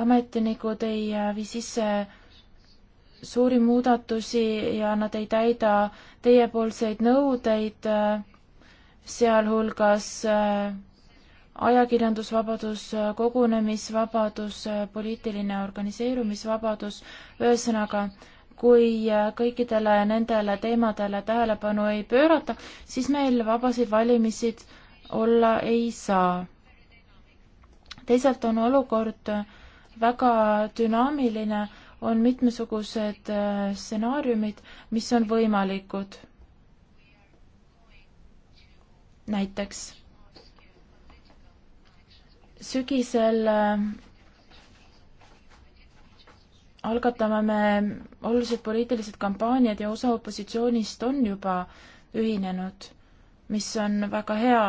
ametinikud ei äh, vii sisse suuri muudatusi ja nad ei täida teiepoolseid nõudeid äh, sealhulgas äh, ajakirjandusvabadus, äh, kogunemisvabadus, äh, poliitiline organiseerumisvabadus, ühesõnaga, kui kõikidele nendele teemadele tähelepanu ei pöörata, siis meil vabasid valimisi olla ei saa. teisalt on olukord väga dünaamiline, on mitmesugused stsenaariumid, mis on võimalikud näiteks sügisel äh, algatame me olulised poliitilised kampaaniad ja osa opositsioonist on juba ühinenud, mis on väga hea.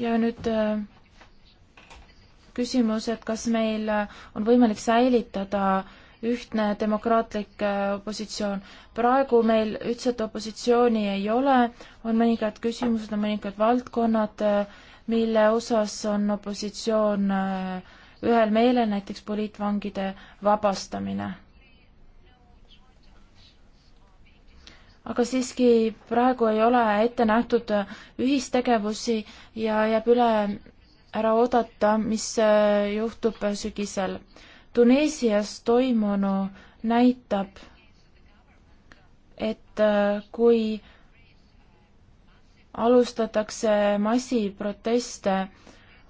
ja nüüd äh, küsimus, et kas meil äh, on võimalik säilitada ühtne demokraatlik äh, opositsioon. praegu meil üldset opositsiooni ei ole, on mõningad küsimused, on mõningad valdkonnad, äh, mille osas on opositsioon äh, ühel meelel, näiteks poliitvangide vabastamine. aga siiski praegu ei ole ette nähtud ühistegevusi ja jääb üle ära oodata, mis juhtub sügisel. Tuneesias toimunu näitab, et äh, kui alustatakse massiproteste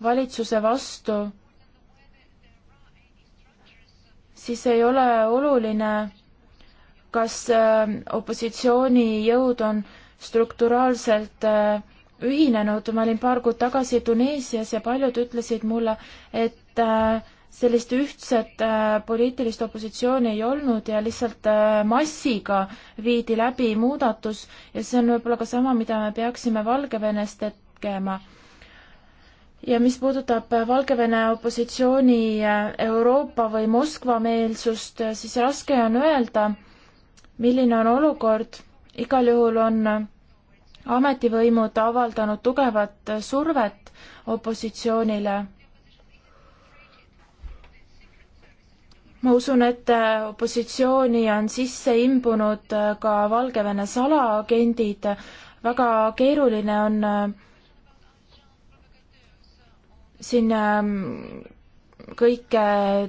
valitsuse vastu, siis ei ole oluline, kas äh, opositsioonijõud on strukturaalselt äh, ühinenud, ma olin paar kuud tagasi Tuneesias ja paljud ütlesid mulle, et äh, sellist ühtset äh, poliitilist opositsiooni ei olnud ja lihtsalt äh, massiga viidi läbi muudatus ja see on võib-olla ka sama, mida me peaksime Valgevenes tegema. ja mis puudutab äh, Valgevene opositsiooni Euroopa või Moskva meelsust, siis raske on öelda, milline on olukord, igal juhul on ametivõimud avaldanud tugevat survet opositsioonile ma usun, et äh, opositsiooni on sisse imbunud äh, ka Valgevene salaagendid. väga keeruline on äh, siin ähm, kõike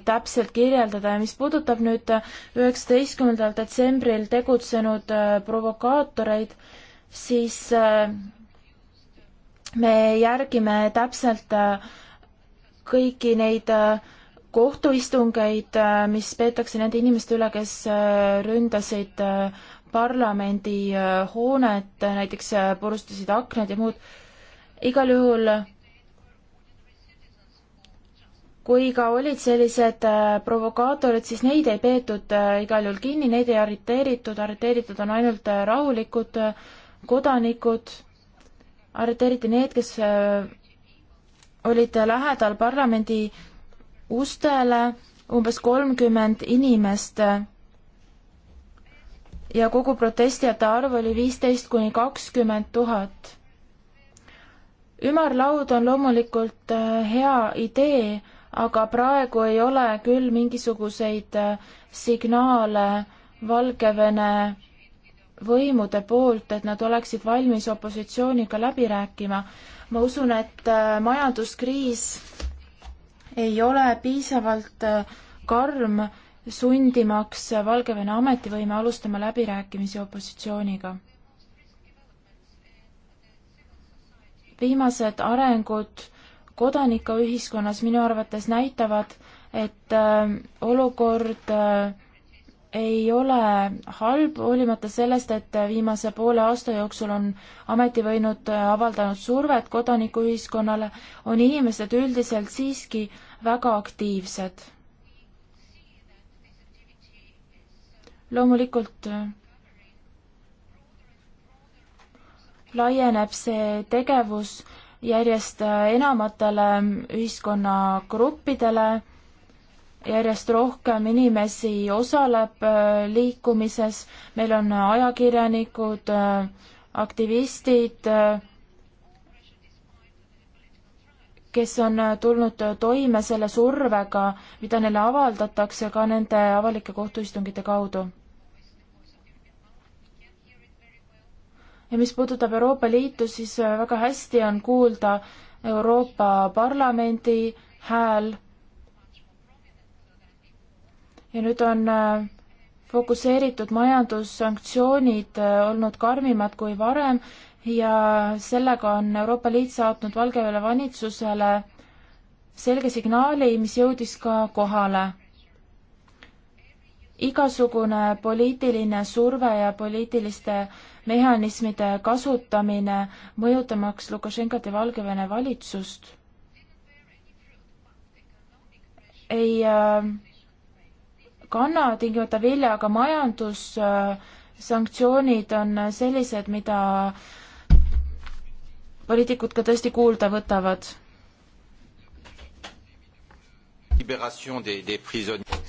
täpselt kirjeldada ja mis puudutab nüüd üheksateistkümnendal detsembril tegutsenud provokaatoreid, siis me järgime täpselt kõiki neid äh, kohtuistungeid, äh, mis peetakse nende inimeste üle, kes äh, ründasid äh, parlamendi hoonet, näiteks purustasid aknad ja muud. igal juhul kui ka olid sellised provokaatorid, siis neid ei peetud igal juhul kinni, neid ei arreteeritud, arreteeritud on ainult rahulikud kodanikud, arreteeriti need, kes olid lähedal parlamendi ustele umbes kolmkümmend inimest ja kogu protestijate arv oli viisteist kuni kakskümmend tuhat. ümarlaud on loomulikult äh, hea idee, aga praegu ei ole küll mingisuguseid äh, signaale Valgevene võimude poolt, et nad oleksid valmis opositsiooniga läbi rääkima. ma usun, et äh, majanduskriis ei ole piisavalt äh, karm, sundimaks Valgevene ametivõime alustama läbirääkimisi opositsiooniga. viimased arengud kodanikuühiskonnas minu arvates näitavad, et äh, olukord äh, ei ole halb, hoolimata sellest, et viimase poole aasta jooksul on ametivõinud äh, avaldanud survet kodanikuühiskonnale, on inimesed üldiselt siiski väga aktiivsed. loomulikult äh, laieneb see tegevus järjest äh, enamatele ühiskonnagruppidele järjest rohkem inimesi osaleb äh, liikumises, meil on ajakirjanikud, äh, aktivistid, äh, kes on tulnud toime selle survega, mida neile avaldatakse ka nende avalike kohtuistungite kaudu. ja mis puudutab Euroopa Liitu, siis väga hästi on kuulda Euroopa Parlamendi hääl ja nüüd on äh, fokusseeritud majandussanktsioonid äh, olnud karmimad kui varem ja sellega on Euroopa Liit saatnud Valgevene valitsusele selge signaali, mis jõudis ka kohale. igasugune poliitiline surve ja poliitiliste mehhanismide kasutamine mõjutamaks Lukašenkat ja Valgevene valitsust ei äh, kanna tingimata vilja, aga majandussanktsioonid äh, on sellised, mida poliitikud ka tõesti kuulda võtavad.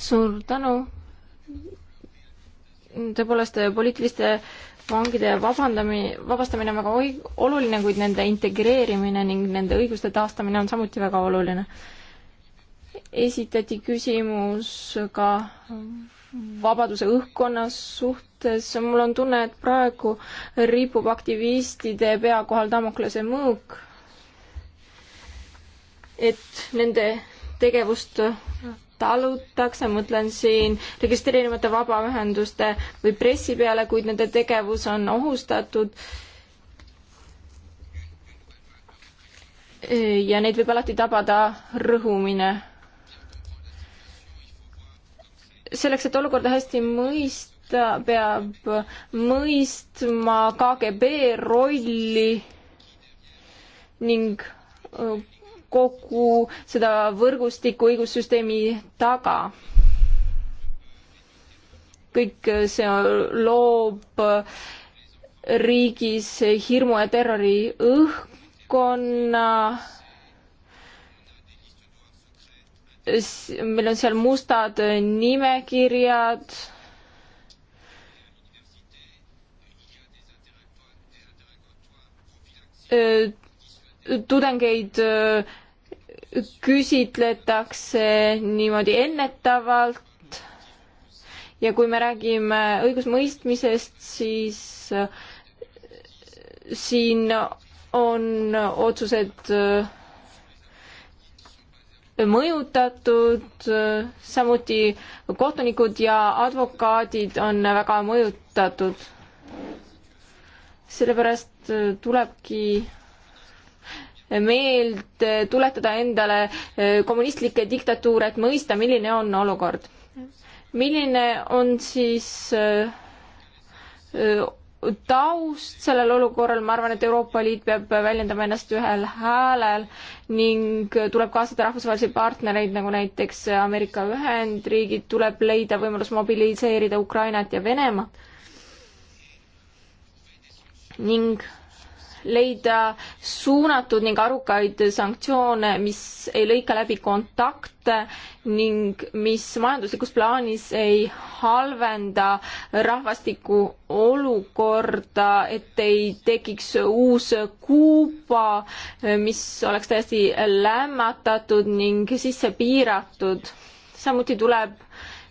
suur tänu. tõepoolest äh, poliitiliste vangide vabandami-, vabastamine on väga oi-, oluline, kuid nende integreerimine ning nende õiguste taastamine on samuti väga oluline esitati küsimus ka vabaduse õhkkonna suhtes, mul on tunne, et praegu ripub aktivistide pea kohal Damoklese mõõk, et nende tegevust talutakse, mõtlen siin registreerimata vabaühenduste või pressi peale, kuid nende tegevus on ohustatud. ja neid võib alati tabada rõhumine selleks, et olukorda hästi mõista, peab mõistma KGB rolli ning kogu seda võrgustikku õigussüsteemi taga kõik see loob riigis hirmu ja terrori õhkkonna meil on seal mustad nimekirjad. tudengeid äh, küsitletakse niimoodi ennetavalt ja kui me räägime õigusmõistmisest, siis äh, siin on otsused äh, mõjutatud, samuti kohtunikud ja advokaadid on väga mõjutatud. sellepärast tulebki meelde tuletada endale kommunistlikke diktatuure, et mõista, milline on olukord. milline on siis taust sellel olukorral, ma arvan, et Euroopa Liit peab väljendama ennast ühel häälel ning tuleb kaasata rahvusvahelisi partnereid, nagu näiteks Ameerika Ühendriigid, tuleb leida võimalus mobiliseerida Ukrainat ja Venemaad. ning leida suunatud ning arukaid sanktsioone, mis ei lõika läbi kontakte ning mis majanduslikus plaanis ei halvenda rahvastiku olukorda, et ei tekiks uus Kuuba, mis oleks täiesti lämmatatud ning sisse piiratud. samuti tuleb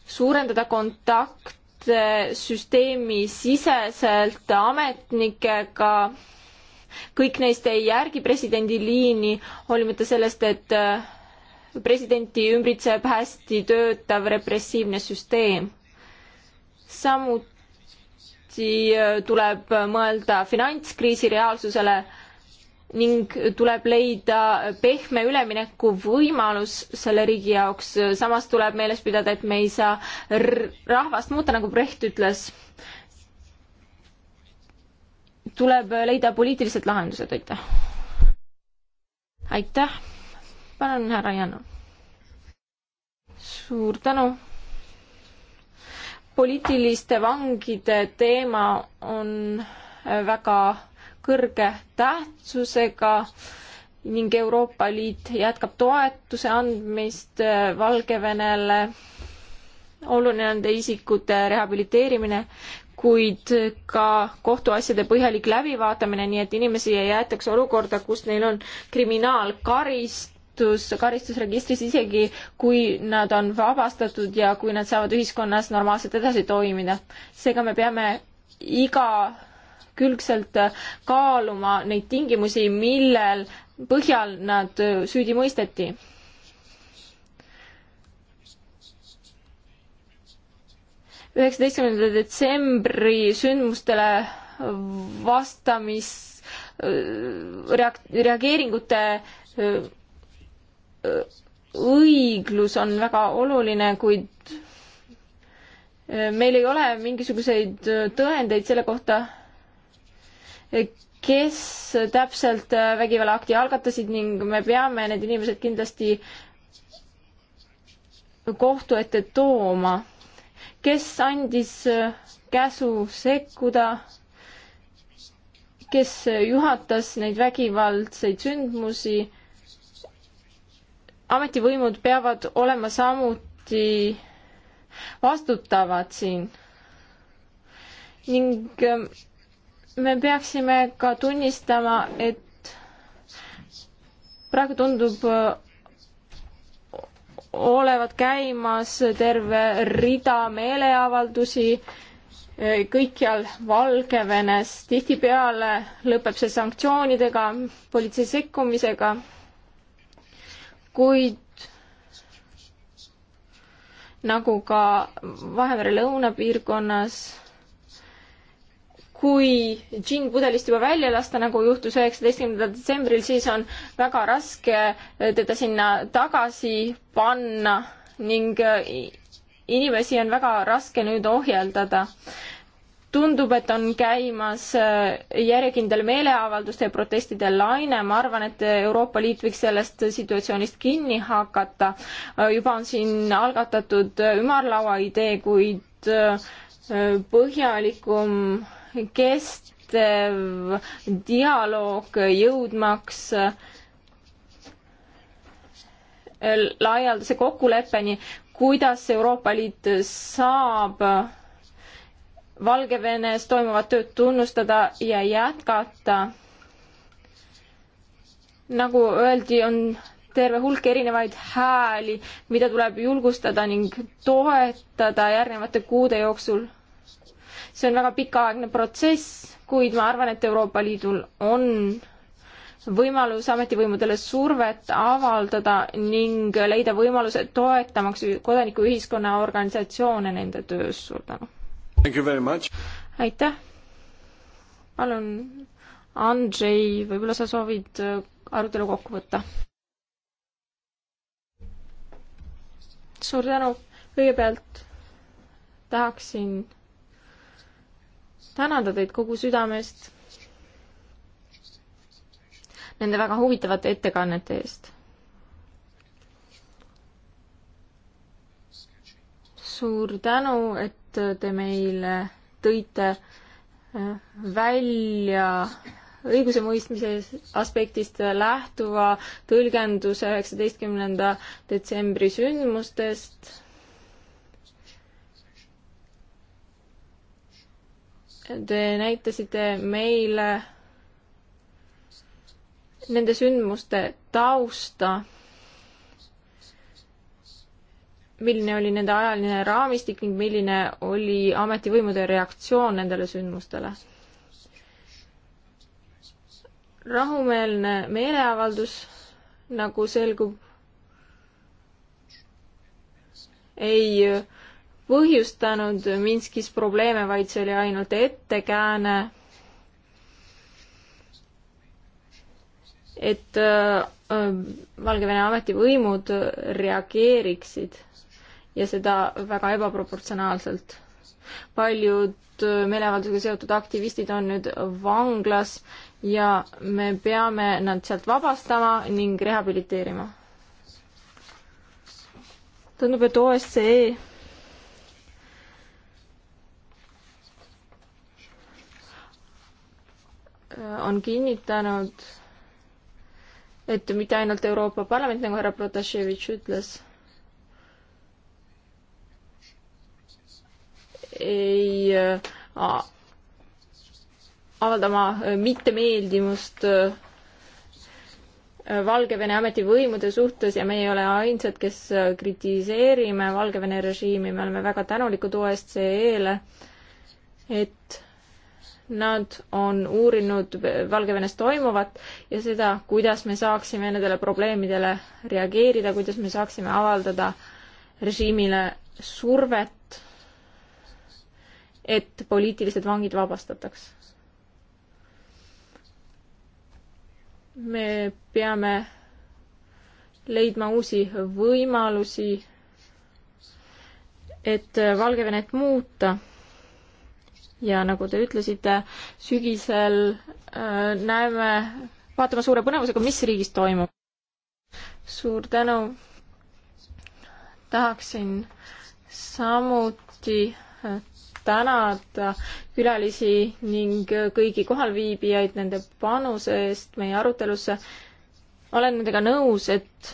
suurendada kontakte süsteemi siseselt ametnikega kõik neist ei järgi presidendi liini, hoolimata sellest, et äh, presidenti ümbritseb hästi töötav repressiivne süsteem. samuti äh, tuleb mõelda finantskriisi reaalsusele ning tuleb leida pehme ülemineku võimalus selle riigi jaoks. samas tuleb meeles pidada, et me ei saa rahvast muuta, nagu Brecht ütles tuleb leida poliitilised lahendused, aitäh. aitäh, palun härra Janno. suur tänu. poliitiliste vangide teema on väga kõrge tähtsusega ning Euroopa Liit jätkab toetuse andmist Valgevenele. oluline on isikute rehabiliteerimine kuid ka kohtuasjade põhjalik läbivaatamine, nii et inimesi ei jäetaks olukorda, kus neil on kriminaalkaristus karistusregistris isegi, kui nad on vabastatud ja kui nad saavad ühiskonnas normaalselt edasi toimida. seega me peame igakülgselt kaaluma neid tingimusi, millel põhjal nad süüdi mõisteti üheksateistkümnenda detsembri sündmustele vastamis äh, reak-, reageeringute äh, äh, õiglus on väga oluline, kuid meil ei ole mingisuguseid tõendeid selle kohta, kes täpselt vägivallaakti algatasid ning me peame need inimesed kindlasti kohtu ette tooma kes andis äh, käsu sekkuda, kes äh, juhatas neid vägivaldseid sündmusi. ametivõimud peavad olema samuti vastutavad siin ning ähm, me peaksime ka tunnistama, et praegu tundub äh, olevat käimas terve rida meeleavaldusi eh, kõikjal Valgevenes. tihtipeale lõpeb see sanktsioonidega, politsei sekkumisega, kuid nagu ka Vahemere lõunapiirkonnas kui džinn pudelist juba välja lasta, nagu juhtus üheksateistkümnendal detsembril, siis on väga raske äh, teda sinna tagasi panna ning äh, inimesi on väga raske nüüd ohjeldada. tundub, et on käimas äh, järjekindel meeleavalduste ja protestide laine, ma arvan, et Euroopa Liit võiks sellest situatsioonist kinni hakata. juba on siin algatatud ümarlaua idee, kuid põhjalikum kestev dialoog jõudmaks äh, laialdase kokkuleppeni, kuidas Euroopa Liit saab Valgevenes toimuvat tööd tunnustada ja jätkata. nagu öeldi, on terve hulk erinevaid hääli, mida tuleb julgustada ning toetada järgnevate kuude jooksul see on väga pikaaegne protsess, kuid ma arvan, et Euroopa Liidul on võimalus ametivõimudele survet avaldada ning leida võimalused toetamaks kodanikuühiskonna organisatsioone nende töös. suur tänu! aitäh! palun, Andrei, võib-olla sa soovid äh, arutelu kokku võtta? suur tänu! kõigepealt tahaksin tänada teid kogu südamest nende väga huvitavate ettekannete eest. suur tänu, et te meile tõite äh, välja õigusemõistmise aspektist lähtuva tõlgenduse üheksateistkümnenda detsembri sündmustest Te näitasite meile nende sündmuste tausta, milline oli nende ajaline raamistik ning milline oli ametivõimude reaktsioon nendele sündmustele rahumeelne meeleavaldus, nagu selgub, ei põhjustanud Minskis probleeme, vaid see oli ainult ettekääne, et äh, äh, Valgevene ametivõimud reageeriksid ja seda väga ebaproportsionaalselt. paljud äh, meeleavaldusega seotud aktivistid on nüüd vanglas ja me peame nad sealt vabastama ning rehabiliteerima. tundub, et OSCE on kinnitanud, et mitte ainult Euroopa Parlament, nagu härra Protasevitš ütles, ei äh, avaldama äh, mittemeeldimust äh, Valgevene ametivõimude suhtes ja me ei ole ainsad, kes kritiseerime Valgevene režiimi, me oleme väga tänulikud OSCE-le, et Nad on uurinud Valgevenes toimuvat ja seda, kuidas me saaksime nendele probleemidele reageerida, kuidas me saaksime avaldada režiimile survet, et poliitilised vangid vabastataks. me peame leidma uusi võimalusi, et Valgevenet muuta ja nagu te ütlesite, sügisel äh, näeme, vaatame suure põnevusega, mis riigis toimub. suur tänu. tahaksin samuti äh, tänada külalisi ning kõigi kohalviibijaid nende panuse eest meie arutelusse. olen nendega nõus, et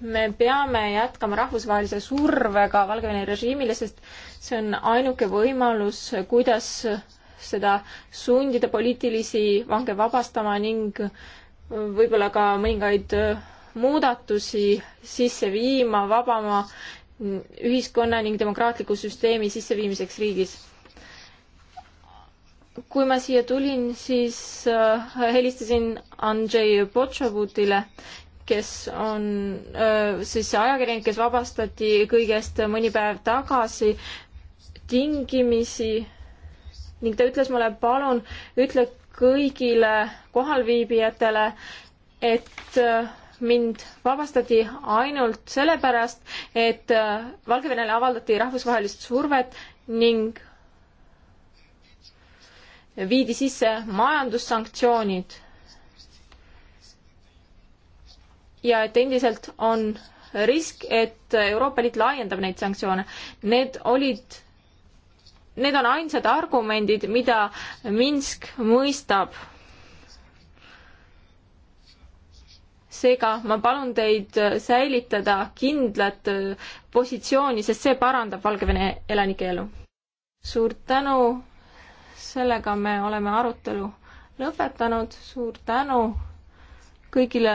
me peame jätkama rahvusvahelise survega Valgevene režiimile, sest see on ainuke võimalus, kuidas seda sundida poliitilisi vange vabastama ning võib-olla ka mõningaid muudatusi sisse viima vabama ühiskonna ning demokraatliku süsteemi sisseviimiseks riigis. kui ma siia tulin, siis äh, helistasin Andrei Potšovutile kes on siis see ajakirjanik, kes vabastati kõigest mõni päev tagasi tingimisi ning ta ütles mulle, palun ütle kõigile kohalviibijatele, et mind vabastati ainult sellepärast, et Valgevenele avaldati rahvusvahelist survet ning viidi sisse majandussanktsioonid ja et endiselt on risk, et Euroopa Liit laiendab neid sanktsioone. Need olid, need on ainsad argumendid, mida Minsk mõistab. seega ma palun teid säilitada kindlat positsiooni, sest see parandab Valgevene elanike elu. suur tänu, sellega me oleme arutelu lõpetanud, suur tänu kõigile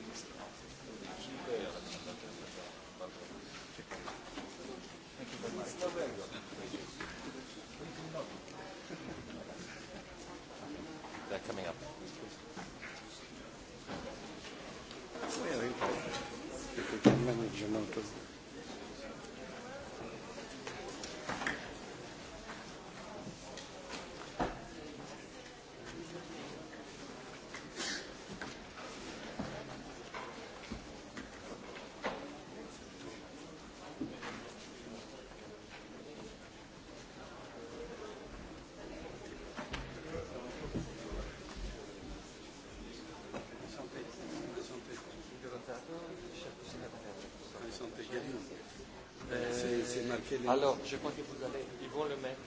les, Alors, je crois que vous allez, ils vont le mettre.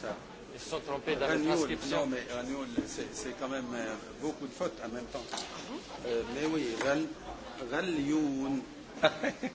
ça. Ils se sont trompés dans Ragnoul, transcription. Non, mais Ragnoul, c'est quand même euh, beaucoup de fautes en même temps. Ah bon euh, mais oui, Ragnoul.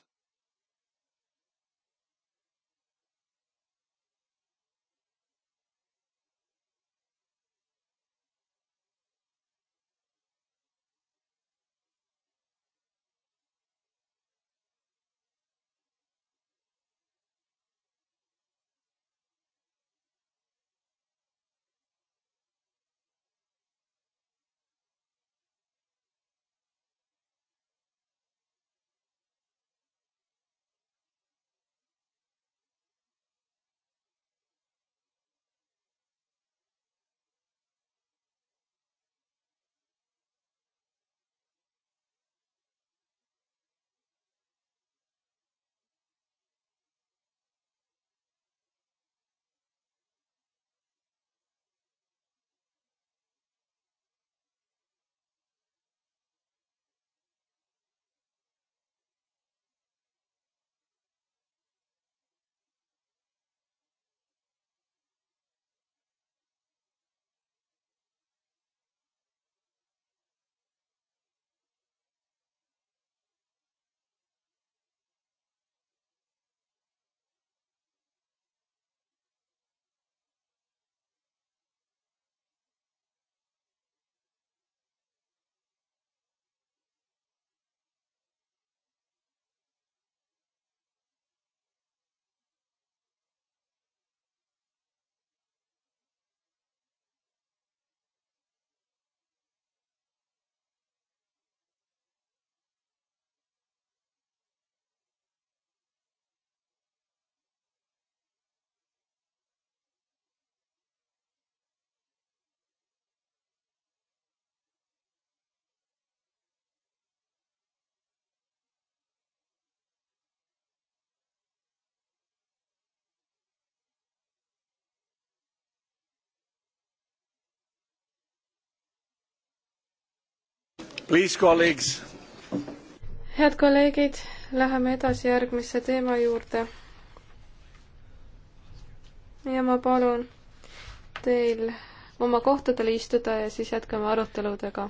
head kolleegid, läheme edasi järgmise teema juurde. ja ma palun teil oma kohtadele istuda ja siis jätkame aruteludega.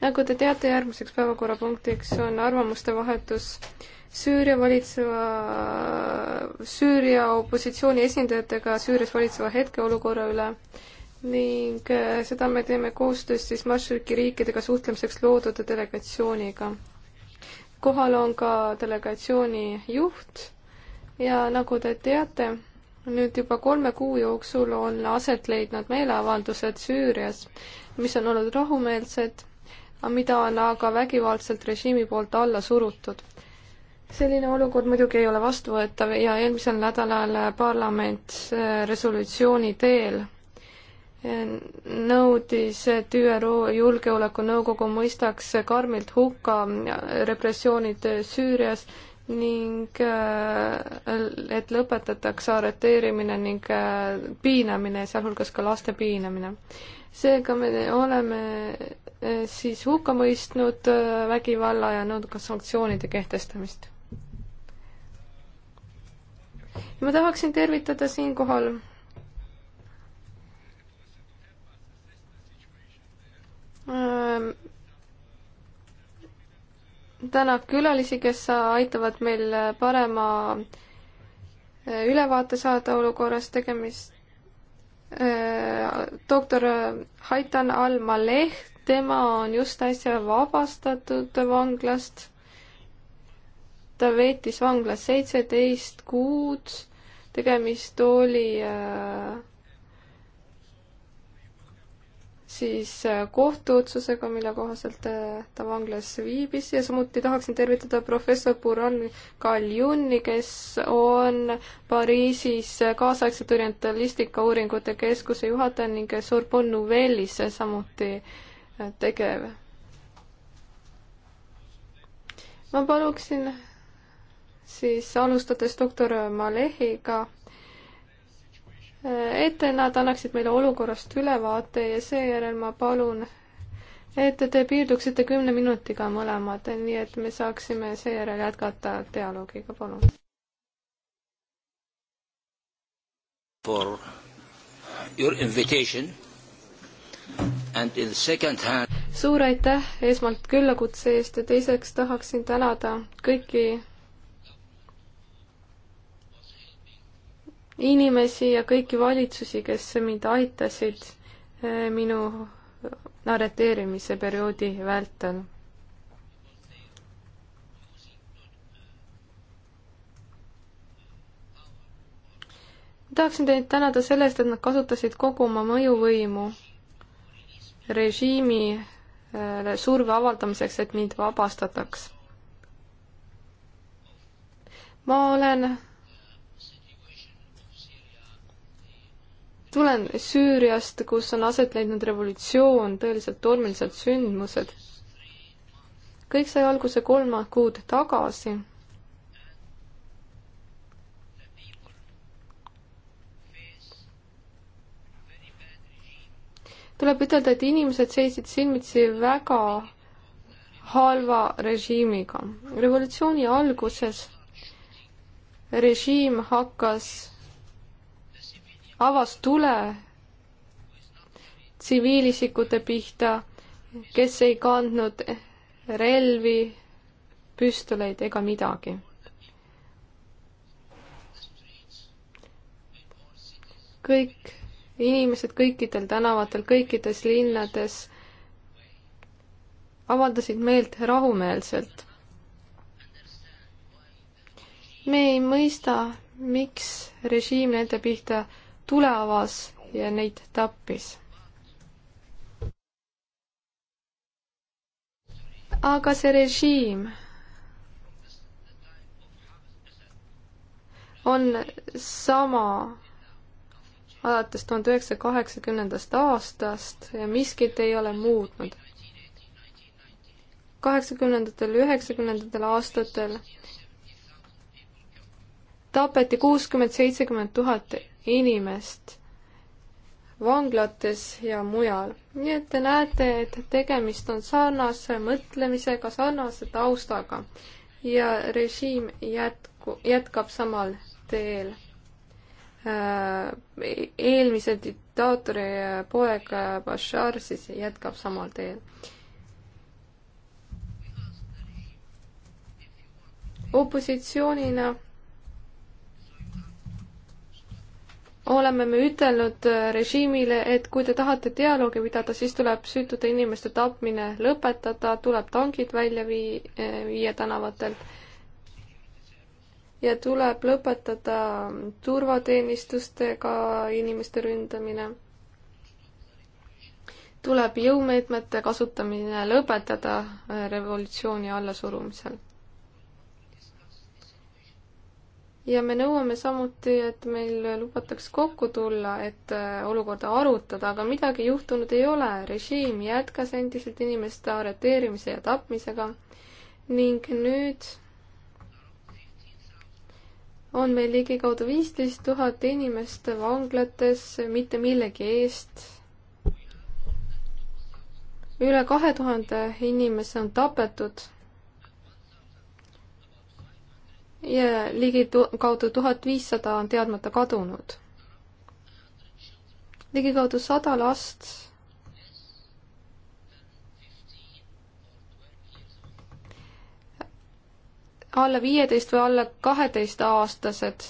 nagu te teate, järgmiseks päevakorrapunktiks on arvamuste vahetus Süüria valitseva, Süüria opositsiooni esindajatega Süürias valitseva hetkeolukorra üle ning äh, seda me teeme koostöös siis Mašriki riikidega suhtlemiseks loodud delegatsiooniga. kohal on ka delegatsiooni juht ja nagu te teate, nüüd juba kolme kuu jooksul on aset leidnud meeleavaldused Süürias, mis on olnud rahumeelsed, mida on aga vägivaldselt režiimi poolt alla surutud selline olukord muidugi ei ole vastuvõetav ja eelmisel nädalal parlament äh, resolutsiooni teel nõudis, et ÜRO Julgeolekunõukogu mõistaks karmilt hukka repressioonid Süürias ning äh, et lõpetatakse arreteerimine ning äh, piinamine, sealhulgas ka laste piinamine. seega me oleme äh, siis hukka mõistnud vägivalla ja nõudnud ka sanktsioonide kehtestamist. ma tahaksin tervitada siinkohal Ähm, tänab külalisi, kes aitavad meil äh, parema äh, ülevaate saada olukorrast tegemist. Äh, doktor Haitan Al-Maleh, tema on just äsja vabastatud vanglast. ta veetis vanglas seitseteist kuud. tegemist oli äh, siis äh, kohtuotsusega, mille kohaselt äh, ta vanglas viibis ja samuti tahaksin tervitada professor Buran Kaljunni, kes on Pariisis äh, kaasaegsete orientalistika uuringute keskuse juhataja ning Sorbonne Nouvellis samuti tegev. ma paluksin siis alustades doktor Malehiga et nad annaksid meile olukorrast ülevaate ja seejärel ma palun, et te piirduksite kümne minutiga mõlemad, nii et me saaksime seejärel jätkata dialoogiga, palun. For your invitation and in second hand suur aitäh esmalt küllakutse eest ja teiseks tahaksin tänada kõiki inimesi ja kõiki valitsusi, kes mind aitasid eh, minu arreteerimise perioodi vältel. tahaksin teid tänada selle eest, et nad kasutasid kogu oma mõjuvõimu režiimi eh, surve avaldamiseks, et mind vabastataks. ma olen tulen Süüriast, kus on aset leidnud revolutsioon, tõeliselt tormilised sündmused. kõik sai alguse kolm kuud tagasi. tuleb ütelda, et inimesed seisid silmitsi väga halva režiimiga. revolutsiooni alguses režiim hakkas avas tule tsiviilisikute pihta, kes ei kandnud relvi, püstoleid ega midagi. kõik inimesed kõikidel tänavatel, kõikides linnades avaldasid meelt rahumeelselt. me ei mõista, miks režiim nende pihta tule avas ja neid tappis. aga see režiim on sama alates tuhande üheksasaja kaheksakümnendast aastast ja miskit ei ole muutnud. kaheksakümnendatel, üheksakümnendatel aastatel tapeti kuuskümmend, seitsekümmend tuhat inimest vanglates ja mujal. nii et te näete, et tegemist on sarnase mõtlemisega, sarnase taustaga ja režiim jätku, jätkab samal teel. Äh, eelmise diktaatori poeg Bashar siis jätkab samal teel. opositsioonina oleme me ütelnud äh, režiimile, et kui te tahate dialoogi pidada, siis tuleb süütute inimeste tapmine lõpetada, tuleb tangid välja vii-, äh, viia tänavatelt ja tuleb lõpetada turvateenistustega inimeste ründamine. tuleb jõumeetmete kasutamine lõpetada äh, revolutsiooni allasurumisel ja me nõuame samuti, et meil lubataks kokku tulla, et äh, olukorda arutada, aga midagi juhtunud ei ole. režiim jätkas endiselt inimeste arreteerimise ja tapmisega ning nüüd on meil ligikaudu viisteist tuhat inimest vanglates mitte millegi eest. üle kahe tuhande inimese on tapetud ja ligikaudu tuhat viissada on teadmata kadunud. ligikaudu sada last alla viieteist või alla kaheteistaastased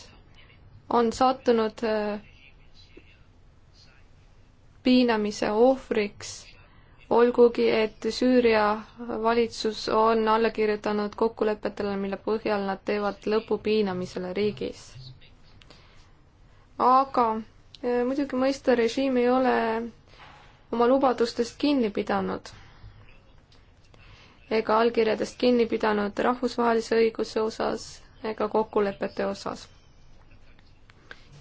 on sattunud äh, piinamise ohvriks olgugi et Süüria valitsus on alla kirjutanud kokkulepetele, mille põhjal nad teevad lõpu piinamisele riigis. aga eh, muidugi mõista režiim ei ole oma lubadustest kinni pidanud ega allkirjadest kinni pidanud rahvusvahelise õiguse osas ega kokkulepete osas.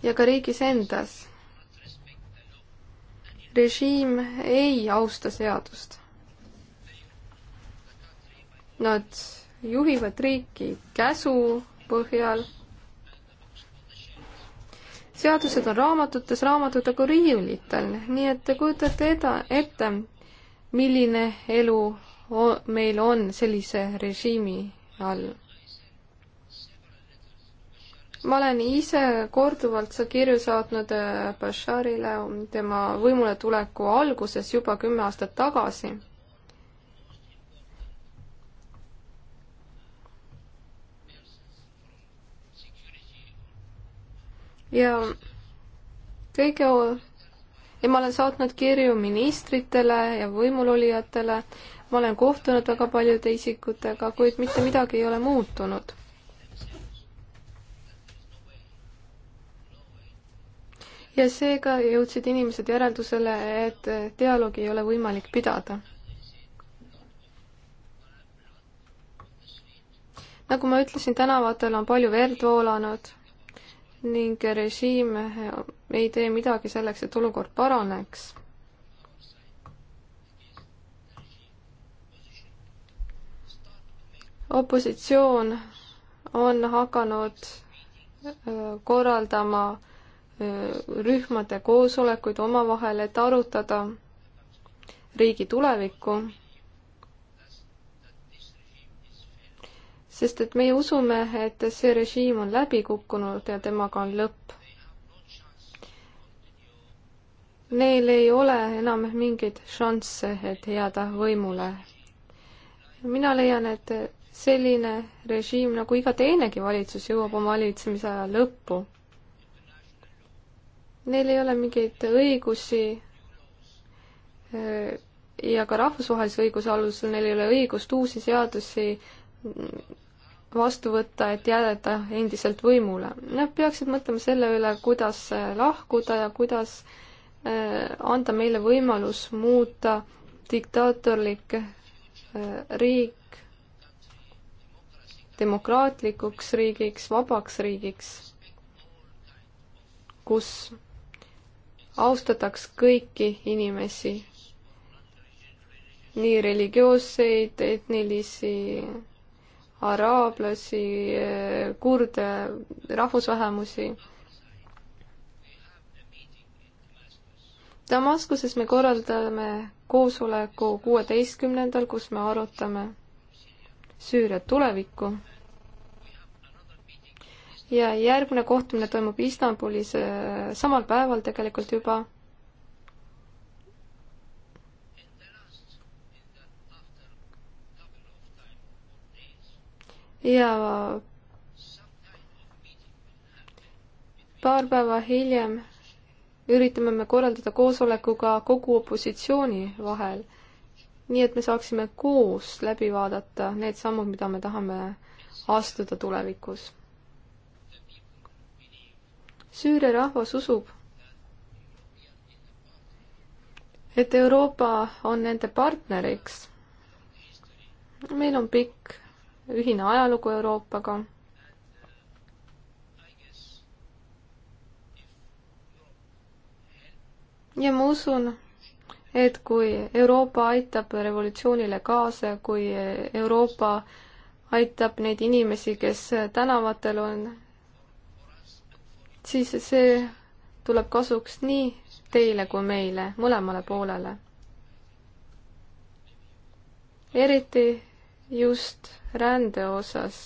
ja ka riigis endas režiim ei austa seadust. Nad juhivad riiki käsu põhjal. seadused on raamatutes, raamatud aga riiulitel, nii et te kujutate eda, ette, milline elu meil on sellise režiimi all ma olen ise korduvalt kirju saatnud äh, Basharile um, tema võimule tuleku alguses juba kümme aastat tagasi ja kõige, ja ma olen saatnud kirju ministritele ja võimulolijatele, ma olen kohtunud väga paljude isikutega, kuid mitte midagi ei ole muutunud. ja seega jõudsid inimesed järeldusele, et dialoogi ei ole võimalik pidada. nagu ma ütlesin, tänavatel on palju verd voolanud ning režiim ei tee midagi selleks, et olukord paraneks. opositsioon on hakanud äh, korraldama rühmade koosolekuid omavahel, et arutada riigi tulevikku. sest et meie usume, et see režiim on läbi kukkunud ja temaga on lõpp. Neil ei ole enam mingeid šansse, et jääda võimule. mina leian, et selline režiim nagu iga teinegi valitsus jõuab oma valitsemise aja lõppu Neil ei ole mingeid õigusi äh, ja ka rahvusvahelise õiguse alusel neil ei ole õigust uusi seadusi vastu võtta, et jääda endiselt võimule. Nad peaksid mõtlema selle üle, kuidas äh, lahkuda ja kuidas äh, anda meile võimalus muuta diktaatorlik riik demokraatlikuks riigiks, vabaks riigiks, kus austataks kõiki inimesi, nii religioosseid, etnilisi, araablasi, kurde, rahvusvähemusi. Damaskuses me korraldame koosoleku kuueteistkümnendal, kus me arutame Süüria tulevikku ja järgmine kohtumine toimub Istanbulis äh, samal päeval tegelikult juba. ja paar päeva hiljem üritame me korraldada koosoleku ka kogu opositsiooni vahel, nii et me saaksime koos läbi vaadata need sammud, mida me tahame astuda tulevikus Süüria rahvas usub, et Euroopa on nende partneriks. meil on pikk ühine ajalugu Euroopaga ja ma usun, et kui Euroopa aitab revolutsioonile kaasa, kui Euroopa aitab neid inimesi, kes tänavatel on, siis see tuleb kasuks nii teile kui meile, mõlemale poolele. eriti just rände osas,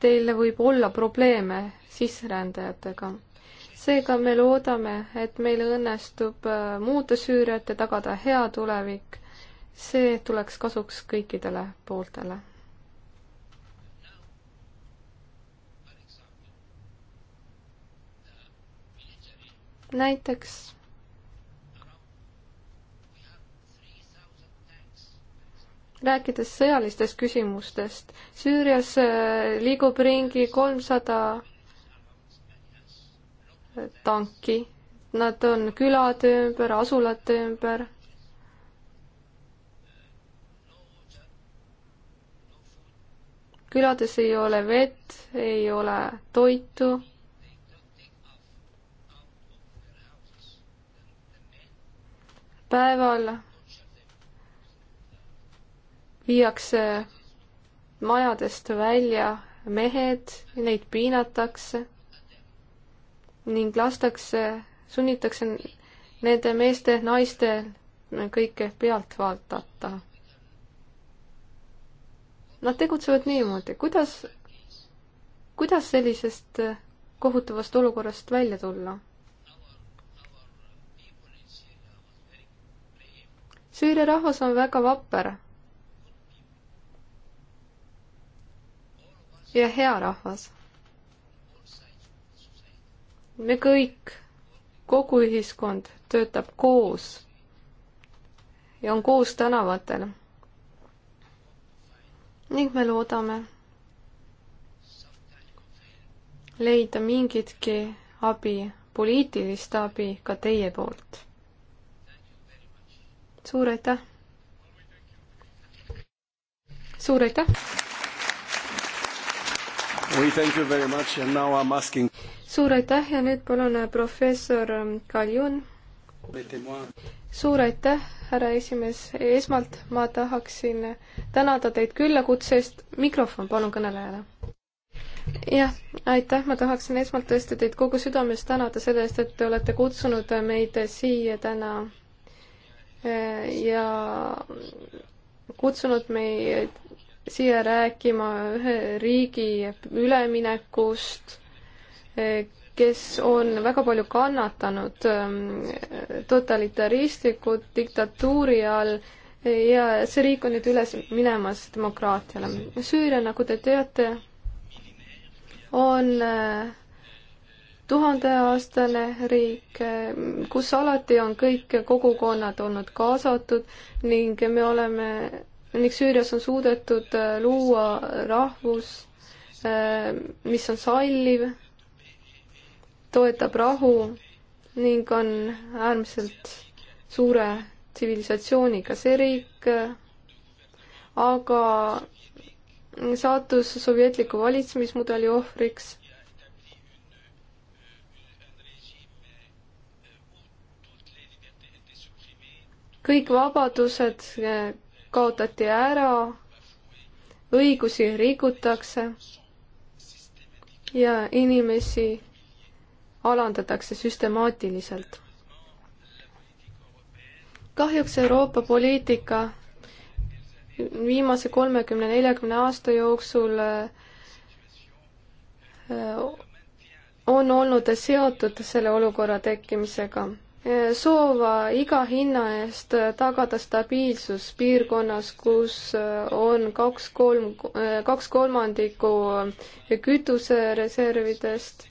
teil võib olla probleeme sisserändajatega. seega me loodame, et meil õnnestub äh, muuta Süüriat ja tagada hea tulevik. see tuleks kasuks kõikidele pooltele näiteks rääkides sõjalistest küsimustest, Süürias äh, liigub ringi kolmsada tanki, nad on külade ümber, asulate ümber. külades ei ole vett, ei ole toitu päeval viiakse majadest välja mehed, neid piinatakse ning lastakse, sunnitakse nende meeste, naiste kõike pealt vaadata. Nad tegutsevad niimoodi, kuidas, kuidas sellisest kohutavast olukorrast välja tulla? Süüria rahvas on väga vapper. ja hea rahvas. me kõik, kogu ühiskond töötab koos ja on koos tänavatel. ning me loodame leida mingitki abi, poliitilist abi ka teie poolt suur aitäh! suur aitäh! Asking... suur aitäh ja nüüd palun äh, professor ähm, Kaljun. suur aitäh, härra esimees, esmalt ma tahaksin tänada teid küllakutse eest, mikrofon palun kõnelejale jah, aitäh, ma tahaksin esmalt tõesti teid kogu südamest tänada selle eest, et te olete kutsunud meid siia täna ja kutsunud meid siia rääkima ühe riigi üleminekust, kes on väga palju kannatanud ähm, totalitaristliku diktatuuri all ja see riik on nüüd üles minemas demokraatiale. Süüria, nagu te teate, on äh, tuhandeaastane riik, kus alati on kõik kogukonnad olnud kaasatud ning me oleme, ning Süürias on suudetud äh, luua rahvus, äh, mis on salliv, toetab rahu ning on äärmiselt suure tsivilisatsiooniga see riik, äh, aga sattus sovjetliku valitsemismudeli ohvriks kõik vabadused eh, kaotati ära, õigusi rikutakse ja inimesi alandatakse süstemaatiliselt. kahjuks Euroopa poliitika viimase kolmekümne, neljakümne aasta jooksul eh, on olnud seotud selle olukorra tekkimisega soov iga hinna eest tagada stabiilsus piirkonnas, kus äh, on kaks kolm, äh, kaks kolmandikku kütusereservidest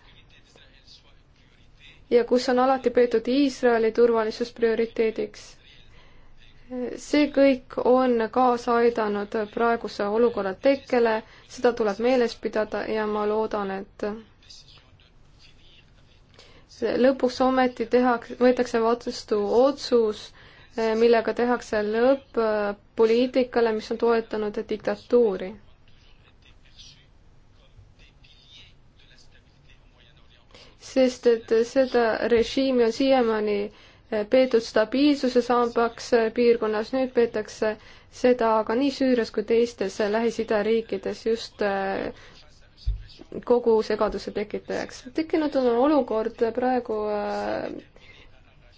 ja kus on alati peetud Iisraeli turvalisus prioriteediks. see kõik on kaasa aidanud praeguse olukorra tekkele, seda tuleb meeles pidada ja ma loodan, et lõpuks ometi tehakse, võetakse vastu otsus, eh, millega tehakse lõpp eh, poliitikale, mis on toetanud diktatuuri. sest et seda režiimi on siiamaani eh, peetud stabiilsuse sambaks piirkonnas, nüüd peetakse seda aga nii Süürias kui teistes Lähis-Ida riikides just kogu segaduse tekitajaks. tekkinud on olukord praegu, äh,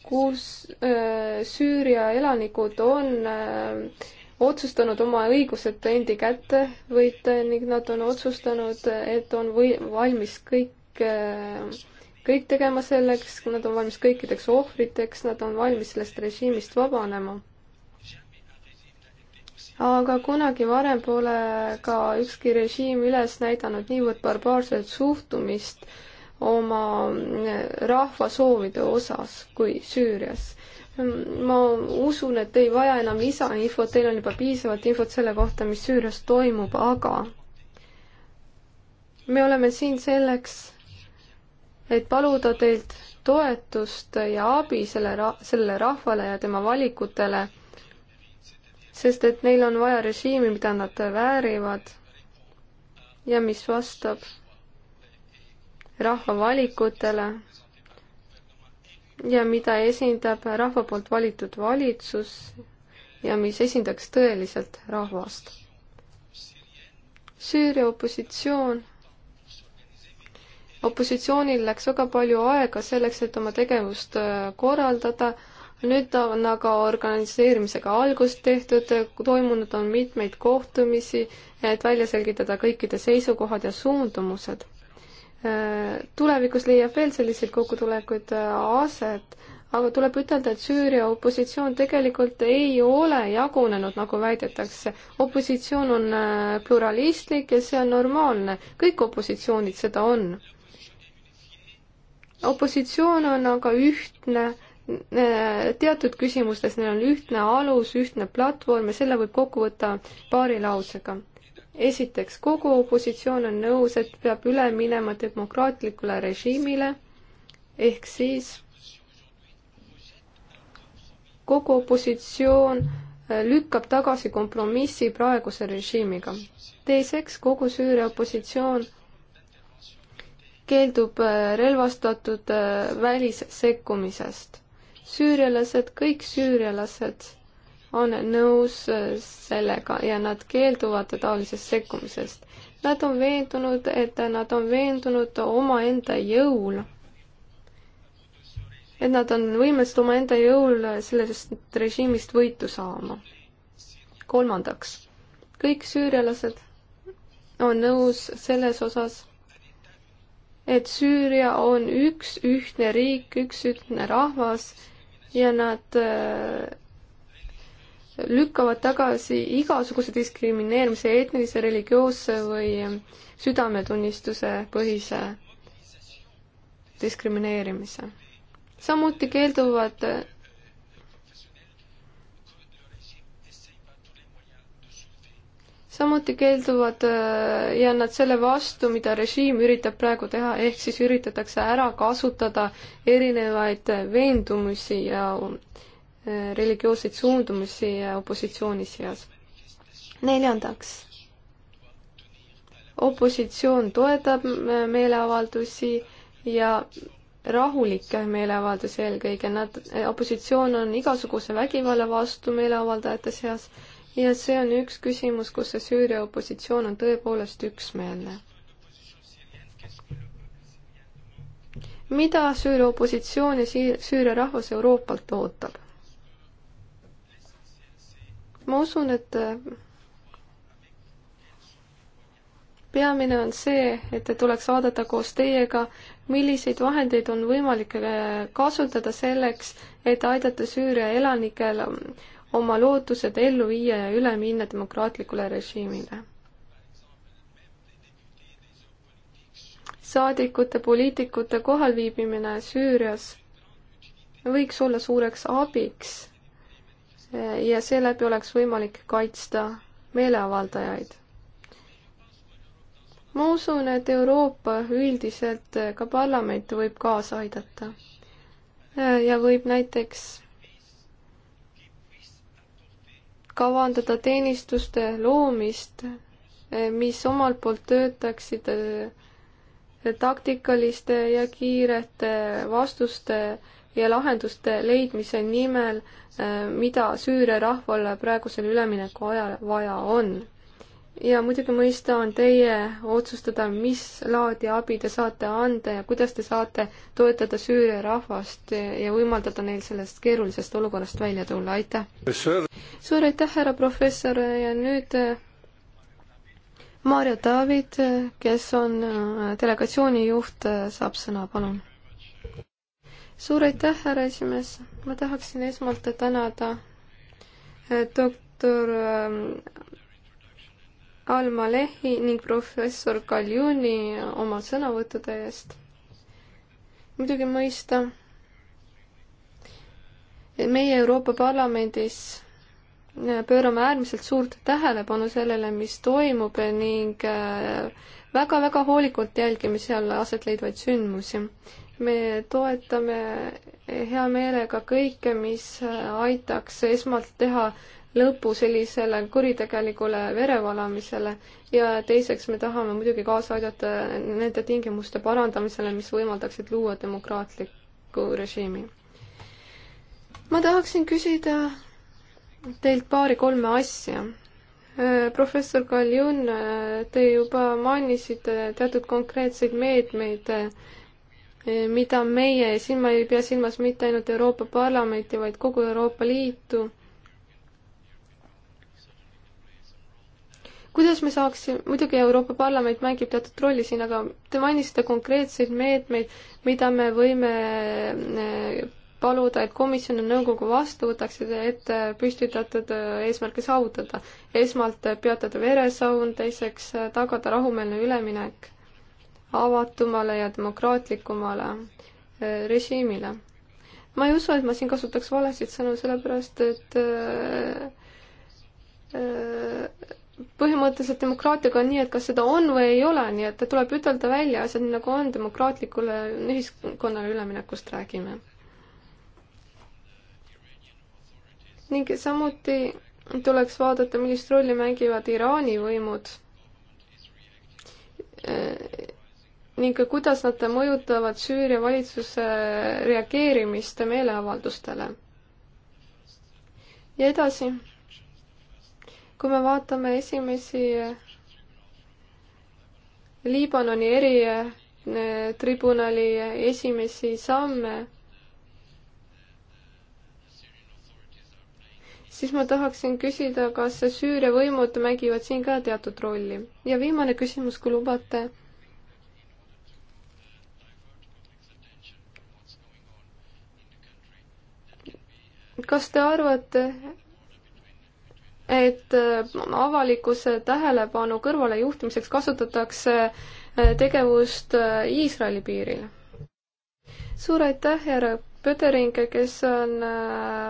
kus äh, Süüria elanikud on äh, otsustanud oma õigused endi kätte võita ning nad on otsustanud, et on või-, valmis kõik, kõik tegema selleks, nad on valmis kõikideks ohvriteks, nad on valmis sellest režiimist vabanema aga kunagi varem pole ka ükski režiim üles näidanud niivõrd barbaarset suhtumist oma eh, rahva soovide osas kui Süürias. ma usun, et ei vaja enam lisainfot, teil on juba piisavalt infot selle kohta, mis Süürias toimub, aga me oleme siin selleks, et paluda teilt toetust ja abi selle ra-, sellele rahvale ja tema valikutele sest et neil on vaja režiimi, mida nad väärivad ja mis vastab rahva valikutele ja mida esindab rahva poolt valitud valitsus ja mis esindaks tõeliselt rahvast. Süüria opositsioon, opositsioonil läks väga palju aega selleks, et oma tegevust äh, korraldada nüüd on aga organiseerimisega algust tehtud, toimunud on mitmeid kohtumisi, et välja selgitada kõikide seisukohad ja suundumused. Äh, tulevikus leiab veel selliseid kokkutulekuid äh, aset, aga tuleb ütelda, et Süüria opositsioon tegelikult ei ole jagunenud, nagu väidetakse. opositsioon on äh, pluralistlik ja see on normaalne, kõik opositsioonid seda on. opositsioon on aga ühtne Äh, teatud küsimustes neil on ühtne alus, ühtne platvorm ja selle võib kokku võtta paari lausega. esiteks, kogu opositsioon on nõus, et peab üle minema demokraatlikule režiimile ehk siis kogu opositsioon äh, lükkab tagasi kompromissi praeguse režiimiga. teiseks, kogu Süüria opositsioon keeldub äh, relvastatud välissekkumisest süürialased, kõik süürialased on nõus äh, sellega ja nad keelduvad taolisest sekkumisest. Nad on veendunud, et nad on veendunud omaenda jõul. et nad on võimelised omaenda jõul sellest režiimist võitu saama. kolmandaks, kõik süürialased on nõus selles osas, et Süüria on üks ühtne riik, üks ühtne rahvas ja nad äh, lükkavad tagasi igasuguse diskrimineerimise etnilise, religioosse või südametunnistuse põhise diskrimineerimise. samuti keelduvad samuti keelduvad äh, ja nad selle vastu, mida režiim üritab praegu teha, ehk siis üritatakse ära kasutada erinevaid äh, veendumusi ja äh, religioosseid suundumusi opositsiooni seas. neljandaks, opositsioon toetab meeleavaldusi ja rahulikke meeleavaldusi eelkõige, nad, opositsioon on igasuguse vägivalla vastu meeleavaldajate seas ja see on üks küsimus, kus see Süüria opositsioon on tõepoolest üksmeelne. mida Süüria opositsioon ja Süüria rahvas Euroopalt ootab? ma usun, et äh, peamine on see, et tuleks vaadata koos teiega, milliseid vahendeid on võimalik äh, kasutada selleks, et aidata Süüria elanikel oma lootused ellu viia ja üle minna demokraatlikule režiimile. saadikute, poliitikute kohalviibimine Süürias võiks olla suureks abiks ja seeläbi oleks võimalik kaitsta meeleavaldajaid. ma usun, et Euroopa üldiselt, ka parlament võib kaasa aidata ja võib näiteks kavandada teenistuste loomist, eh, mis omalt poolt töötaksid eh, taktikaliste ja kiirete vastuste ja lahenduste leidmise nimel, eh, mida Süüria rahvale praegusel ülemineku ajal vaja on ja muidugi mõista on teie otsustada, mis laadi abi te saate anda ja kuidas te saate toetada Süüria rahvast ja võimaldada neil sellest keerulisest olukorrast välja tulla, aitäh! suur aitäh, härra professor ja nüüd äh, Maarja David, äh, kes on äh, delegatsiooni juht, saab sõna, palun. suur aitäh, härra esimees, ma tahaksin esmalt tänada doktor ähm, Al-Malehi ning professor Kaljuni oma sõnavõttude eest. muidugi mõista, et meie Euroopa Parlamendis äh, pöörame äärmiselt suurt tähelepanu sellele, mis toimub ning äh, väga-väga hoolikalt jälgime seal aset leidvaid sündmusi. me toetame hea meelega kõike, mis äh, aitaks esmalt teha lõpu sellisele kuritegelikule verevalamisele ja teiseks me tahame muidugi kaasa aidata nende tingimuste parandamisele, mis võimaldaksid luua demokraatliku režiimi. ma tahaksin küsida teilt paari-kolme asja. Äh, professor Kaljun, äh, te juba mainisite teatud konkreetseid meetmeid, äh, mida meie, siin ma ei pea silmas mitte ainult Euroopa Parlamenti, vaid kogu Euroopa Liitu kuidas me saaksime, muidugi Euroopa Parlament mängib teatud rolli siin, aga te mainisite konkreetseid meetmeid, mida me võime eh, paluda, et komisjon ja nõukogu vastu võtaksid, et eh, püstitatud eh, eesmärke saavutada. esmalt peatada veresaun, teiseks tagada rahumeelne üleminek avatumale ja demokraatlikumale režiimile. ma ei usu, et ma siin kasutaks valesid sõnu, sellepärast et äh, äh, põhimõtteliselt demokraatiaga on nii, et kas seda on või ei ole, nii et tuleb ütelda välja asjad nii, nagu on, demokraatlikule ühiskonnale üleminekust räägime. ning samuti tuleks vaadata, millist rolli mängivad Iraani võimud ning kuidas nad mõjutavad Süüria valitsuse reageerimist meeleavaldustele. ja edasi kui me vaatame esimesi eh, Liibanoni eritribunali eh, eh, esimesi samme, siis ma tahaksin küsida, kas Süüria võimud mängivad siin ka teatud rolli. ja viimane küsimus, kui lubate. kas te arvate, et äh, avalikkuse tähelepanu kõrvalejuhtimiseks kasutatakse äh, tegevust äh, Iisraeli piiril. suur aitäh, härra Pödering, kes on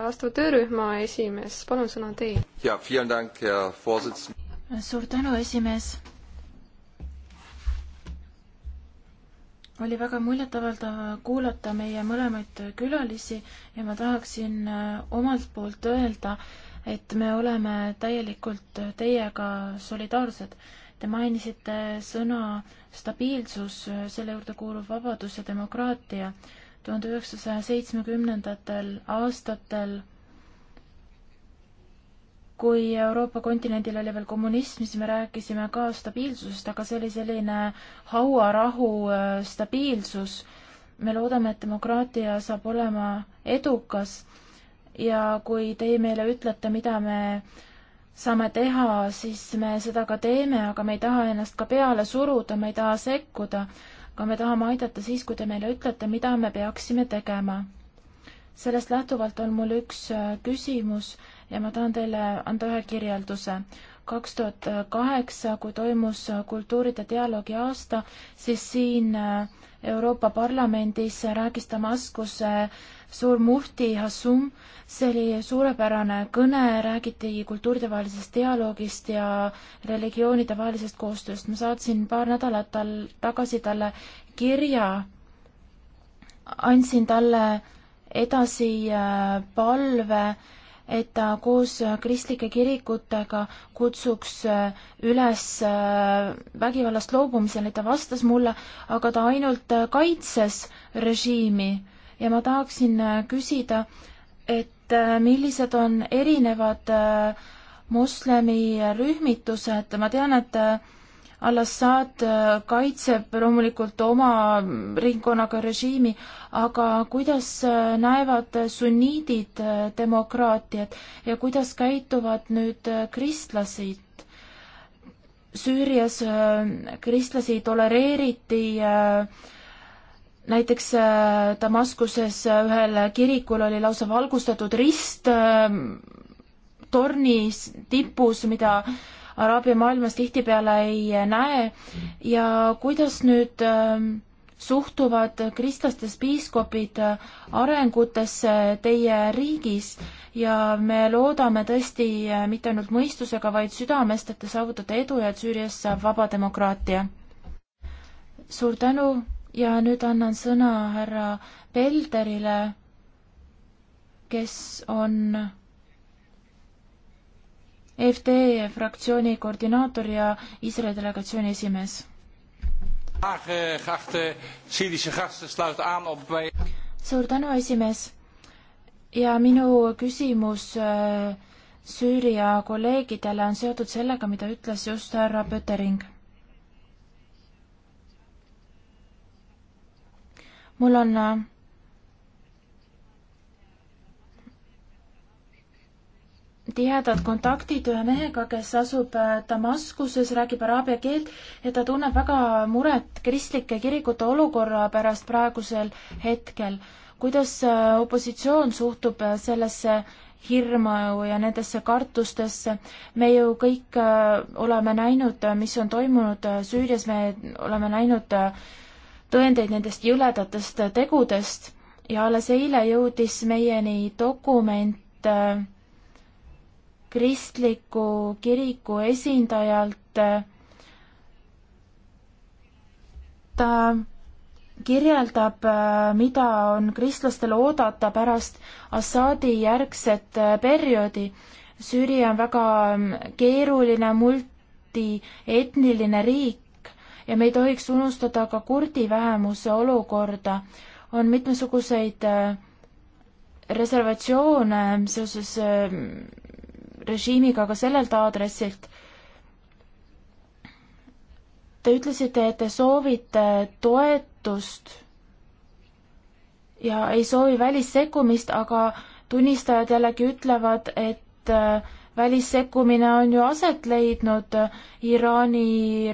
vastava töörühma esimees, palun sõna teil. ja, suur tänu, esimees. oli väga muljetavaldav kuulata meie mõlemaid külalisi ja ma tahaksin omalt poolt öelda, et me oleme täielikult teiega solidaarsed. Te mainisite sõna stabiilsus, selle juurde kuulub vabadus ja demokraatia. tuhande üheksasaja seitsmekümnendatel aastatel, kui Euroopa kontinendil oli veel kommunism, siis me rääkisime ka stabiilsusest, aga see oli selline hauarahu äh, stabiilsus. me loodame, et demokraatia saab olema edukas ja kui teie meile ütlete, mida me saame teha, siis me seda ka teeme, aga me ei taha ennast ka peale suruda, me ei taha sekkuda, aga me tahame aidata siis, kui te meile ütlete, mida me peaksime tegema. sellest lähtuvalt on mul üks äh, küsimus ja ma tahan teile anda ühe kirjelduse. kaks tuhat kaheksa, kui toimus äh, kultuuride dialoogi aasta, siis siin äh, Euroopa Parlamendis rääkis Damaskuse suur mufti Hassum. see oli suurepärane kõne, räägiti kultuuridevahelisest dialoogist ja religioonide vahelisest koostööst. ma saatsin paar nädalat tal tagasi talle kirja, andsin talle edasi äh, palve äh, et ta koos kristlike kirikutega kutsuks äh, üles äh, vägivallast loobumisele, ta vastas mulle, aga ta ainult äh, kaitses režiimi ja ma tahaksin küsida, et millised on erinevad moslemirühmitused, ma tean, et al-Assad äh, kaitseb loomulikult oma ringkonnaga režiimi, aga kuidas äh, näevad sunniidid äh, demokraatiat ja kuidas käituvad nüüd kristlased? Süürias kristlasi tolereeriti näiteks Damaskuses ühel kirikul oli lausa valgustatud rist tornis tipus, mida äh, araabia maailmas tihtipeale ei näe ja kuidas nüüd ähm, suhtuvad kristlastest piiskopid äh, arengutesse teie riigis ja me loodame tõesti äh, mitte ainult mõistusega, vaid südamest, et te saavutate edu ja et Süürias saab vaba demokraatia. suur tänu ja nüüd annan sõna härra Pelderile, kes on EFD fraktsiooni koordinaator ja Iisraeli delegatsiooni esimees. Eh, suur tänu, esimees. ja minu küsimus eh, Süüria kolleegidele on seotud sellega, mida ütles just härra Pöttering mul on eh, tihedad kontaktid ühe mehega, kes asub äh, Damaskuses, räägib araabia keelt ja ta tunneb väga muret kristlike kirikute olukorra pärast praegusel hetkel. kuidas äh, opositsioon suhtub äh, sellesse hirmu ja nendesse kartustesse. me ju kõik oleme näinud, mis on toimunud Süürias, me oleme näinud tõendeid nendest jõledatest tegudest ja alles eile jõudis meieni dokument kristliku kiriku esindajalt. Äh, ta kirjeldab, äh, mida on kristlastel oodata pärast Assaadi järgset äh, perioodi. Süüria on väga mm, keeruline multietniline riik ja me ei tohiks unustada ka kurdi vähemuse olukorda. on mitmesuguseid reservatsioone seoses režiimiga ka sellelt aadressilt. Te ütlesite, et te soovite toetust ja ei soovi välissekkumist, aga tunnistajad jällegi ütlevad, et äh, välissekkumine on ju aset leidnud Iraani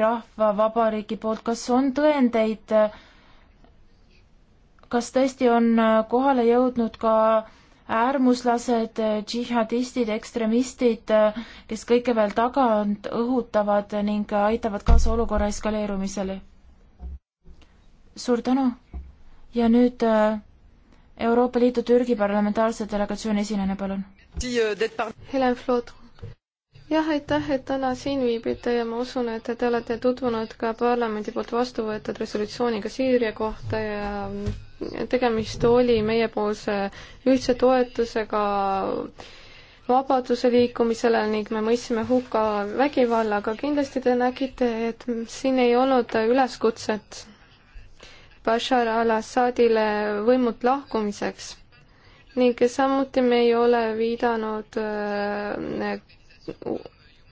rahvavabariigi poolt, kas on tõendeid, kas tõesti on kohale jõudnud ka äärmuslased, džihadistid, ekstremistid, kes kõike veel tagant õhutavad ning aitavad kaasa olukorra eskaleerumisele. suur tänu ja nüüd äh, Euroopa Liidu Türgi parlamentaarse delegatsiooni esinejana, palun. Helen Flood. jah, aitäh, et täna siin viibite ja ma usun, et te olete tutvunud ka parlamendi poolt vastu võetud resolutsiooniga Süüria kohta ja tegemist oli meiepoolse ühtse toetusega vabaduse liikumisele ning me mõistsime hukka vägivalla, aga kindlasti te nägite, et siin ei olnud üleskutset Bashar al-Assadile võimult lahkumiseks ning samuti me ei ole viidanud äh,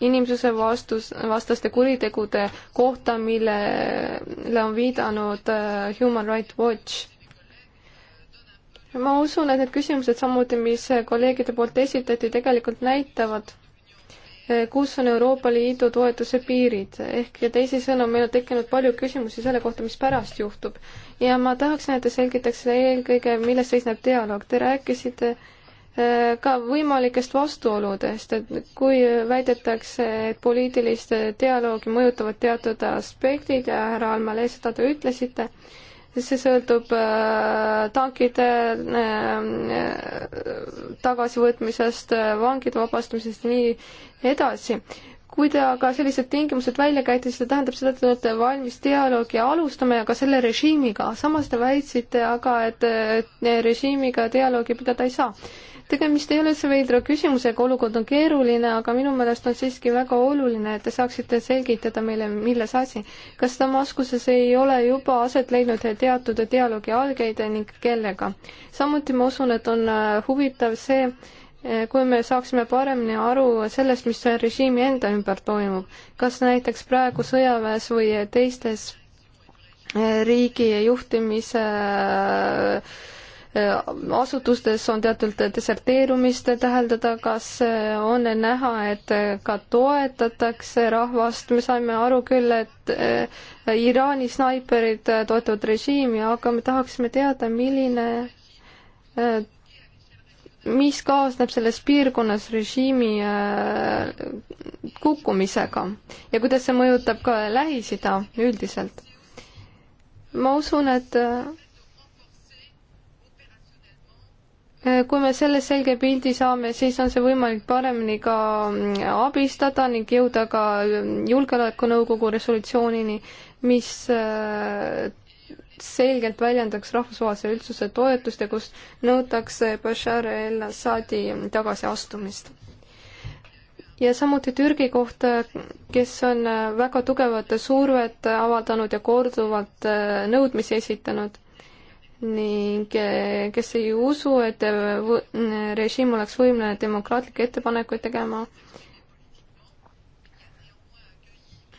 inimsuse vastus, vastaste kuritegude kohta, millele on viidanud äh, Human Rights Watch ma usun, et need küsimused samuti, mis kolleegide poolt esitati, tegelikult näitavad, eh, kus on Euroopa Liidu toetuse piirid, ehk teisisõnu, meil on tekkinud palju küsimusi selle kohta, mis pärast juhtub. ja ma tahaksin, et te selgitaksite eelkõige, milles seisneb dialoog. Te rääkisite eh, ka võimalikest vastuoludest, et kui väidetakse, et poliitilist dialoogi mõjutavad teatud aspektid ja härra Almale seda te ütlesite, see sõltub äh, tankide äh, äh, tagasivõtmisest, vangide vabastamisest ja nii edasi kui te aga sellised tingimused välja käite, siis see tähendab seda, et te olete valmis dialoogi alustama ja ka selle režiimiga. samas te väitsite aga, et, et režiimiga dialoogi pidada ei saa. tegemist ei ole üldse veidra küsimusega, olukord on keeruline, aga minu meelest on siiski väga oluline, et te saaksite selgitada meile, milles asi. kas Damaskuses ei ole juba aset leidnud teatud dialoogi algeid ning kellega? samuti ma usun, et on äh, huvitav see, Eh, kui me saaksime paremini aru sellest, mis režiimi enda ümber toimub, kas näiteks praegu sõjaväes või teistes eh, riigi juhtimise eh, asutustes on teatud deserteerumist täheldada, kas on näha, et ka toetatakse rahvast, me saime aru küll, et Iraani snaiperid toetavad režiimi, aga me tahaksime teada, milline mis kaasneb selles piirkonnas režiimi äh, kukkumisega ja kuidas see mõjutab ka Lähis-Ida üldiselt. ma usun, et äh, kui me selle selge pildi saame, siis on see võimalik paremini ka mm, abistada ning jõuda ka mm, Julgeolekunõukogu resolutsioonini, mis äh, selgelt väljendaks rahvusvahelise üldsuse toetust ja kus nõutakse Bashar el-Assadi tagasiastumist. ja samuti Türgi kohta, kes on väga tugevat survet avaldanud ja korduvalt äh, nõudmisi esitanud ning äh, kes ei usu, et äh, režiim oleks võimeline demokraatlikke ettepanekuid tegema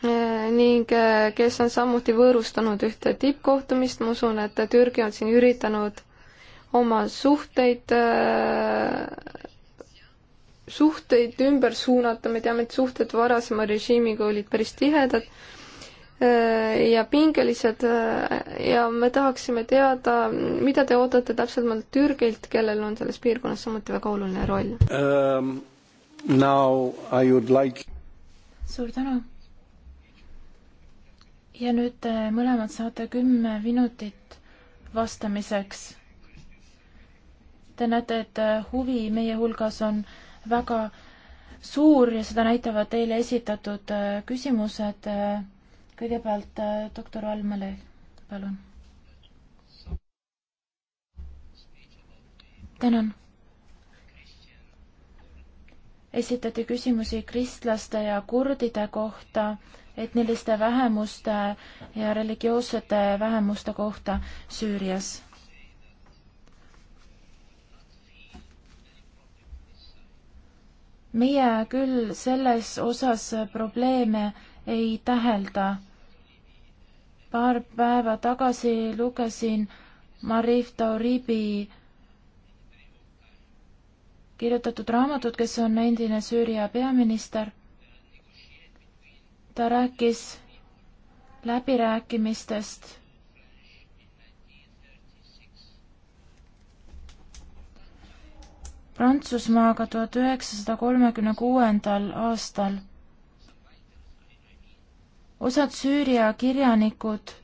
Äh, ning äh, kes on samuti võõrustanud ühte tippkohtumist, ma usun, et Türgi on siin üritanud oma suhteid, äh, suhteid ümber suunata, me teame, et suhted varasema režiimiga olid päris tihedad ja pingelised ja me tahaksime teada, mida te ootate täpsemalt Türgilt, kellel on selles piirkonnas samuti väga oluline roll um,? Like... suur tänu ja nüüd te äh, mõlemad saate kümme minutit vastamiseks. Te näete, et äh, huvi meie hulgas on väga suur ja seda näitavad teile esitatud äh, küsimused. kõigepealt doktor Almale, palun. tänan. esitati küsimusi kristlaste ja kurdide kohta etniliste vähemuste ja religioossete vähemuste kohta Süürias. meie küll selles osas probleeme ei tähelda. paar päeva tagasi lugesin Marif Tauribi kirjutatud raamatut, kes on endine Süüria peaminister ta rääkis läbirääkimistest Prantsusmaaga tuhat üheksasada kolmekümne kuuendal aastal. osad Süüria kirjanikud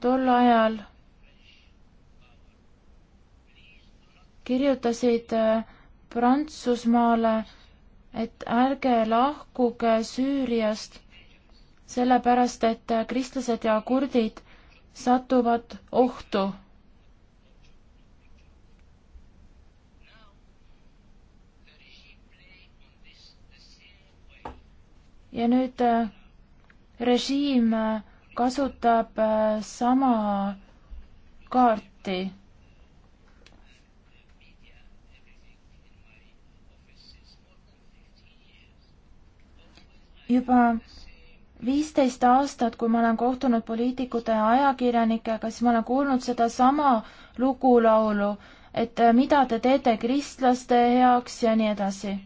tol ajal kirjutasid äh, Prantsusmaale et ärge lahkuge Süüriast, sellepärast et kristlased ja kurdid satuvad ohtu. ja nüüd äh, režiim äh, kasutab äh, sama kaarti juba viisteist aastat, kui ma olen kohtunud poliitikute ja ajakirjanikega, siis ma olen kuulnud sedasama lugulaulu, et äh, mida te teete kristlaste heaks ja nii edasi.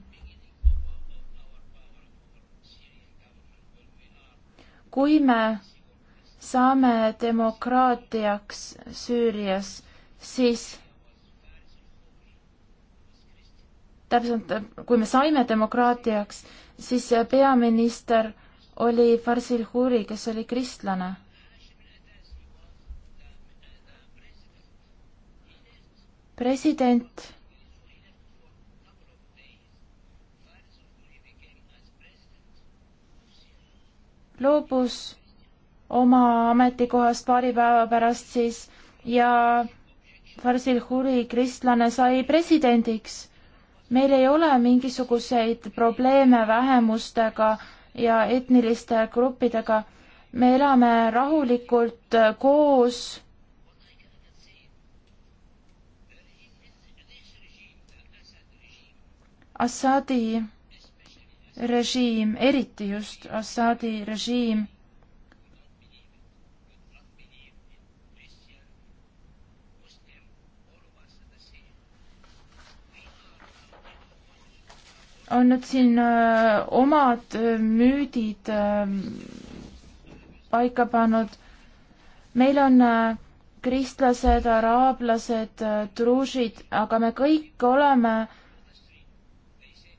kui me saame demokraatiaks Süürias, siis täpselt, kui me saime demokraatiaks, siis peaminister oli Farsil Huri, kes oli kristlane. president loobus oma ametikohast paari päeva pärast siis ja Farsil Huri, kristlane, sai presidendiks meil ei ole mingisuguseid probleeme vähemustega ja etniliste gruppidega. me elame rahulikult koos. Assadi režiim, eriti just Assadi režiim on nüüd siin öö, äh, omad öö, äh, müüdid öö, ähm, paika pannud. meil on öö, äh, kristlased, araablased, druusid, aga me kõik oleme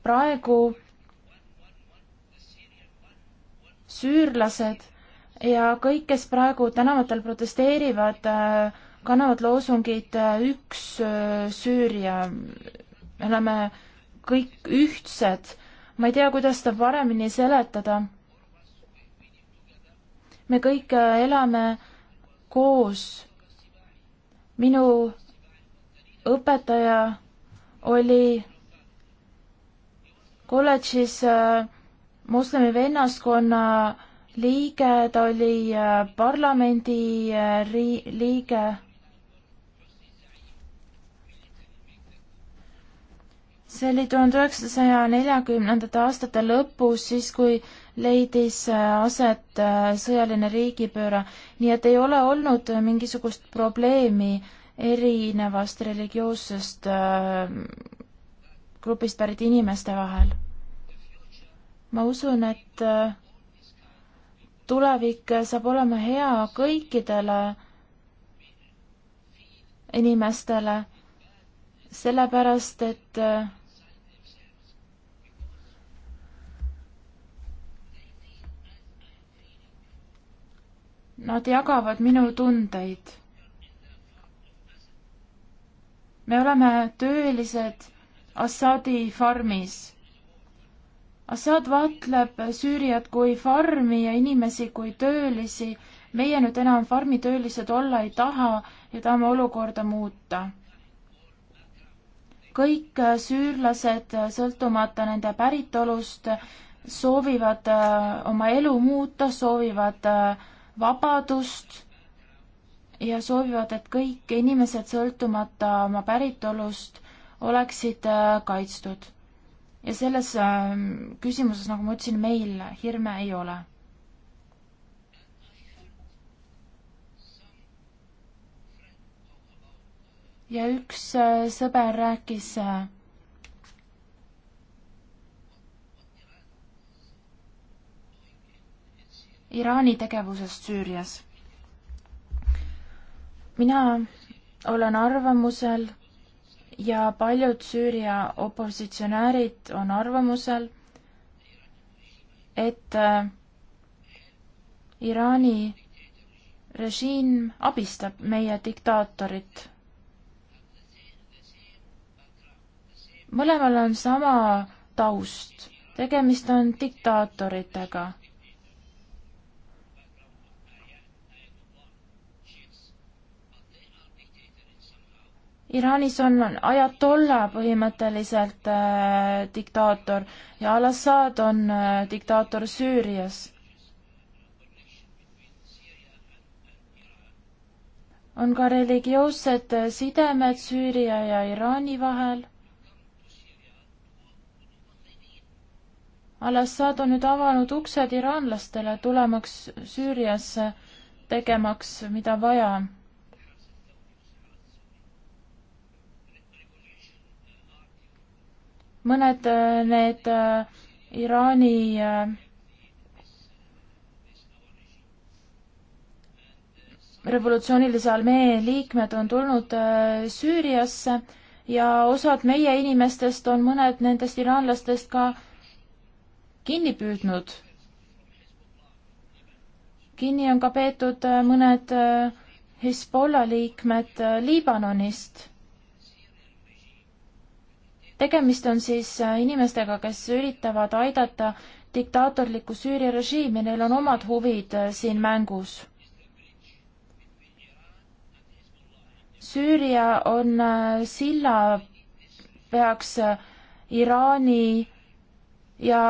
praegu süürlased ja kõik, kes praegu tänavatel protesteerivad, kannavad loosungit Üks Süüria. me oleme äh, kõik ühtsed. ma ei tea, kuidas seda paremini seletada. me kõik äh, elame koos. minu õpetaja oli kolledžis äh, moslemi vennaskonna liige, ta oli äh, parlamendi liige see oli tuhande üheksasaja neljakümnendate aastate lõpus, siis kui leidis äh, aset äh, sõjaline riigipööre, nii et ei ole olnud mingisugust probleemi erinevast religioossest äh, grupist pärit inimeste vahel. ma usun, et tulevik saab olema hea kõikidele inimestele, sellepärast et Nad jagavad minu tundeid. me oleme töölised Assadi farmis. Assad vaatleb Süüriat kui farmi ja inimesi kui töölisi. meie nüüd enam farmitöölised olla ei taha ja tahame olukorda muuta kõik süürlased, sõltumata nende päritolust, soovivad äh, oma elu muuta, soovivad äh, vabadust ja soovivad, et kõik inimesed, sõltumata oma päritolust, oleksid äh, kaitstud. ja selles ähm, küsimuses, nagu ma ütlesin, meil hirme ei ole. ja üks äh, sõber rääkis äh, Iraani tegevusest Süürias. mina olen arvamusel ja paljud Süüria opositsionäärid on arvamusel, et äh, Iraani režiim abistab meie diktaatorit. mõlemal on sama taust, tegemist on diktaatoritega. Iraanis on ajatolla põhimõtteliselt äh, diktaator ja Al-Assad on äh, diktaator Süürias. on ka religioossed äh, sidemed Süüria ja Iraani vahel. Al-Assad on nüüd avanud uksed iraanlastele tulemaks Süüriasse, tegemaks mida vaja mõned äh, need äh, Iraani äh, revolutsioonilise armee liikmed on tulnud Süüriasse ja osad meie inimestest on mõned nendest iraanlastest ka kinni püüdnud. kinni on ka peetud mõned Hezbollah liikmed Liibanonist tegemist on siis äh, inimestega, kes üritavad aidata diktaatorlikku Süüria režiimi, neil on omad huvid äh, siin mängus. Süüria on äh, silla peaks Iraani ja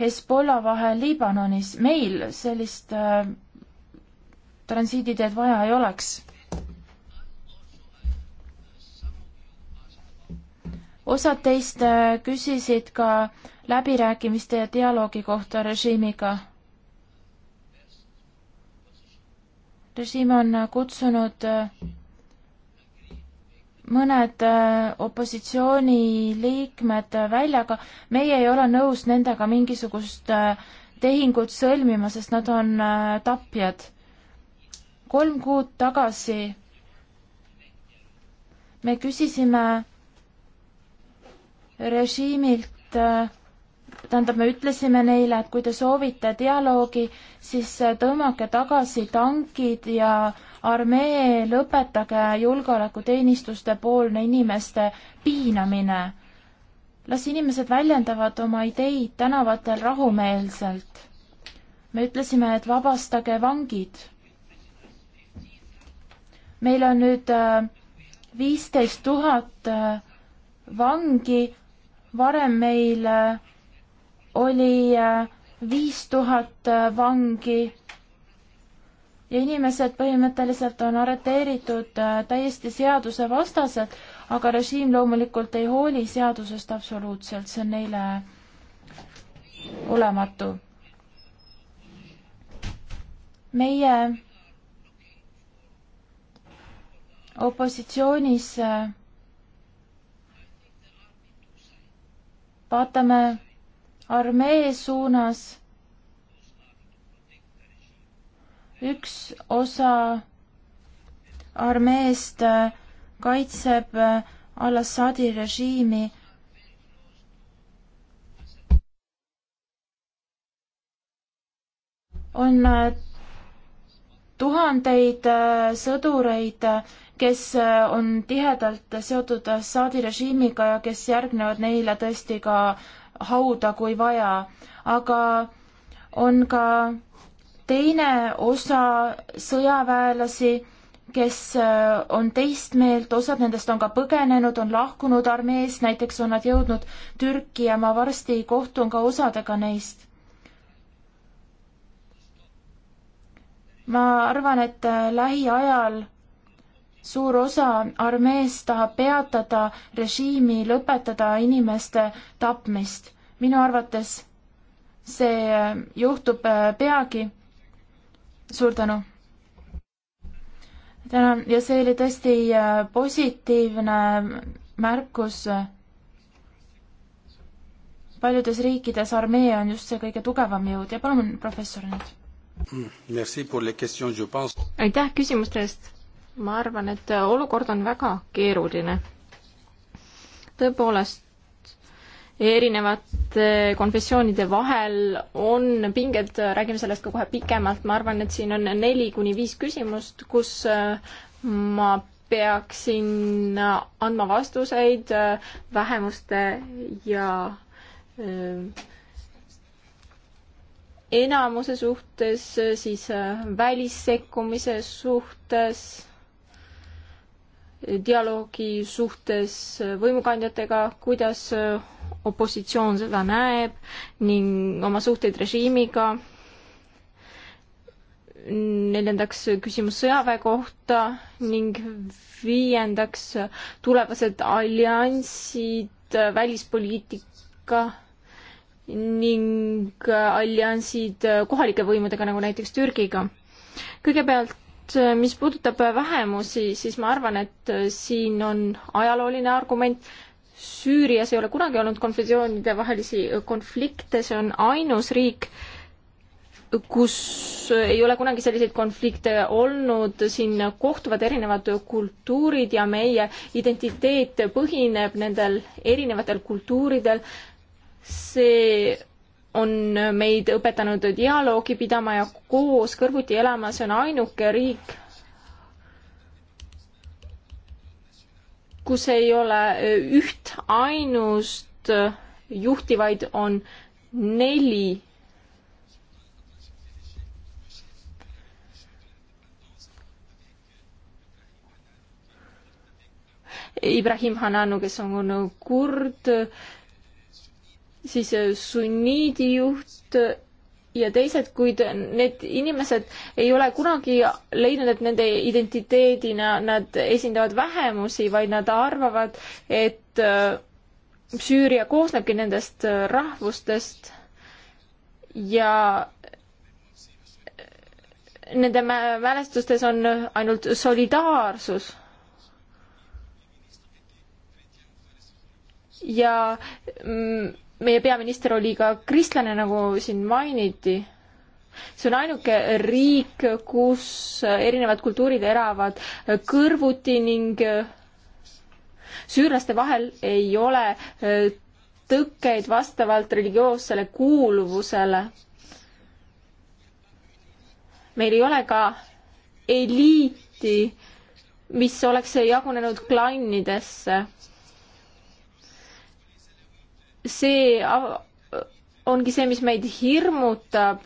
Hezbollah vahel Liibanonis. meil sellist transiiditeed vaja ei oleks osad teist äh, küsisid ka läbirääkimiste ja dialoogi kohta režiimiga. režiim on äh, kutsunud äh, mõned opositsiooniliikmed välja, aga meie ei ole nõus nendega mingisugust tehingut sõlmima, sest nad on tapjad. kolm kuud tagasi me küsisime režiimilt, äh, tähendab, me ütlesime neile, et kui te soovite dialoogi, siis äh, tõmmake tagasi tankid ja armee, lõpetage julgeolekuteenistuste poolne inimeste piinamine. las inimesed väljendavad oma ideid tänavatel rahumeelselt. me ütlesime, et vabastage vangid. meil on nüüd äh, viisteist tuhat vangi varem meil äh, oli äh, viis tuhat äh, vangi ja inimesed põhimõtteliselt on arreteeritud täiesti seadusevastaselt, aga režiim loomulikult ei hooli seadusest absoluutselt, see on neile olematu. meie opositsioonis vaatame armee suunas, üks osa armeest äh, kaitseb äh, al-Assadi režiimi. on äh, tuhandeid sõdureid kes äh, on tihedalt seotud Assaadi režiimiga ja kes järgnevad neile tõesti ka hauda, kui vaja. aga on ka teine osa sõjaväelasi, kes äh, on teist meelt, osad nendest on ka põgenenud, on lahkunud armeest, näiteks on nad jõudnud Türki ja ma varsti kohtun ka osadega neist. ma arvan, et äh, lähiajal suur osa armeest tahab peatada režiimi, lõpetada inimeste tapmist. minu arvates see äh, juhtub äh, peagi. suur tänu! tänan ja see oli tõesti äh, positiivne märkus. paljudes riikides armee on just see kõige tugevam jõud ja palun, professor nüüd. aitäh küsimuste eest ma arvan, et olukord on väga keeruline. tõepoolest, erinevate konfessioonide vahel on pinged, räägime sellest ka kohe pikemalt, ma arvan, et siin on neli kuni viis küsimust, kus äh, ma peaksin äh, andma vastuseid äh, vähemuste ja enamuse suhtes, siis välissekkumise suhtes dialoogi suhtes võimukandjatega, kuidas opositsioon seda näeb ning oma suhteid režiimiga. neljandaks küsimus sõjaväe kohta ning viiendaks tulevased alliansid välispoliitika ning alliansid kohalike võimudega, nagu näiteks Türgiga. kõigepealt nüüd, äh, mis puudutab äh, vähemusi, siis ma arvan, et äh, siin on ajalooline argument. Süürias ei ole kunagi olnud konfessioonide vahelisi konflikte, see on ainus riik, kus ei ole kunagi selliseid konflikte olnud, siin kohtuvad erinevad kultuurid ja meie identiteet põhineb nendel erinevatel kultuuridel. see on meid õpetanud dialoogi pidama ja koos kõrvuti elama, see on ainuke riik, kus ei ole e, üht ainust e, juhti, vaid on neli. Ibrahim Hananu, kes on kurd, siis äh, sunniidi juht ja teised, kuid need inimesed ei ole kunagi leidnud, et nende identiteedina nad esindavad vähemusi, vaid nad arvavad, et äh, Süüria koosnebki nendest äh, rahvustest ja nende mälestustes on ainult solidaarsus. ja mm, meie peaminister oli ka kristlane, nagu siin mainiti. see on ainuke riik, kus erinevad kultuurid elavad kõrvuti ning süürlaste vahel ei ole tõkkeid vastavalt religioossele kuuluvusele. meil ei ole ka eliiti, mis oleks jagunenud klannidesse see ongi see, mis meid hirmutab.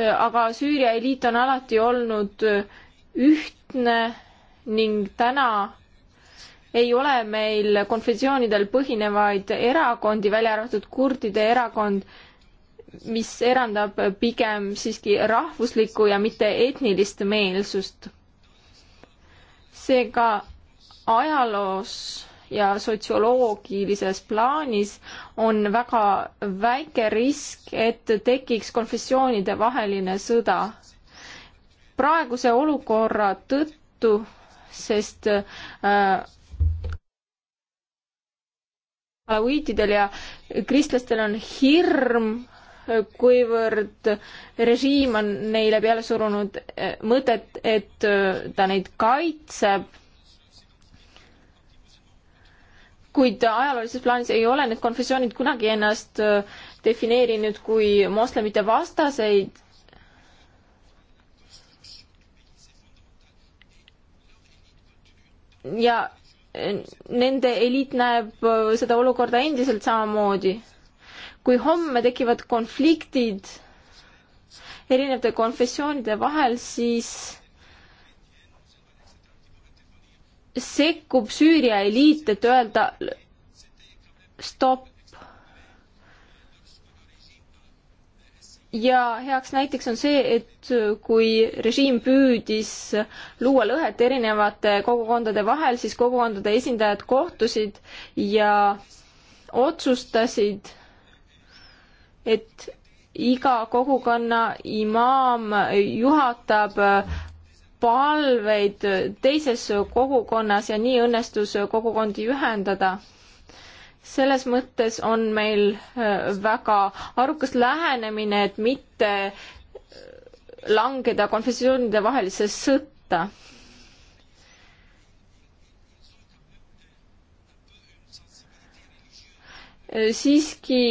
aga Süüria eliit on alati olnud ühtne ning täna ei ole meil konfessioonidel põhinevaid erakondi, välja arvatud kurdide erakond, mis erandab pigem siiski rahvuslikku ja mitte etnilist meelsust seega ajaloos ja sotsioloogilises plaanis on väga väike risk, et tekiks konfessioonide vaheline sõda. praeguse olukorra tõttu, sest äh, alauiitidel ja kristlastel on hirm kuivõrd režiim on neile peale surunud eh, mõtet, et eh, ta neid kaitseb. kuid ajaloolises plaanis ei ole need konfessioonid kunagi ennast eh, defineerinud kui moslemite vastaseid ja nende eliit näeb seda olukorda endiselt samamoodi kui homme tekivad konfliktid erinevate konfessioonide vahel, siis sekkub Süüria eliit, et öelda stopp. ja heaks näiteks on see, et kui režiim püüdis luua lõhet erinevate kogukondade vahel, siis kogukondade esindajad kohtusid ja otsustasid et iga kogukonna imaam juhatab palveid teises kogukonnas ja nii õnnestus kogukondi ühendada. selles mõttes on meil äh, väga arukas lähenemine, et mitte langeda konfessioonide vahelisse sõtta. Äh, siiski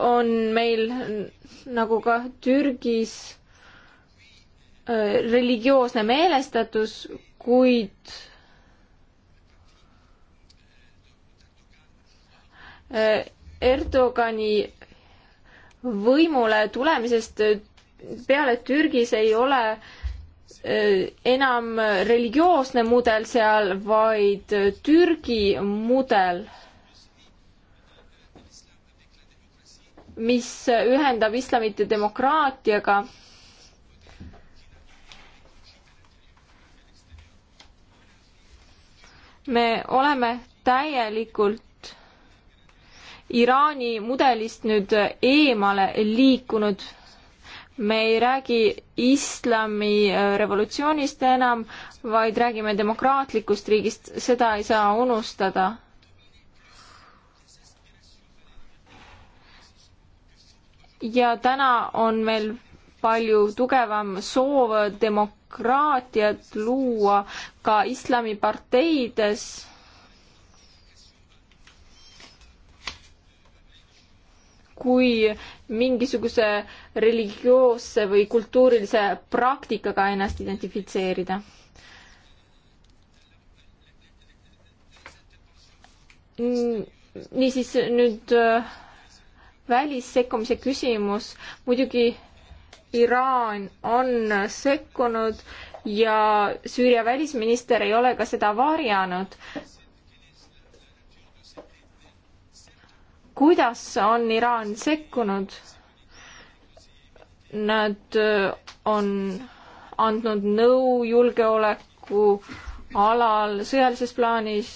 on meil nagu ka Türgis äh, religioosne meelestatus, kuid äh, Erdogani võimule tulemisest äh, peale Türgis ei ole enam religioosne mudel seal, vaid Türgi mudel mis ühendab islamit ja demokraatiaga. me oleme täielikult Iraani mudelist nüüd eemale liikunud. me ei räägi islami revolutsioonist enam, vaid räägime demokraatlikust riigist, seda ei saa unustada ja täna on meil palju tugevam soov demokraatiat luua ka islamiparteides. kui mingisuguse religioosse või kultuurilise praktikaga ennast identifitseerida. niisiis nüüd äh, välissekkumise küsimus. muidugi Iraan on sekkunud ja Süüria välisminister ei ole ka seda varjanud. kuidas on Iraan sekkunud? Nad äh, on andnud nõu julgeoleku alal sõjalises plaanis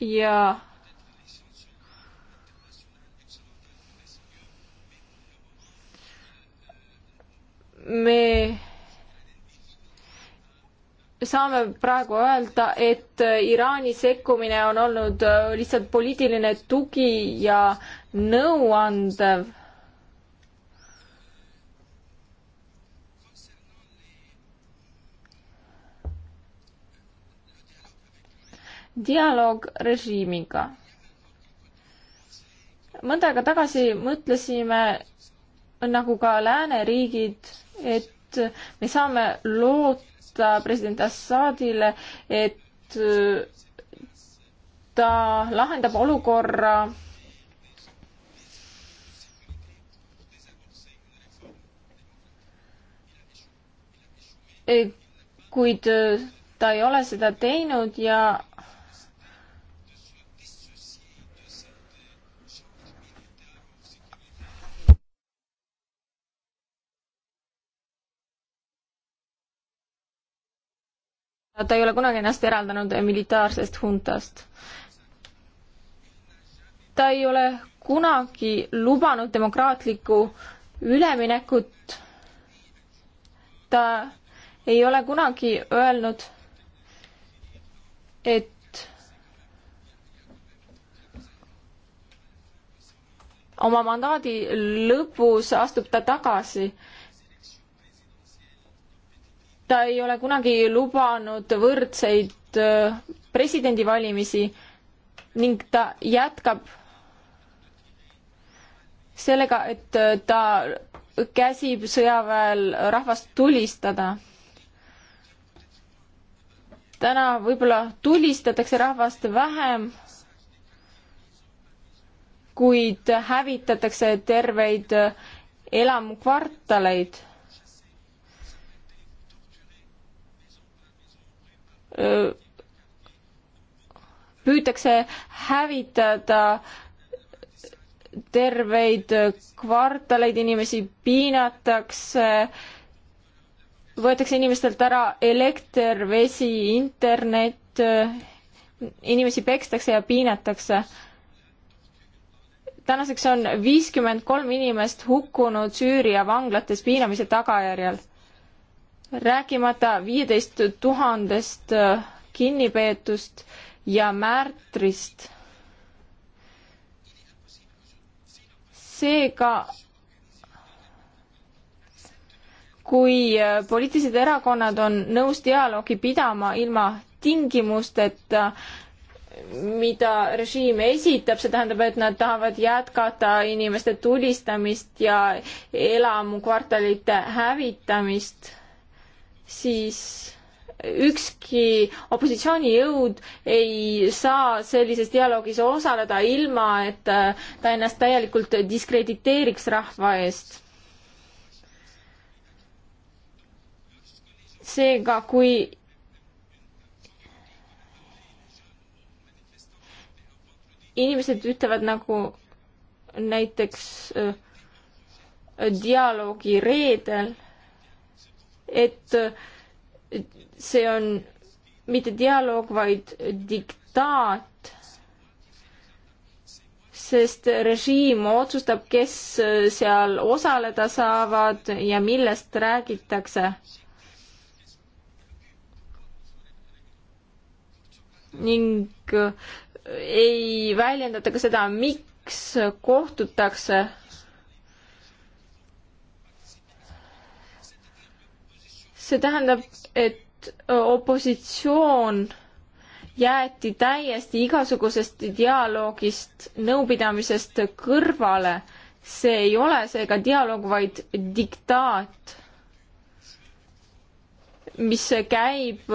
ja me saame praegu öelda, et Iraani sekkumine on olnud äh, lihtsalt poliitiline tugi ja nõuandev. dialoog režiimiga. mõnda aega tagasi mõtlesime, nagu ka lääneriigid et me saame loota president Assadile, et ta lahendab olukorra kuid ta ei ole seda teinud ja ta ei ole kunagi ennast eraldanud militaarsest huntast. ta ei ole kunagi lubanud demokraatlikku üleminekut. ta ei ole kunagi öelnud, et oma mandaadi lõpus astub ta tagasi ta ei ole kunagi lubanud võrdseid äh, presidendivalimisi ning ta jätkab sellega, et äh, ta käsib sõjaväel rahvast tulistada. täna võib-olla tulistatakse rahvast vähem, kuid hävitatakse terveid äh, elamukvartaleid püütakse hävitada terveid kvartaleid, inimesi piinatakse, võetakse inimestelt ära elekter, vesi, internet, inimesi pekstakse ja piinatakse. tänaseks on viiskümmend kolm inimest hukkunud Süüria vanglates piinamise tagajärjel rääkimata viieteist tuhandest äh, kinnipeetust ja märtrist. seega kui äh, poliitilised erakonnad on nõus dialoogi pidama ilma tingimusteta, mida režiim esitab, see tähendab, et nad tahavad jätkata inimeste tulistamist ja elamukvartalite hävitamist siis ükski opositsioonijõud ei saa sellises dialoogis osaleda, ilma et äh, ta ennast täielikult diskrediteeriks rahva eest. seega, kui inimesed ütlevad nagu näiteks äh, dialoogi reedel et see on mitte dialoog, vaid diktaat, sest režiim otsustab, kes seal osaleda saavad ja millest räägitakse. ning ei väljendata ka seda, miks kohtutakse see tähendab, et opositsioon jäeti täiesti igasugusest dialoogist, nõupidamisest kõrvale. see ei ole seega dialoog, vaid diktaat, mis käib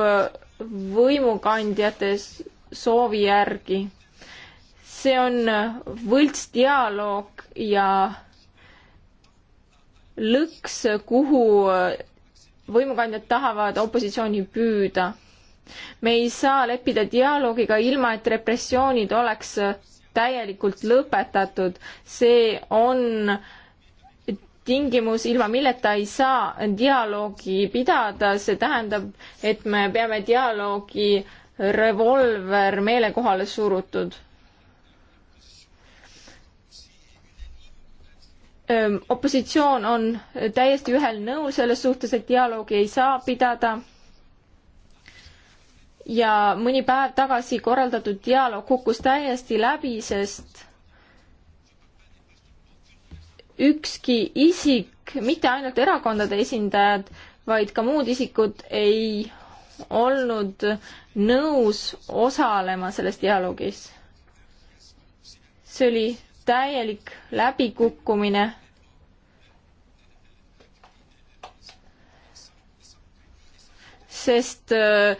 võimukandjate soovi järgi. see on võltsdialoog ja lõks, kuhu võimukandjad tahavad opositsiooni püüda. me ei saa leppida dialoogiga ilma, et repressioonid oleks täielikult lõpetatud. see on tingimus, ilma milleta ei saa dialoogi pidada, see tähendab, et me peame dialoogi revolver meele kohale surutud opositsioon on täiesti ühel nõul selles suhtes, et dialoogi ei saa pidada. ja mõni päev tagasi korraldatud dialoog kukkus täiesti läbi, sest ükski isik, mitte ainult erakondade esindajad, vaid ka muud isikud ei olnud nõus osalema selles dialoogis. see oli täielik läbikukkumine. sest äh,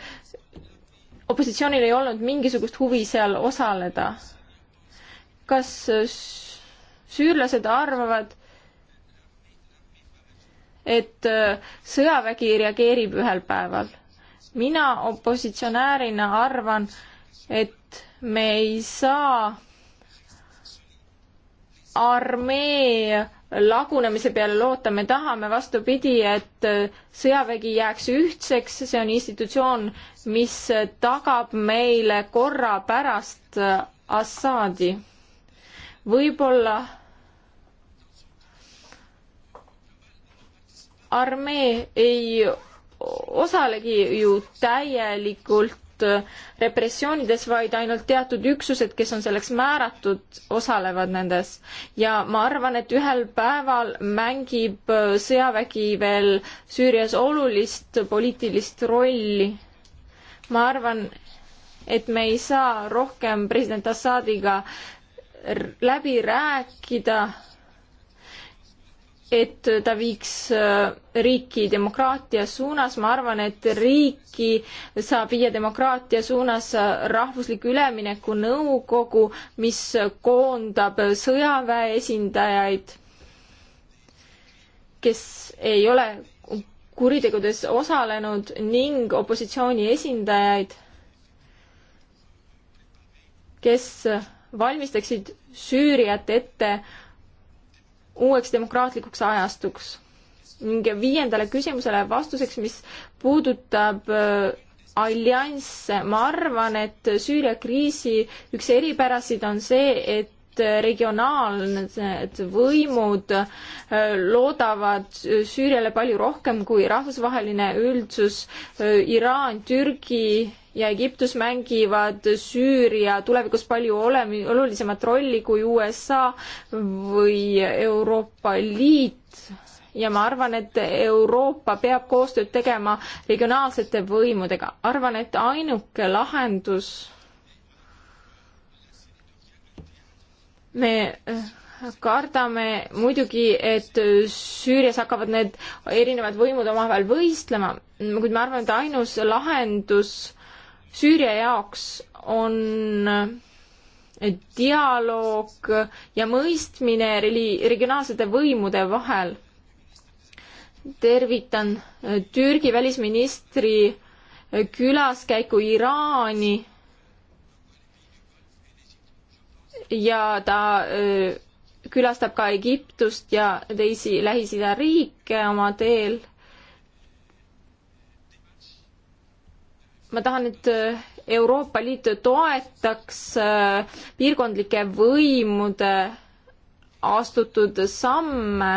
opositsioonil ei olnud mingisugust huvi seal osaleda. kas äh, süürlased arvavad, et äh, sõjavägi reageerib ühel päeval? mina opositsionäärina arvan, et me ei saa armee lagunemise peale loota, me tahame vastupidi, et sõjavägi jääks ühtseks, see on institutsioon, mis tagab meile korra pärast Assaadi. võib-olla armee ei osalegi ju täielikult ainult äh, repressioonides, vaid ainult teatud üksused, kes on selleks määratud, osalevad nendes. ja ma arvan, et ühel päeval mängib äh, sõjavägi veel Süürias olulist poliitilist rolli. ma arvan, et me ei saa rohkem president Assadiga läbi rääkida et ta viiks äh, riiki demokraatia suunas, ma arvan, et riiki saab viia demokraatia suunas äh, rahvuslik üleminekunõukogu, mis koondab sõjaväe esindajaid, kes ei ole kuritegudes osalenud ning opositsiooni esindajaid, kes valmistaksid Süüriat ette uueks demokraatlikuks ajastuks. ning viiendale küsimusele vastuseks, mis puudutab äh, alliansse, ma arvan, et Süüria kriisi üks eripärasid on see, et äh, regionaalsed võimud äh, loodavad Süüriale palju rohkem kui rahvusvaheline üldsus, Iraan, Türgi ja Egiptus mängivad Süüria tulevikus palju olemi-, olulisemat rolli kui USA või Euroopa Liit ja ma arvan, et Euroopa peab koostööd tegema regionaalsete võimudega. arvan, et ainuke lahendus me eh, kardame muidugi, et Süürias hakkavad need erinevad võimud omavahel võistlema, kuid ma arvan, et ainus lahendus Süüria jaoks on dialoog ja mõistmine regionaalsete võimude vahel. tervitan Türgi välisministri külaskäiku Iraani ja ta äh, külastab ka Egiptust ja teisi Lähis-Ida riike oma teel ma tahan, et äh, Euroopa Liit toetaks äh, piirkondlike võimude astutud samme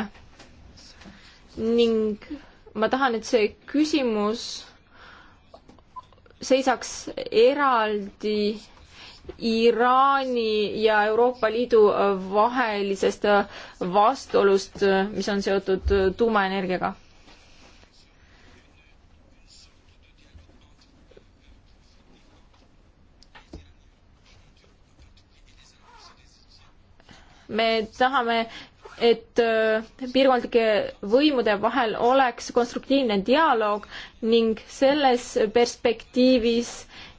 ning ma tahan, et see küsimus seisaks eraldi Iraani ja Euroopa Liidu vahelisest vastuolust, mis on seotud äh, tuumaenergiaga me tahame, et äh, piirkondlike võimude vahel oleks konstruktiivne dialoog ning selles perspektiivis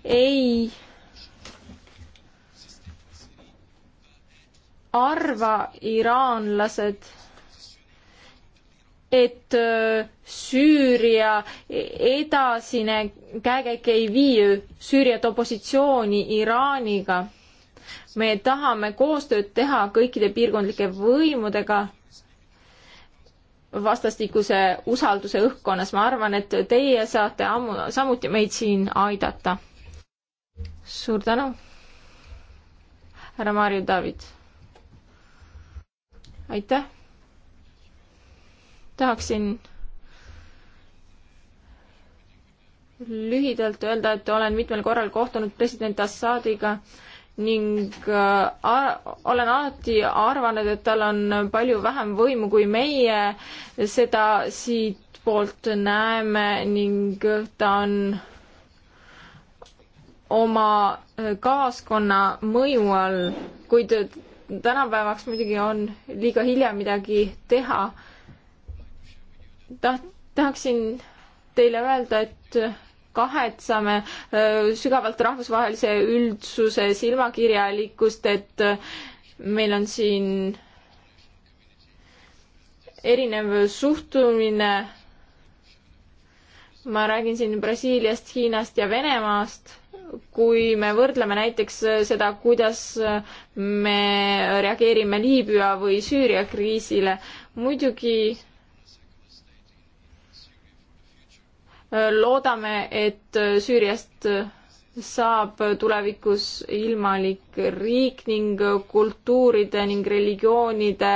ei arva iraanlased, et äh, Süüria edasine käekäik ei vii Süüriat opositsiooni Iraaniga me tahame koostööd teha kõikide piirkondlike võimudega vastastikuse usalduse õhkkonnas. ma arvan, et teie saate ammu, samuti meid siin aidata. suur tänu, härra Marju David. aitäh. tahaksin lühidalt öelda, et olen mitmel korral kohtunud president Assadiga ning äh, ar olen alati arvanud, et tal on palju vähem võimu kui meie, seda siitpoolt näeme ning ta on oma äh, kaaskonna mõju all, kuid tänapäevaks muidugi on liiga hilja midagi teha. taht-, tahaksin teile öelda, et kahetseme sügavalt rahvusvahelise üldsuse silmakirjalikkust, et meil on siin erinev suhtumine. ma räägin siin Brasiiliast, Hiinast ja Venemaast kui me võrdleme näiteks seda, kuidas me reageerime Liibüa või Süüria kriisile, muidugi loodame, et Süüriast saab tulevikus ilmalik riik ning kultuuride ning religioonide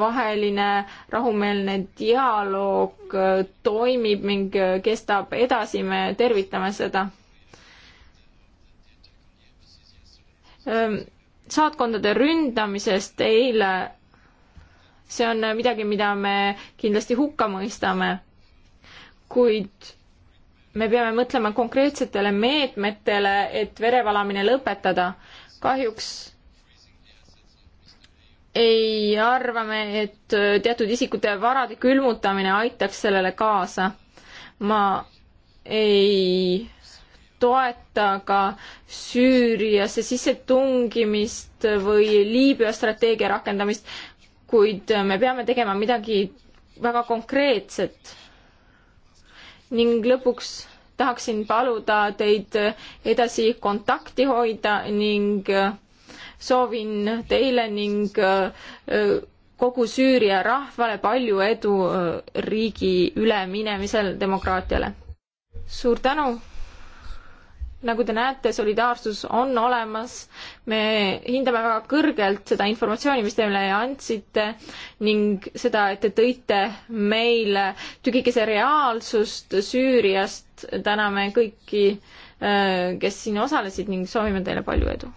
vaheline rahumeelne dialoog toimib ning kestab edasi, me tervitame seda. Ehm, saatkondade ründamisest eile, see on midagi, mida me kindlasti hukka mõistame, kuid me peame mõtlema konkreetsetele meetmetele, et verevalamine lõpetada. kahjuks ei arva me, et äh, teatud isikute varade külmutamine aitaks sellele kaasa. ma ei toeta ka Süüriasse sissetungimist või Liibüa strateegia rakendamist, kuid äh, me peame tegema midagi väga konkreetset ning lõpuks tahaksin paluda teid edasi kontakti hoida ning äh, soovin teile ning äh, kogu Süüria rahvale palju edu äh, riigi üleminemisel demokraatiale. suur tänu nagu te näete, solidaarsus on olemas, me hindame väga kõrgelt seda informatsiooni, mis te meile andsite ning seda, et te tõite meile tükikese reaalsust Süüriast, täname kõiki, äh, kes siin osalesid ning soovime teile palju edu!